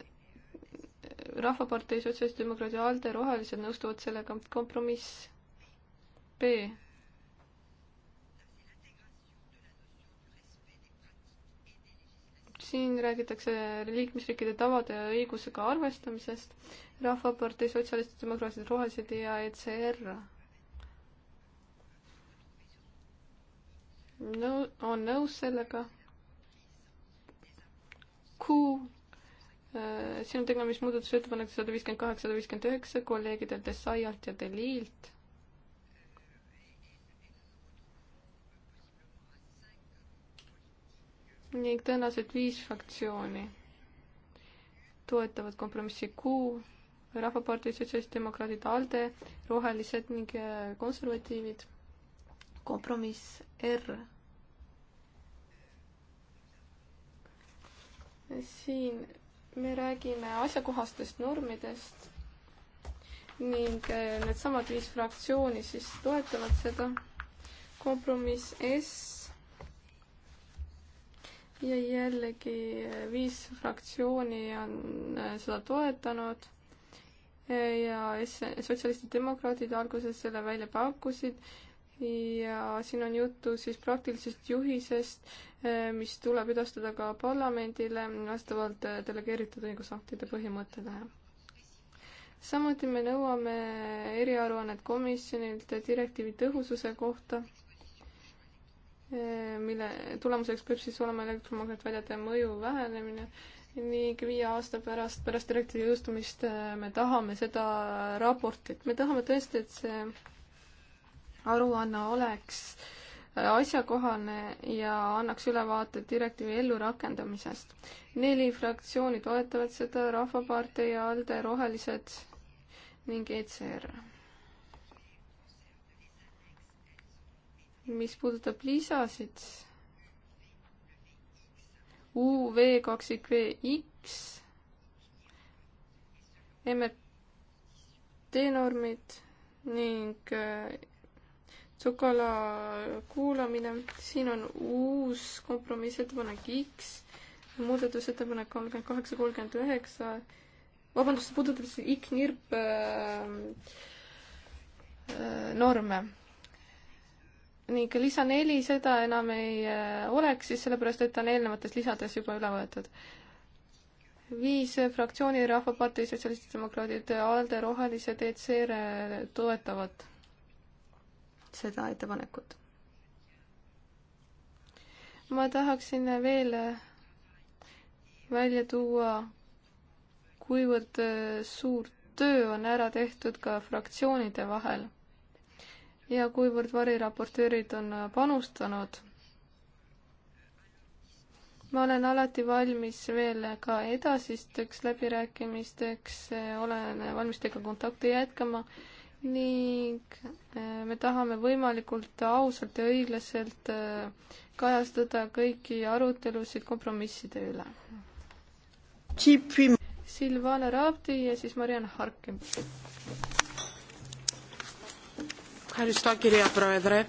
Rahvapartei Sotsiaalsdemokraadi ALDE rohelised nõustuvad sellega, kompromiss B siin räägitakse liikmesriikide tavade ja õigusega arvestamisest, Rahvapartei, Sotsialistid, Demokraatid, Rohelised ja ECR. no on nõus sellega. Q siin on tegemist muudatusettepanek sada viiskümmend kaheksa, sada viiskümmend üheksa kolleegidelt Essayalt ja Delilt ning tõenäoliselt viis fraktsiooni toetavad kompromissi Q, Rahvapartei, Sotsiaaldemokraadid, ALDE, Rohelised ning äh, konservatiivid. kompromiss R. siin me räägime asjakohastest normidest ning äh, needsamad viis fraktsiooni siis toetavad seda. kompromiss S ja jällegi viis fraktsiooni on äh, seda toetanud ja sotsialistid demokraadid alguses selle välja pakkusid ja siin on juttu siis praktilisest juhisest, äh, mis tuleb edastada ka parlamendile vastavalt äh, delegeeritud õigusaktide põhimõttele. samuti me nõuame eriaruannet komisjonilt direktiivi tõhususe kohta mille tulemuseks peab siis olema elektromagnetväljade mõju vähenemine ning viie aasta pärast, pärast direktiivi jõustumist äh, me tahame seda raportit, me tahame tõesti, et see aruanne oleks äh, asjakohane ja annaks ülevaate direktiivi ellurakendamisest. neli fraktsiooni toetavad seda, Rahvapartei, ALDE, Rohelised ning ECR mis puudutab lisasid, UV kaksik VX, MFT normid ning äh, Tsukala kuulamine, siin on uus kompromissettepanek X, muudatusettepanek kolmkümmend kaheksa, kolmkümmend üheksa, vabandust, puudutab siis IK-NIRP äh, äh, norme ning lisa neli seda enam ei äh, oleks, siis sellepärast, et ta on eelnevates lisades juba üle võetud. viis fraktsiooni, Rahvapartei, Sotsialistid, Demokraadid, ALDE, Rohelised, ECR toetavad seda ettepanekut. ma tahaksin veel välja tuua, kuivõrd äh, suur töö on ära tehtud ka fraktsioonide vahel ja kuivõrd variraportöörid on äh, panustanud. ma olen alati valmis veel ka edasisteks läbirääkimisteks, äh, olen valmis teiega kontakte jätkama ning äh, me tahame võimalikult ausalt ja õiglaselt kajastada kõiki arutelusid kompromisside üle. Silvana Raabdi ja siis Mariann Harkin. Ευχαριστώ κυρία Πρόεδρε.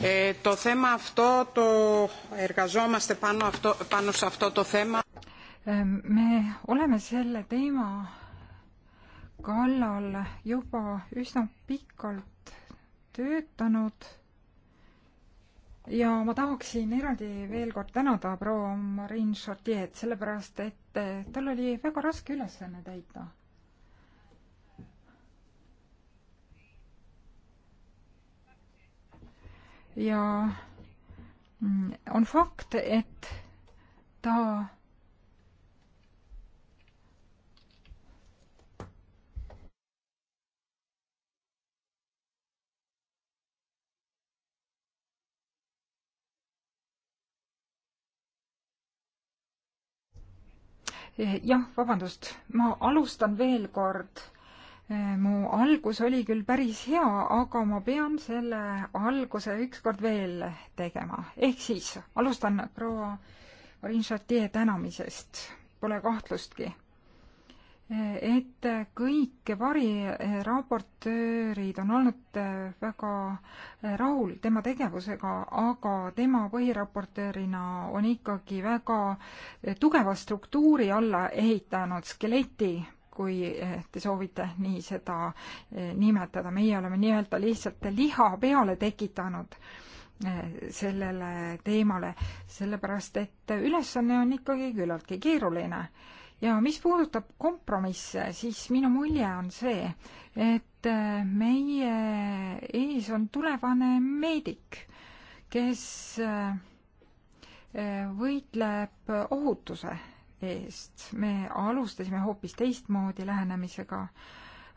Ε, το θέμα αυτό, το εργαζόμαστε πάνω, αυτό, πάνω σε αυτό το θέμα. Me oleme selle teema kallal juba üsna pikalt töötanud ja ma tahaksin eraldi veel kord tänada proua Marin Chartier, sellepärast et eh, tal oli väga raske ülesanne täita ja mm, on fakt, et ta eh, jah, vabandust, ma alustan veel kord Äh, mu algus oli küll päris hea, aga ma pean selle alguse ükskord veel tegema. ehk siis alustan proua Marin Chartier tänamisest, pole kahtlustki äh, et kõik variraportöörid on olnud äh, väga rahul tema tegevusega, aga tema põhiraportöörina on ikkagi väga tugeva struktuuri alla ehitanud skeleti kui eh, te soovite nii seda eh, nimetada. meie oleme nii-öelda lihtsalt liha peale tekitanud eh, sellele teemale, sellepärast et ülesanne on ikkagi küllaltki keeruline. ja mis puudutab kompromisse, siis minu mulje on see, et meie ees on tulevane meedik, kes võitleb ohutuse eest. me alustasime hoopis teistmoodi lähenemisega,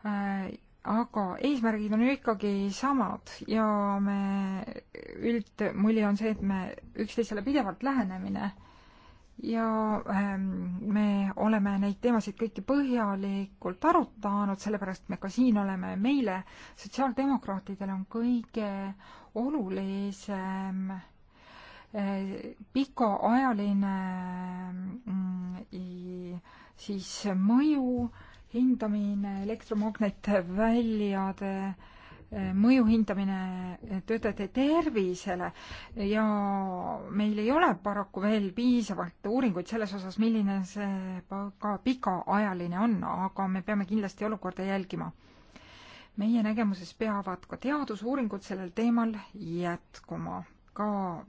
äh, aga eesmärgid on ju ikkagi samad ja me, üldmulje on see, et me üksteisele pidevalt lähenemine ja ähm, me oleme neid teemasid kõiki põhjalikult arutanud, sellepärast me ka siin oleme. meile, sotsiaaldemokraatidele on kõige olulisem äh, pikaajaline mm, siis mõju hindamine, elektromagnetväljade eh, mõju hindamine töötajate tervisele ja meil ei ole paraku veel piisavalt uuringuid selles osas, milline see ka pikaajaline on, aga me peame kindlasti olukorda jälgima. meie nägemuses peavad ka teadusuuringud sellel teemal jätkuma ka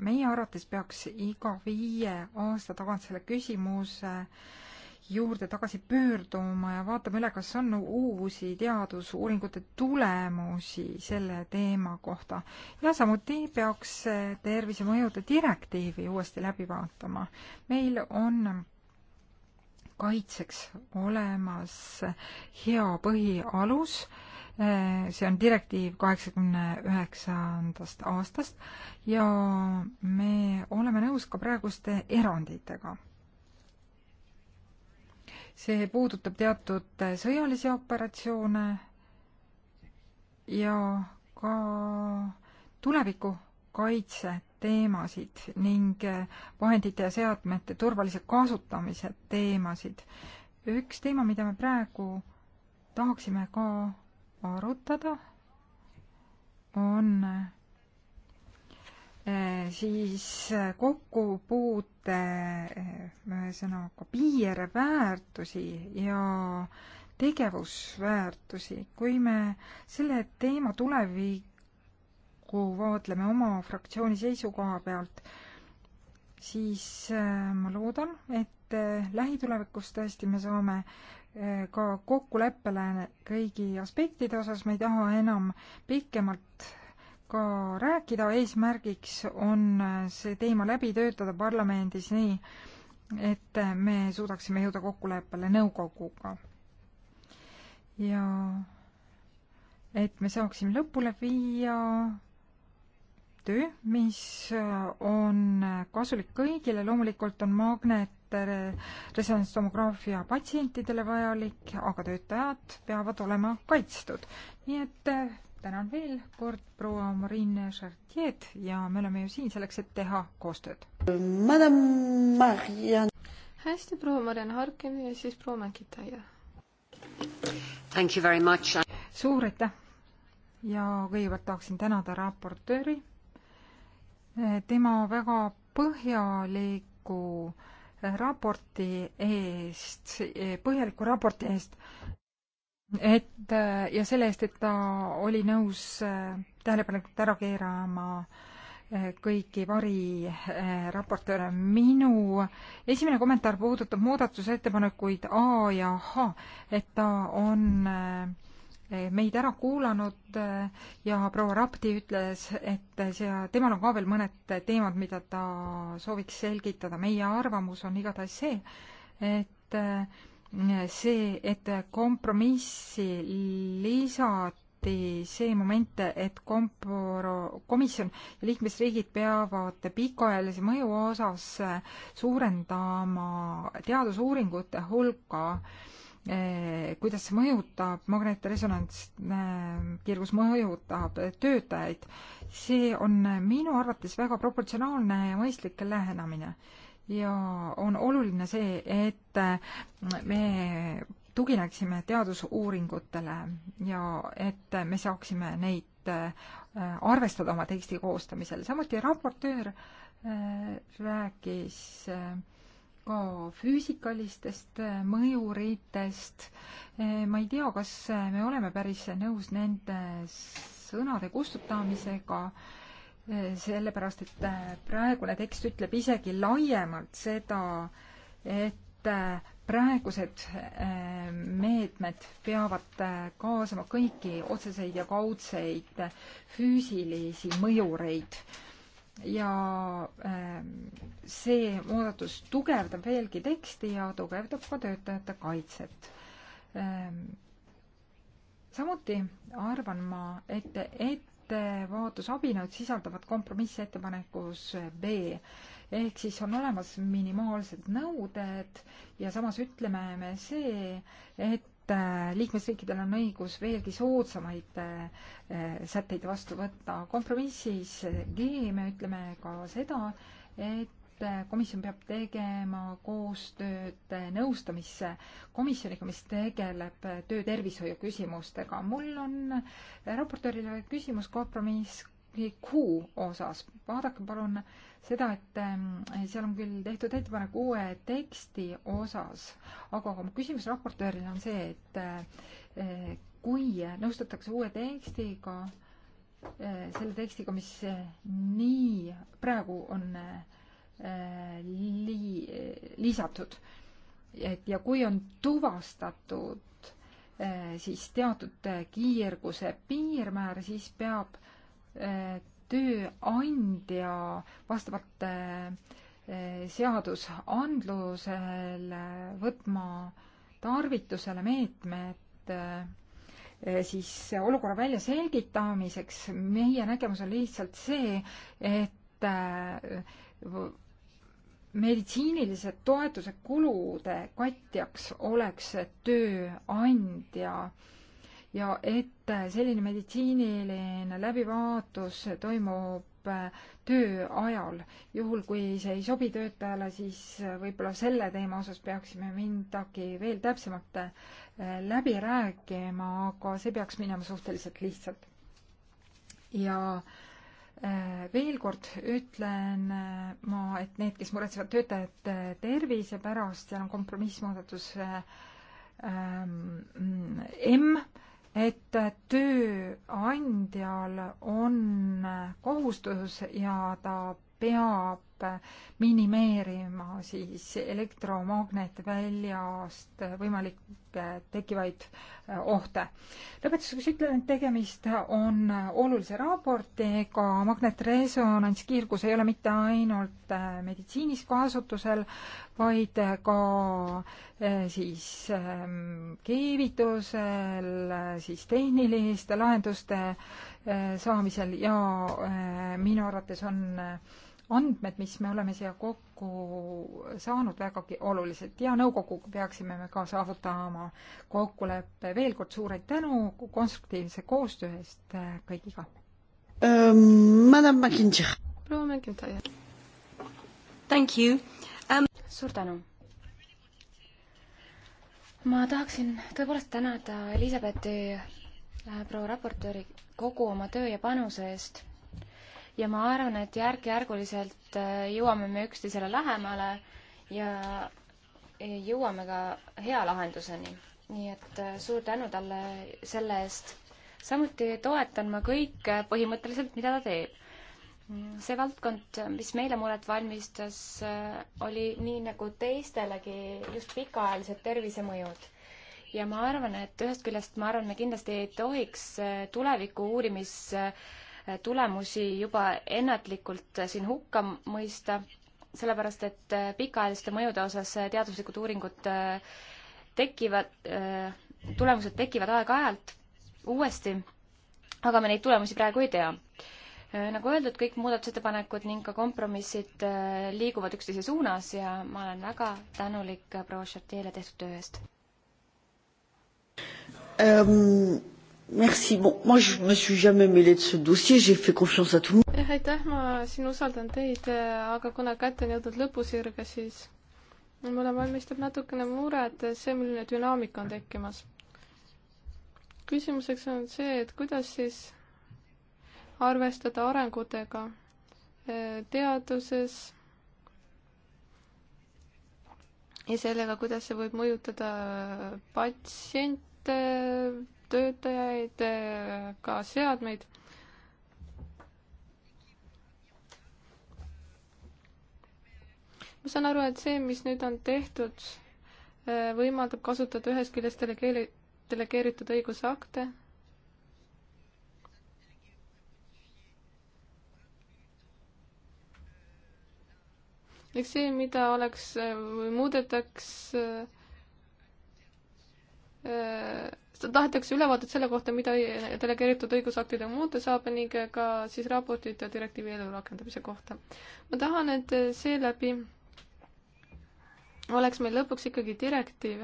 meie arvates peaks iga viie aasta tagant selle küsimuse juurde tagasi pöörduma ja vaatame üle, kas on uusi teadusuuringute tulemusi selle teema kohta. ja samuti peaks tervisemõjude direktiivi uuesti läbi vaatama. meil on kaitseks olemas hea põhialus äh, Äh, see on direktiiv kaheksakümne üheksandast aastast ja me oleme nõus ka praeguste eranditega. see puudutab teatud sõjalisi operatsioone ja ka tuleviku kaitse teemasid ning vahendite ja seadmete turvalise kasutamise teemasid. üks teema, mida me praegu tahaksime ka arutada, on eh, siis kokkupuute eh, ühesõnaga piirväärtusi ja tegevusväärtusi. kui me selle teema tulevikku vaatleme oma fraktsiooni seisukoha pealt, siis eh, ma loodan, et et eh, lähitulevikus tõesti me saame eh, ka kokkuleppele kõigi aspektide osas, me ei taha enam pikemalt ka rääkida, eesmärgiks on eh, see teema läbi töötada parlamendis nii, et me suudaksime jõuda kokkuleppele nõukoguga. ja et me saaksime lõpule viia töö, mis on kasulik kõigile, loomulikult on Magnet resonantstomograafia patsientidele vajalik, aga töötajad peavad olema kaitstud. nii et eh, tänan veel kord proua Marine Chartier ja me oleme ju siin selleks, et teha koostööd. Madame Marianne. hästi, proua Marianne Harkin ja siis proua Mäkitäie. Thank you very much. suur aitäh ja kõigepealt tahaksin tänada raportööri tema väga põhjaliku raporti eest, põhjaliku raporti eest, et ja selle eest, et ta oli nõus äh, tähelepanelikult ära keerama äh, kõiki variraportööre. minu esimene kommentaar puudutab muudatusettepanekuid A ja H, et ta on äh, Eh, meid ära kuulanud eh, ja proua Rapti ütles, et see, temal on ka veel mõned teemad, mida ta sooviks selgitada. meie arvamus on igatahes see, et eh, see, et kompromissi lisati see moment, et kompro-, komisjon ja liikmesriigid peavad pikaajalise mõju osas suurendama teadusuuringute hulka äh, Eh, kuidas see mõjutab, magnetresonantskiirgus eh, mõjutab töötajaid, see on minu arvates väga proportsionaalne ja mõistlik lähenemine. ja on oluline see, et eh, me tugineksime teadusuuringutele ja et me saaksime neid arvestada oma teksti koostamisel, samuti raportöör rääkis äh, ka füüsikalistest äh, mõjuritest. Äh, ma ei tea, kas äh, me oleme päris nõus nende sõnade kustutamisega, sellepärast et praegune tekst ütleb isegi laiemalt seda, et praegused meetmed peavad kaasama kõiki otseseid ja kaudseid füüsilisi mõjureid ja ähm, see muudatus tugevdab veelgi teksti ja tugevdab ka töötajate kaitset. Ähm, samuti arvan ma, et ettevaatusabinõud sisaldavad kompromissettepanekus B ehk siis on olemas minimaalsed nõuded ja samas ütleme me see, et et äh, liikmesriikidel on õigus veelgi soodsamaid äh, äh, sätteid vastu võtta. kompromissis G me ütleme ka seda, et komisjon peab tegema koostööd nõustamiskomisjoniga, mis tegeleb töötervishoiu küsimustega. mul on raportöörile küsimus kompromiss kuu osas. vaadake palun seda, et ähm, seal on küll tehtud ettepanek uue teksti osas, aga mu küsimus raportöörile on see, et äh, kui nõustutakse uue tekstiga, äh, selle tekstiga, mis äh, nii praegu on li-, lisatud, et ja kui on tuvastatud siis teatud kiirguse piirmäär, siis peab äh, tööandja vastavalt eh, seadusandlusel võtma tarvitusele meetmed eh, siis olukorra väljaselgitamiseks. meie nägemus on lihtsalt see, et eh, meditsiinilise toetuse kulude katjaks oleks tööandja äh, ja et selline meditsiiniline läbivaatus toimub äh, töö ajal. juhul, kui see ei sobi töötajale, siis äh, võib-olla selle teema osas peaksime midagi veel täpsemalt äh, läbi rääkima, aga see peaks minema suhteliselt lihtsalt. ja veel kord ütlen ma, et need, kes muretsevad töötajate tervise pärast, seal on kompromissmuudatus ähm, M et tööandjal on kohustus ja ta peab minimeerima siis elektromagnetväljast võimalikke tekkivaid äh, ohte. lõpetuseks ütlen, et tegemist on olulise raportiga, magnetresonantskiirgus ei ole mitte ainult äh, meditsiinis kasutusel, vaid ka äh, siis ähm, keevitusel, siis tehniliste lahenduste saamisel ja minu arvates on andmed, mis me oleme siia kokku saanud, vägagi olulised ja nõukoguga peaksime me ka saavutama kokkuleppe. veel kord suur tänu konstruktiivse koostöö eest äh, kõigiga um,. Madame McIntyre. proua McIntyre. Thank you um.... suur tänu ma tahaksin tõepoolest tänada Elizabethi äh, proua raportööri kogu oma töö ja panuse eest ja ma arvan, et järk-järguliselt äh, jõuame me üksteisele lähemale ja jõuame ka hea lahenduseni. nii et äh, suur tänu talle selle eest. samuti toetan ma kõike äh, põhimõtteliselt, mida ta teeb. Mm, see valdkond, mis meile muret valmistas, oli nii nagu teistelegi just pikaajalised tervisemõjud ja ma arvan, et ühest küljest ma arvan, me kindlasti ei tohiks tuleviku uurimis äh, tulemusi juba ennatlikult siin hukka mõista, sellepärast et äh, pikaajaliste mõjude osas äh, teaduslikud uuringud äh, tekivad, tulemused tekivad aeg-ajalt uuesti, aga me neid tulemusi praegu ei tea nagu öeldud, kõik muudatusettepanekud ning ka kompromissid liiguvad üksteise suunas ja ma olen väga tänulik proua Chartier'le tehtud töö eest um,. Merci, bon, moi je me suis jamais mêlée de ce dossier, j'ai fait confiance à tout le monde. jah, eh, aitäh, ma siin usaldan teid, eh, aga kuna kätte on jõudnud lõpusirge, siis mulle valmistab natukene muret eh, see, milline dünaamika on tekkimas. küsimuseks on see, et kuidas siis arvestada arengutega teaduses ja sellega, kuidas see võib mõjutada patsiente, töötajaid, ka seadmeid. ma saan aru, et see, mis nüüd on tehtud, võimaldab kasutada ühest küljest delegeeri-, delegeeritud õigusakte, eks see, mida oleks või muudetakse äh, seda tahetakse ülevaadet selle kohta, mida delegeeritud õigusaktide muuta saab ning ka siis raportit direktiivi elu rakendamise kohta. ma tahan, et seeläbi oleks meil lõpuks ikkagi direktiiv,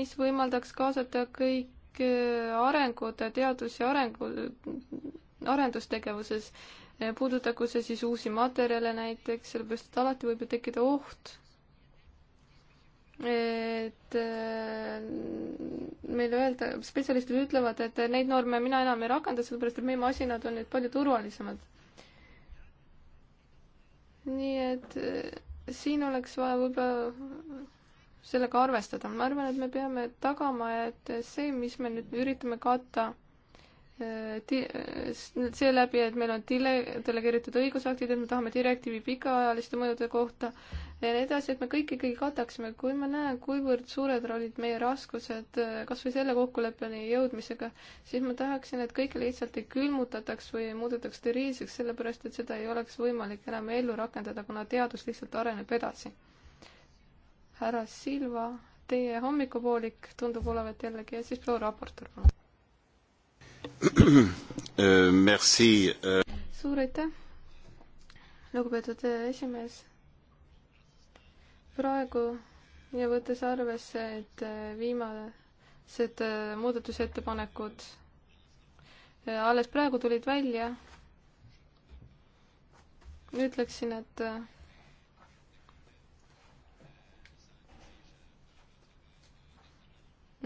mis võimaldaks kaasata kõik arengud teadus- ja arengu, arendustegevuses, puudutagu see siis uusi materjale näiteks, sellepärast et alati võib ju tekkida oht et äh, meile öelda, spetsialistid ütlevad, et neid norme mina enam ei rakenda, sellepärast et meie masinad on nüüd palju turvalisemad. nii et äh, siin oleks vaja võib-olla sellega arvestada. ma arvan, et me peame tagama, et see, mis me nüüd üritame katta äh, seeläbi, et meil on dele-, delegeeritud õigusaktid, et me tahame direktiivi pikaajaliste mõjude kohta ja nii edasi, et me kõik ikkagi kataksime, kui ma näen, kuivõrd suured olid meie raskused äh, kas või selle kokkuleppeni jõudmisega, siis ma tahaksin, et kõike lihtsalt ei külmutataks või muudetaks steriilseks, sellepärast et seda ei oleks võimalik enam ellu rakendada, kuna teadus lihtsalt areneb edasi. härra Silva, teie hommikupoolik tundub olevat jällegi ja siis proua raportöör, palun. Äh, äh, merci. suur aitäh, lugupeetud esimees praegu ja võttes arvesse, et äh, viimased äh, muudatusettepanekud äh, alles praegu tulid välja, ütleksin, et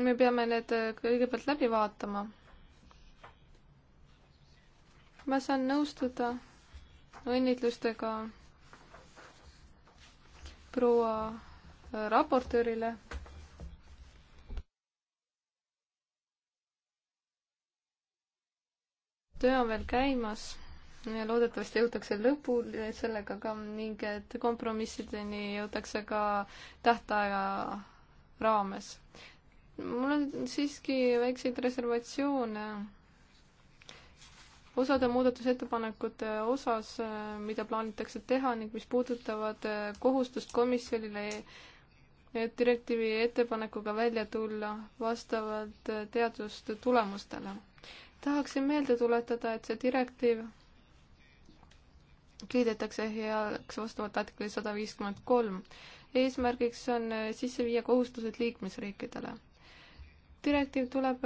me peame need kõigepealt läbi vaatama. ma saan nõustuda õnnitlustega proua äh, raportöörile. töö on veel käimas ja loodetavasti jõutakse lõpule sellega ka ning et kompromissideni jõutakse ka tähtaja raames. mul on siiski väikseid reservatsioone osade muudatusettepanekute osas, äh, mida plaanitakse teha ning mis puudutavad äh, kohustust komisjonile et äh, direktiivi ettepanekuga välja tulla vastavalt teaduste tulemustele. tahaksin meelde tuletada, et see direktiiv kiidetakse heaks vastavalt artikli sada viiskümmend kolm. eesmärgiks on sisse viia kohustused liikmesriikidele. direktiiv tuleb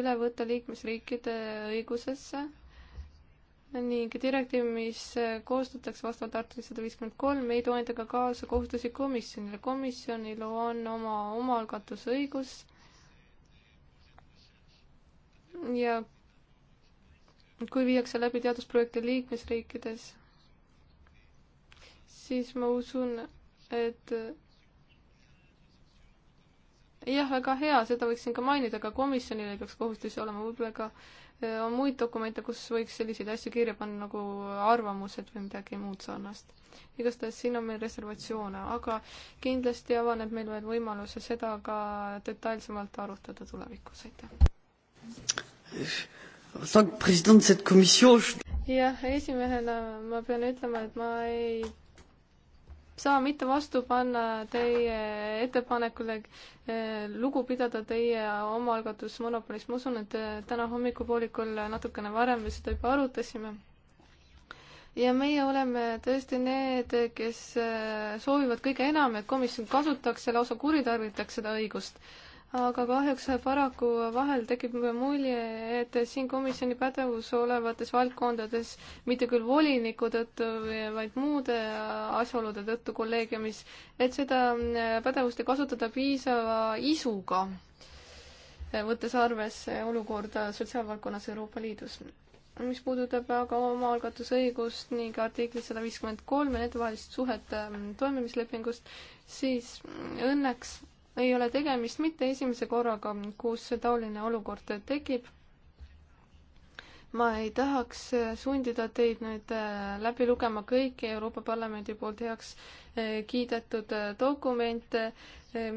üle võtta liikmesriikide õigusesse ning direktiiv, mis koostatakse vastavalt artikli sada viiskümmend kolm, ei toeta ka kaasa kohustusi komisjonile. komisjonil on oma omaalgatusõigus ja kui viiakse läbi teadusprojekte liikmesriikides, siis ma usun, et jah, väga hea, seda võiksin ka mainida, aga komisjonil ei peaks kohustusi olema, võib-olla ka äh, on muid dokumente, kus võiks selliseid asju kirja panna nagu arvamused või midagi muud sarnast. igastahes siin on meil reservatsioone, aga kindlasti avaneb meil veel võimalus seda ka detailsemalt arutada tulevikus, aitäh. jah, esimehena ma pean ütlema, et ma ei saa mitte vastu panna teie ettepanekule eh, lugu pidada teie omaalgatusmonopolist. ma usun, et eh, täna hommikupoolikul natukene varem me seda juba arutasime. ja meie oleme tõesti need, kes eh, soovivad kõige enam, et komisjon kasutaks ja lausa kuritarvitaks seda õigust aga kahjuks paraku vahel tekib mulje, et siin komisjoni pädevus olevates valdkondades mitte küll voliniku tõttu, vaid muude asjaolude tõttu kolleegiumis, et seda äh, pädevust ei kasutata piisava isuga, äh, võttes arvesse olukorda sotsiaalvaldkonnas Euroopa Liidus mis puudutab aga omaalgatusõigust ning artiklit sada viiskümmend kolm ja nendevahelist suhet äh, toimimislepingust, siis mm, õnneks ei ole tegemist mitte esimese korraga, kus taoline olukord tekib. ma ei tahaks sundida teid nüüd äh, läbi lugema kõiki Euroopa Parlamendi poolt heaks äh, kiidetud äh, dokumente,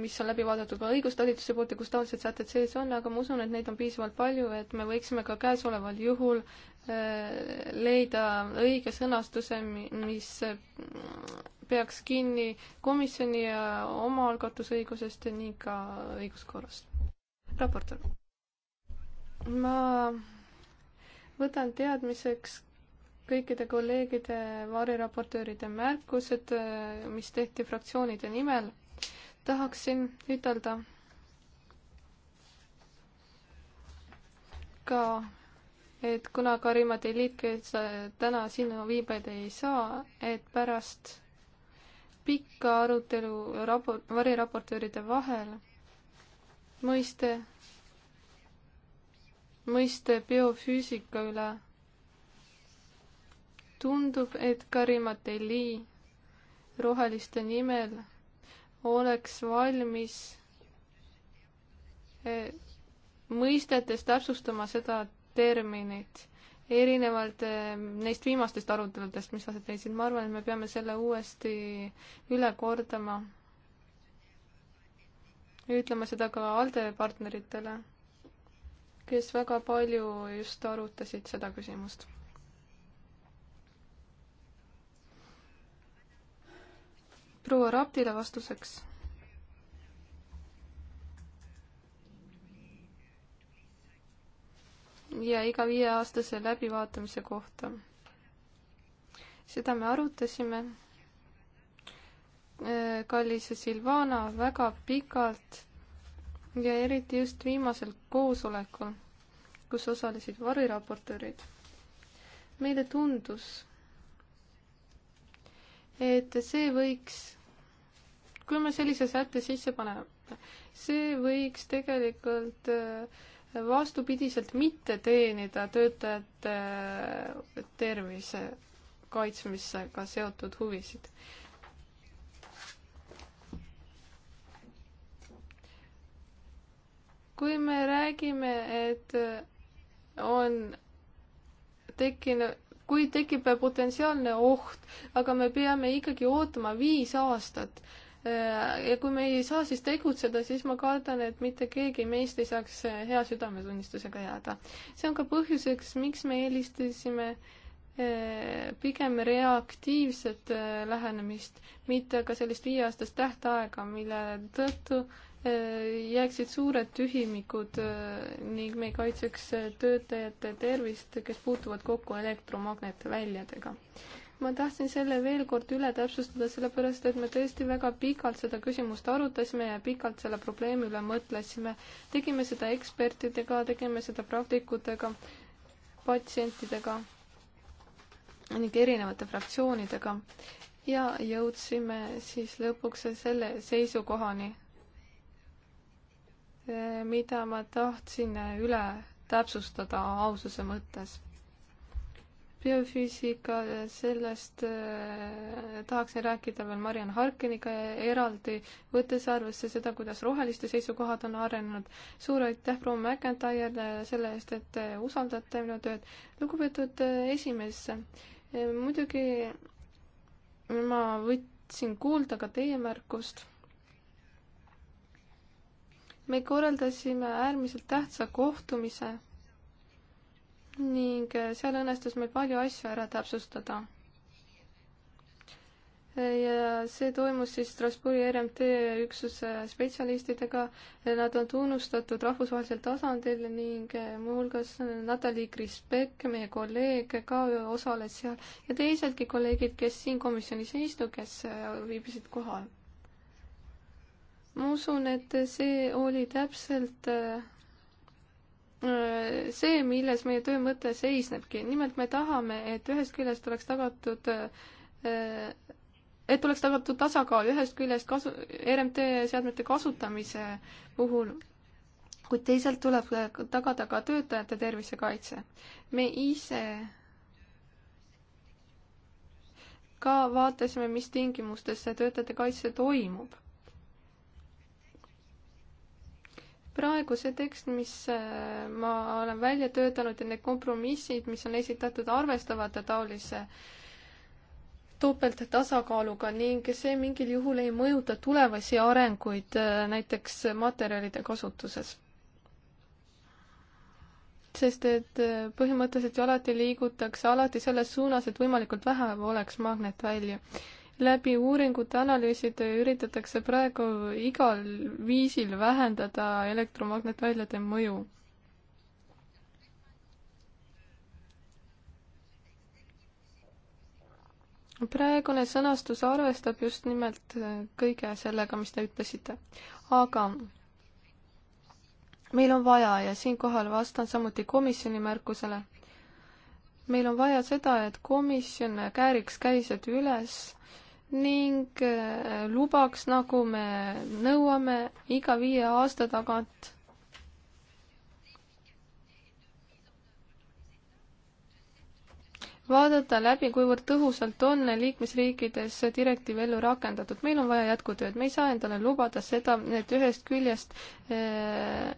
mis on läbi vaadatud ka õigustalituse poolt ja kus taolised sätted sees on, aga ma usun, et neid on piisavalt palju, et me võiksime ka käesoleval juhul leida õige sõnastuse, mis peaks kinni komisjoni ja omaalgatusõigusest ning ka õiguskorrast. raportöör. ma võtan teadmiseks kõikide kolleegide variraportööride märkused, mis tehti fraktsioonide nimel. tahaksin ütelda ka et kuna Karima Delit, kes täna sinna viibida ei saa, et pärast pikka arutelu raport, variraportööride vahel mõiste, mõiste biofüüsika üle tundub, et Karima Deli roheliste nimel oleks valmis eh, mõistetes täpsustama seda, et terminid, erinevalt ehm, neist viimastest aruteludest, mis aset leidsid, ma arvan, et me peame selle uuesti üle kordama. ütlema seda ka ALDE partneritele, kes väga palju just arutasid seda küsimust proua Raptile vastuseks ja iga viieaastase läbivaatamise kohta. seda me arutasime. Äh, kallis Silvana väga pikalt ja eriti just viimasel koosolekul, kus osalesid variraportöörid. meile tundus, et see võiks, kui me sellise sätte sisse paneme, see võiks tegelikult äh, vastupidiselt mitte teenida töötajate äh, tervise kaitsmisega seotud huvisid. kui me räägime, et on tekkinud, kui tekib potentsiaalne oht, aga me peame ikkagi ootama viis aastat, Äh, ja kui me ei saa siis tegutseda, siis ma kardan, et mitte keegi meist ei saaks äh, hea südametunnistusega jääda. see on ka põhjuseks, miks me eelistasime äh, pigem reaktiivset lähenemist, mitte ka sellist viieaastast tähtaega, mille tõttu jääksid suured tühimikud ning me kaitseks töötajate tervist, kes puutuvad kokku elektromagnetväljadega ma tahtsin selle veel kord üle täpsustada, sellepärast et me tõesti väga pikalt seda küsimust arutasime ja pikalt selle probleemi üle mõtlesime. tegime seda ekspertidega, tegime seda praktikutega, patsientidega ning erinevate fraktsioonidega ja jõudsime siis lõpuks selle seisukohani, mida ma tahtsin üle täpsustada aususe mõttes biofüüsika, sellest äh, tahaksin rääkida veel Mariann Harkiniga eraldi, võttes arvesse seda, kuidas roheliste seisukohad on arenenud. suur aitäh proua McIntyre'le selle eest, et te usaldate minu tööd. lugupeetud äh, esimees, äh, muidugi ma võtsin kuulda ka teie märkust. me korraldasime äärmiselt tähtsa kohtumise ning äh, seal õnnestus meil palju asju ära täpsustada. ja see toimus siis Strasbourgi RMT üksuse spetsialistidega, nad on tunnustatud rahvusvahelisel tasandil ning äh, muuhulgas Natalja Krispek, meie kolleeg, ka osales seal ja teisedki kolleegid, kes siin komisjonis ei istu, kes äh, viibisid kohal. ma usun, et see oli täpselt Äh, see, milles meie töö mõte seisnebki. nimelt me tahame, et ühest küljest oleks tagatud äh, et oleks tagatud tasakaal ühest küljest kasu, RMT seadmete kasutamise puhul, kuid teisalt tuleb tagada ka töötajate tervisekaitse. me ise ka vaatasime, mis tingimustes see töötajate kaitse toimub. praegu see tekst, mis äh, ma olen välja töötanud ja need kompromissid, mis on esitatud, arvestavad taolise topelttasakaaluga ning see mingil juhul ei mõjuta tulevasi arenguid äh, näiteks materjalide kasutuses. sest et äh, põhimõtteliselt ju alati liigutakse alati selles suunas, et võimalikult vähe oleks magnetvälju läbi uuringute analüüside üritatakse praegu igal viisil vähendada elektromagnetväljade mõju. praegune sõnastus arvestab just nimelt kõige sellega, mis te ütlesite. aga meil on vaja ja siinkohal vastan samuti komisjoni märkusele. meil on vaja seda, et komisjon kääriks käised üles ning äh, lubaks, nagu me nõuame, iga viie aasta tagant vaadata läbi, kuivõrd tõhusalt on liikmesriikides direktiiv ellu rakendatud. meil on vaja jätkutööd, me ei saa endale lubada seda, et ühest küljest äh,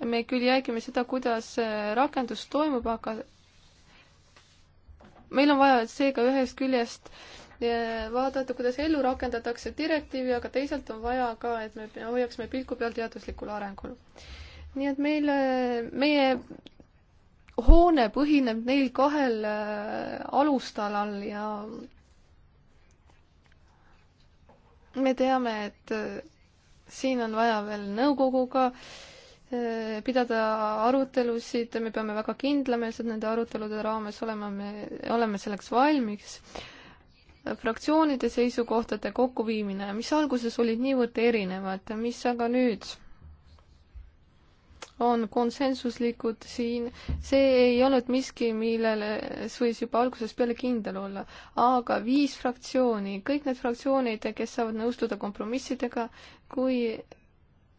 me küll jälgime seda, kuidas äh, rakendus toimub, aga meil on vaja seega ühest küljest äh, vaadata, kuidas ellu rakendatakse direktiivi, aga teisalt on vaja ka, et me hoiaksime pilku peal teaduslikul arengul. nii et meil, meie hoone põhineb neil kahel äh, alustalal ja me teame, et äh, siin on vaja veel nõukoguga äh, pidada arutelusid, me peame väga kindlameelsed nende arutelude raames olema, me oleme selleks valmis fraktsioonide seisukohtade kokkuviimine, mis alguses olid niivõrd erinevad, mis aga nüüd on konsensuslikud siin, see ei olnud miski, millele võis juba algusest peale kindel olla. aga viis fraktsiooni, kõik need fraktsioonid, kes saavad nõustuda kompromissidega, kui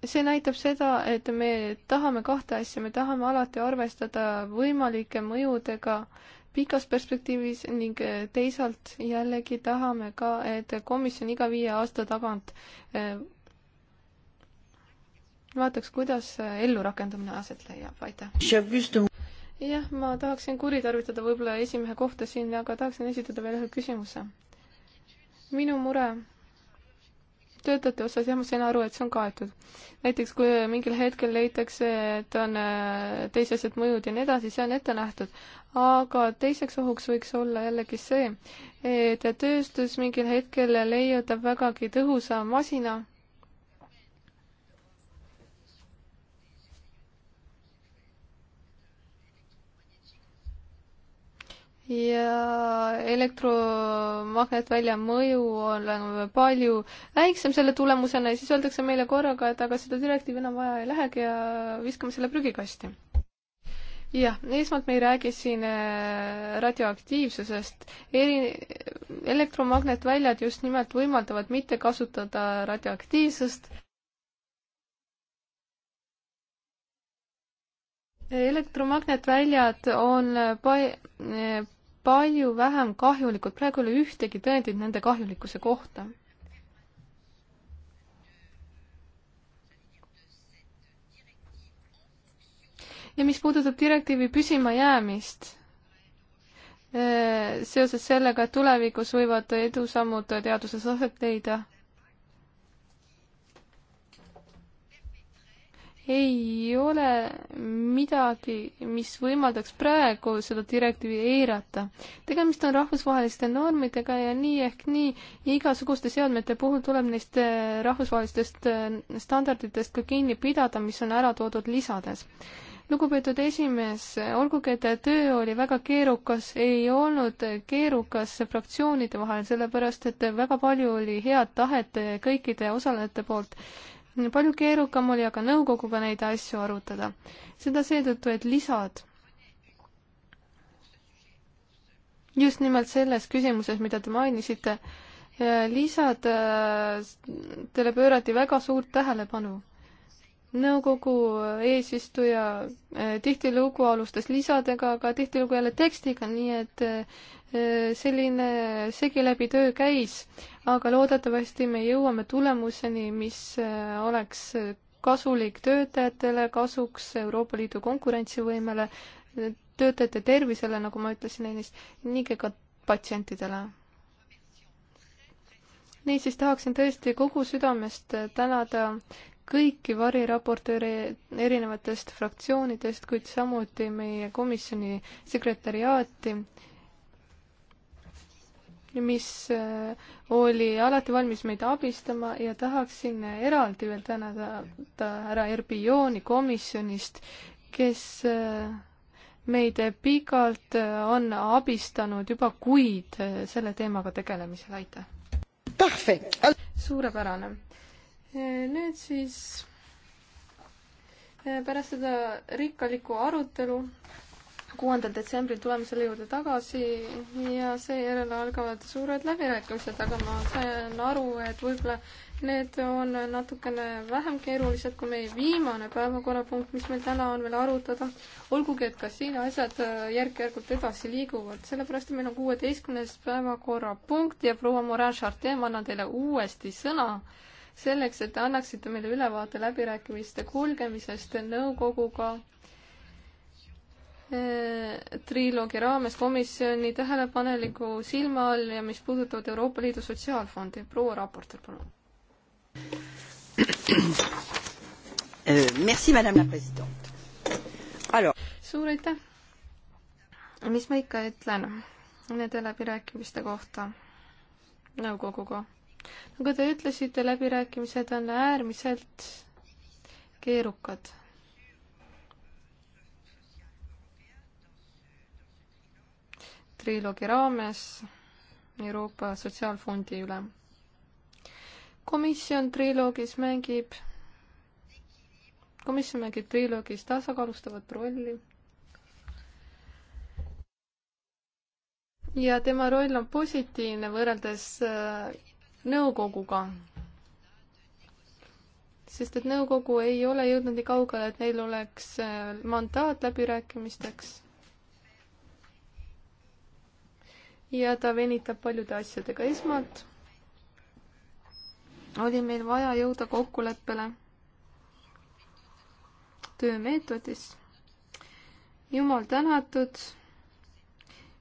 see näitab seda, et me tahame kahte asja, me tahame alati arvestada võimalike mõjudega äh, pikas perspektiivis ning eh, teisalt jällegi tahame ka, et komisjon iga viie aasta tagant eh, vaataks, kuidas eh, ellurakendamine aset leiab, aitäh. jah, ma tahaksin kuritarvitada võib-olla esimehe kohta siin, aga tahaksin esitada veel ühe küsimuse. minu mure töötajate osas jah, ma sain aru, et see on kaetud. näiteks kui mingil hetkel leitakse, et on äh, teisesed mõjud ja nii edasi, see on ette nähtud. aga teiseks ohuks võiks olla jällegi see, et tööstus mingil hetkel leiutab vägagi tõhusa masina, ja elektromagnetvälja mõju on palju väiksem selle tulemusena ja siis öeldakse meile korraga, et aga seda direktiivi enam vaja ei lähegi ja viskame selle prügikasti. jah, esmalt me ei räägi siin äh, radioaktiivsusest, eri, elektromagnetväljad just nimelt võimaldavad mitte kasutada radioaktiivsust, elektromagnetväljad on pa-, palju vähem kahjulikud, praegu ei ole ühtegi tõendit nende kahjulikkuse kohta. ja mis puudutab direktiivi püsimajäämist, eh, seoses sellega, et tulevikus võivad edusammud teaduses aset leida ei ole midagi, mis võimaldaks praegu seda direktiivi eirata. tegemist on rahvusvaheliste normidega ja nii ehk nii igasuguste seadmete puhul tuleb neist eh, rahvusvahelistest eh, standarditest ka kinni pidada, mis on ära toodud lisades. lugupeetud esimees, olgugi, et töö oli väga keerukas, ei olnud keerukas fraktsioonide vahel, sellepärast et väga palju oli head tahet kõikide osalejate poolt palju keerukam oli aga nõukoguga neid asju arutada. seda seetõttu, et lisad just nimelt selles küsimuses, mida te mainisite, lisadele äh, pöörati väga suurt tähelepanu. nõukogu eesistuja äh, tihtilugu alustas lisadega, aga tihtilugu jälle tekstiga, nii et äh, Äh, selline segiläbi töö käis, aga loodetavasti me jõuame tulemuseni, mis äh, oleks äh, kasulik töötajatele, kasuks Euroopa Liidu konkurentsivõimele, töötajate tervisele, nagu ma ütlesin ennist, ning ka patsientidele niisiis tahaksin tõesti kogu südamest tänada kõiki variraportööre erinevatest fraktsioonidest, kuid samuti meie komisjoni sekretäriaati mis äh, oli alati valmis meid abistama ja tahaksin eraldi veel tänada härra Erbioni komisjonist, kes äh, meid pikalt äh, on abistanud juba kuid selle teemaga tegelemisel, aitäh! suurepärane. nüüd siis pärast seda rikkalikku arutelu kuuendal detsembril tuleme selle juurde tagasi ja seejärel algavad suured läbirääkimised, aga ma sain aru, et võib-olla need on natukene vähem keerulised kui meie viimane päevakorrapunkt, mis meil täna on veel arutada. olgugi, et ka siin asjad äh, järk-järgult edasi liiguvad, sellepärast et meil on kuueteistkümnes päevakorrapunkt ja proua Morin Chartier, ma annan teile uuesti sõna selleks, et te annaksite meile ülevaate läbirääkimiste kulgemisest nõukoguga Äh, triloogi raames komisjoni tähelepaneliku silma all ja mis puudutavad Euroopa Liidu Sotsiaalfondi. proua raportöör, palun. Äh, merci, madame la president. suur aitäh. mis ma ikka ütlen nende läbirääkimiste kohta nõukoguga? nagu te ütlesite, läbirääkimised on äärmiselt keerukad triloogi raames Euroopa Sotsiaalfondi üle. komisjon triloogis mängib, komisjon mängib triloogis tasakaalustavat rolli. ja tema roll on positiivne võrreldes äh, nõukoguga, sest et nõukogu ei ole jõudnud nii kaugele, et neil oleks äh, mandaat läbirääkimisteks ja ta venitab paljude asjadega. esmalt oli meil vaja jõuda kokkuleppele töömeetodis. jumal tänatud,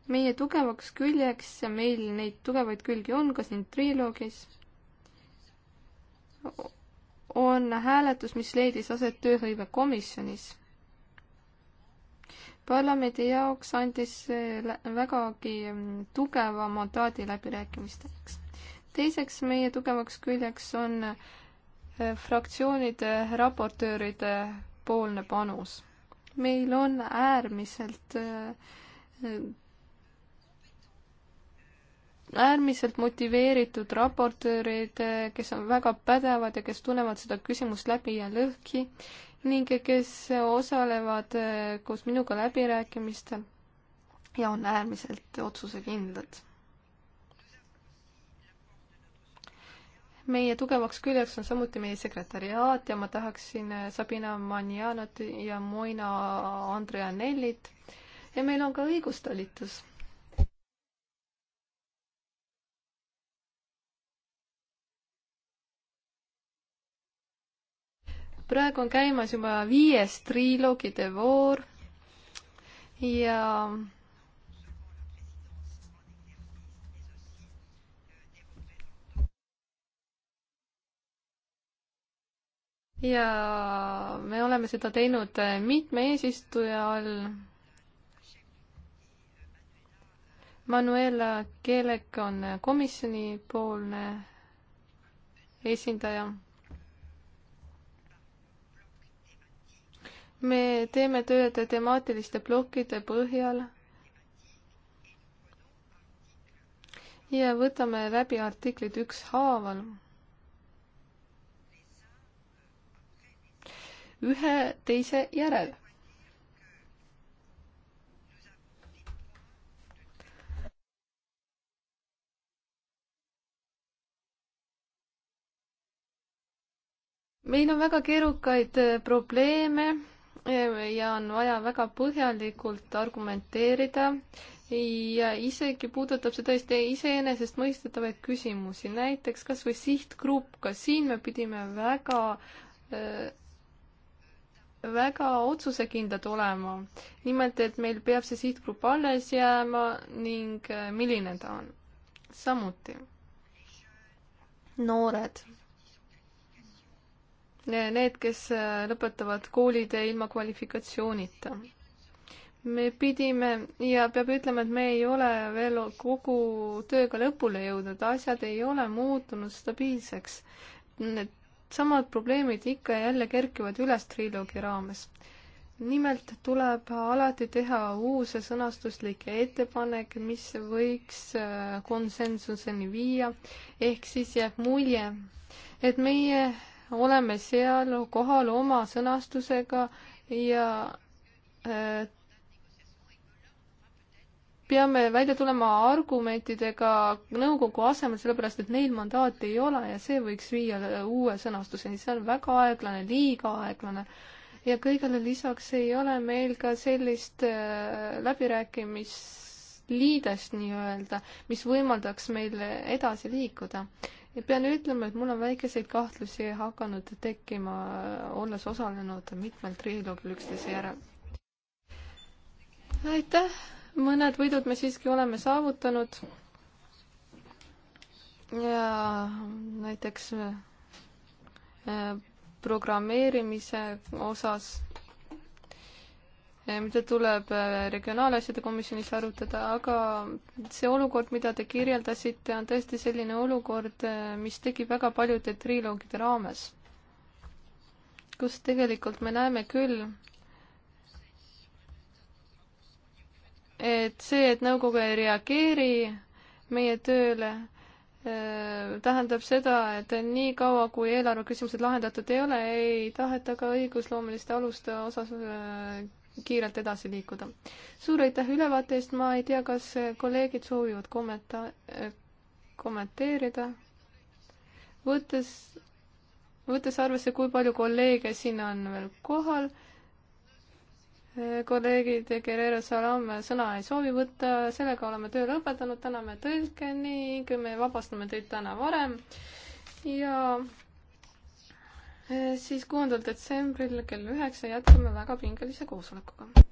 meie tugevaks küljeks ja meil neid tugevaid külgi on ka siin triloogis, on hääletus, mis leidis aset tööhõivekomisjonis parlamendi jaoks andis see vägagi mm, tugeva mandaadi läbirääkimisteks. teiseks, meie tugevaks küljeks on äh, fraktsioonide raportööride poolne panus. meil on äärmiselt äh, äärmiselt motiveeritud raportöörid, äh, kes on väga pädevad ja kes tunnevad seda küsimust läbi ja lõhki ning kes osalevad äh, koos minuga läbirääkimistel ja on äärmiselt otsusekindlad. meie tugevaks küljeks on samuti meie sekretäriaat ja ma tahaksin äh, Sabina Manianat ja Moina Andrea Nellit ja meil on ka õigustalitus praegu on käimas juba viies triloogide voor ja ja me oleme seda teinud mitme eesistuja all. Manuela Kelek on komisjonipoolne esindaja me teeme tööd temaatiliste plokkide põhjal ja võtame läbi artiklid ükshaaval. ühe teise järel. meil on väga keerukaid äh, probleeme ja on vaja väga põhjalikult argumenteerida ja isegi puudutab see tõesti iseenesestmõistetavaid küsimusi, näiteks kas või sihtgrupp, ka siin me pidime väga äh, väga otsusekindlad olema. nimelt, et meil peab see sihtgrupp alles jääma ning äh, milline ta on. samuti noored need, kes äh, lõpetavad koolid ilma kvalifikatsioonita. me pidime ja peab ütlema, et me ei ole veel kogu tööga lõpule jõudnud, asjad ei ole muutunud stabiilseks. Need samad probleemid ikka ja jälle kerkivad üles triloogi raames. nimelt tuleb alati teha uus sõnastuslik ettepanek, mis võiks äh, konsensuseni viia, ehk siis jääb mulje, et meie oleme seal kohal oma sõnastusega ja äh, peame välja tulema argumentidega nõukogu asemel, sellepärast et neil mandaati ei ole ja see võiks viia uue sõnastuseni, see on väga aeglane, liiga aeglane. ja kõigele lisaks ei ole meil ka sellist äh, läbirääkimisliidest nii-öelda, mis võimaldaks meil edasi liikuda ja pean ütlema, et mul on väikeseid kahtlusi hakanud tekkima, olles osalenud mitmel triloogil üksteise järel. aitäh, mõned võidud me siiski oleme saavutanud. ja näiteks eh, programmeerimise osas Eh, mida tuleb eh, Regionaalasjade Komisjonis arutada, aga see olukord, mida te kirjeldasite, on tõesti selline olukord, eh, mis tekib väga paljude triloogide raames, kus tegelikult me näeme küll, et see, et nõukogu ei reageeri meie tööle, tähendab seda, et nii kaua, kui eelarve küsimused lahendatud ei ole, ei taheta ka õigusloomeliste aluste osas kiirelt edasi liikuda. suur aitäh ülevaate eest, ma ei tea, kas kolleegid soovivad kommenta-, kommenteerida. võttes, võttes arvesse, kui palju kolleege siin on veel kohal, kolleegid Guerrero Salam sõna ei soovi võtta, sellega oleme töö lõpetanud, täname tõlke ning me vabastame teid täna varem ja siis kuuendal detsembril kell üheksa jätkame väga pingelise koosolekuga.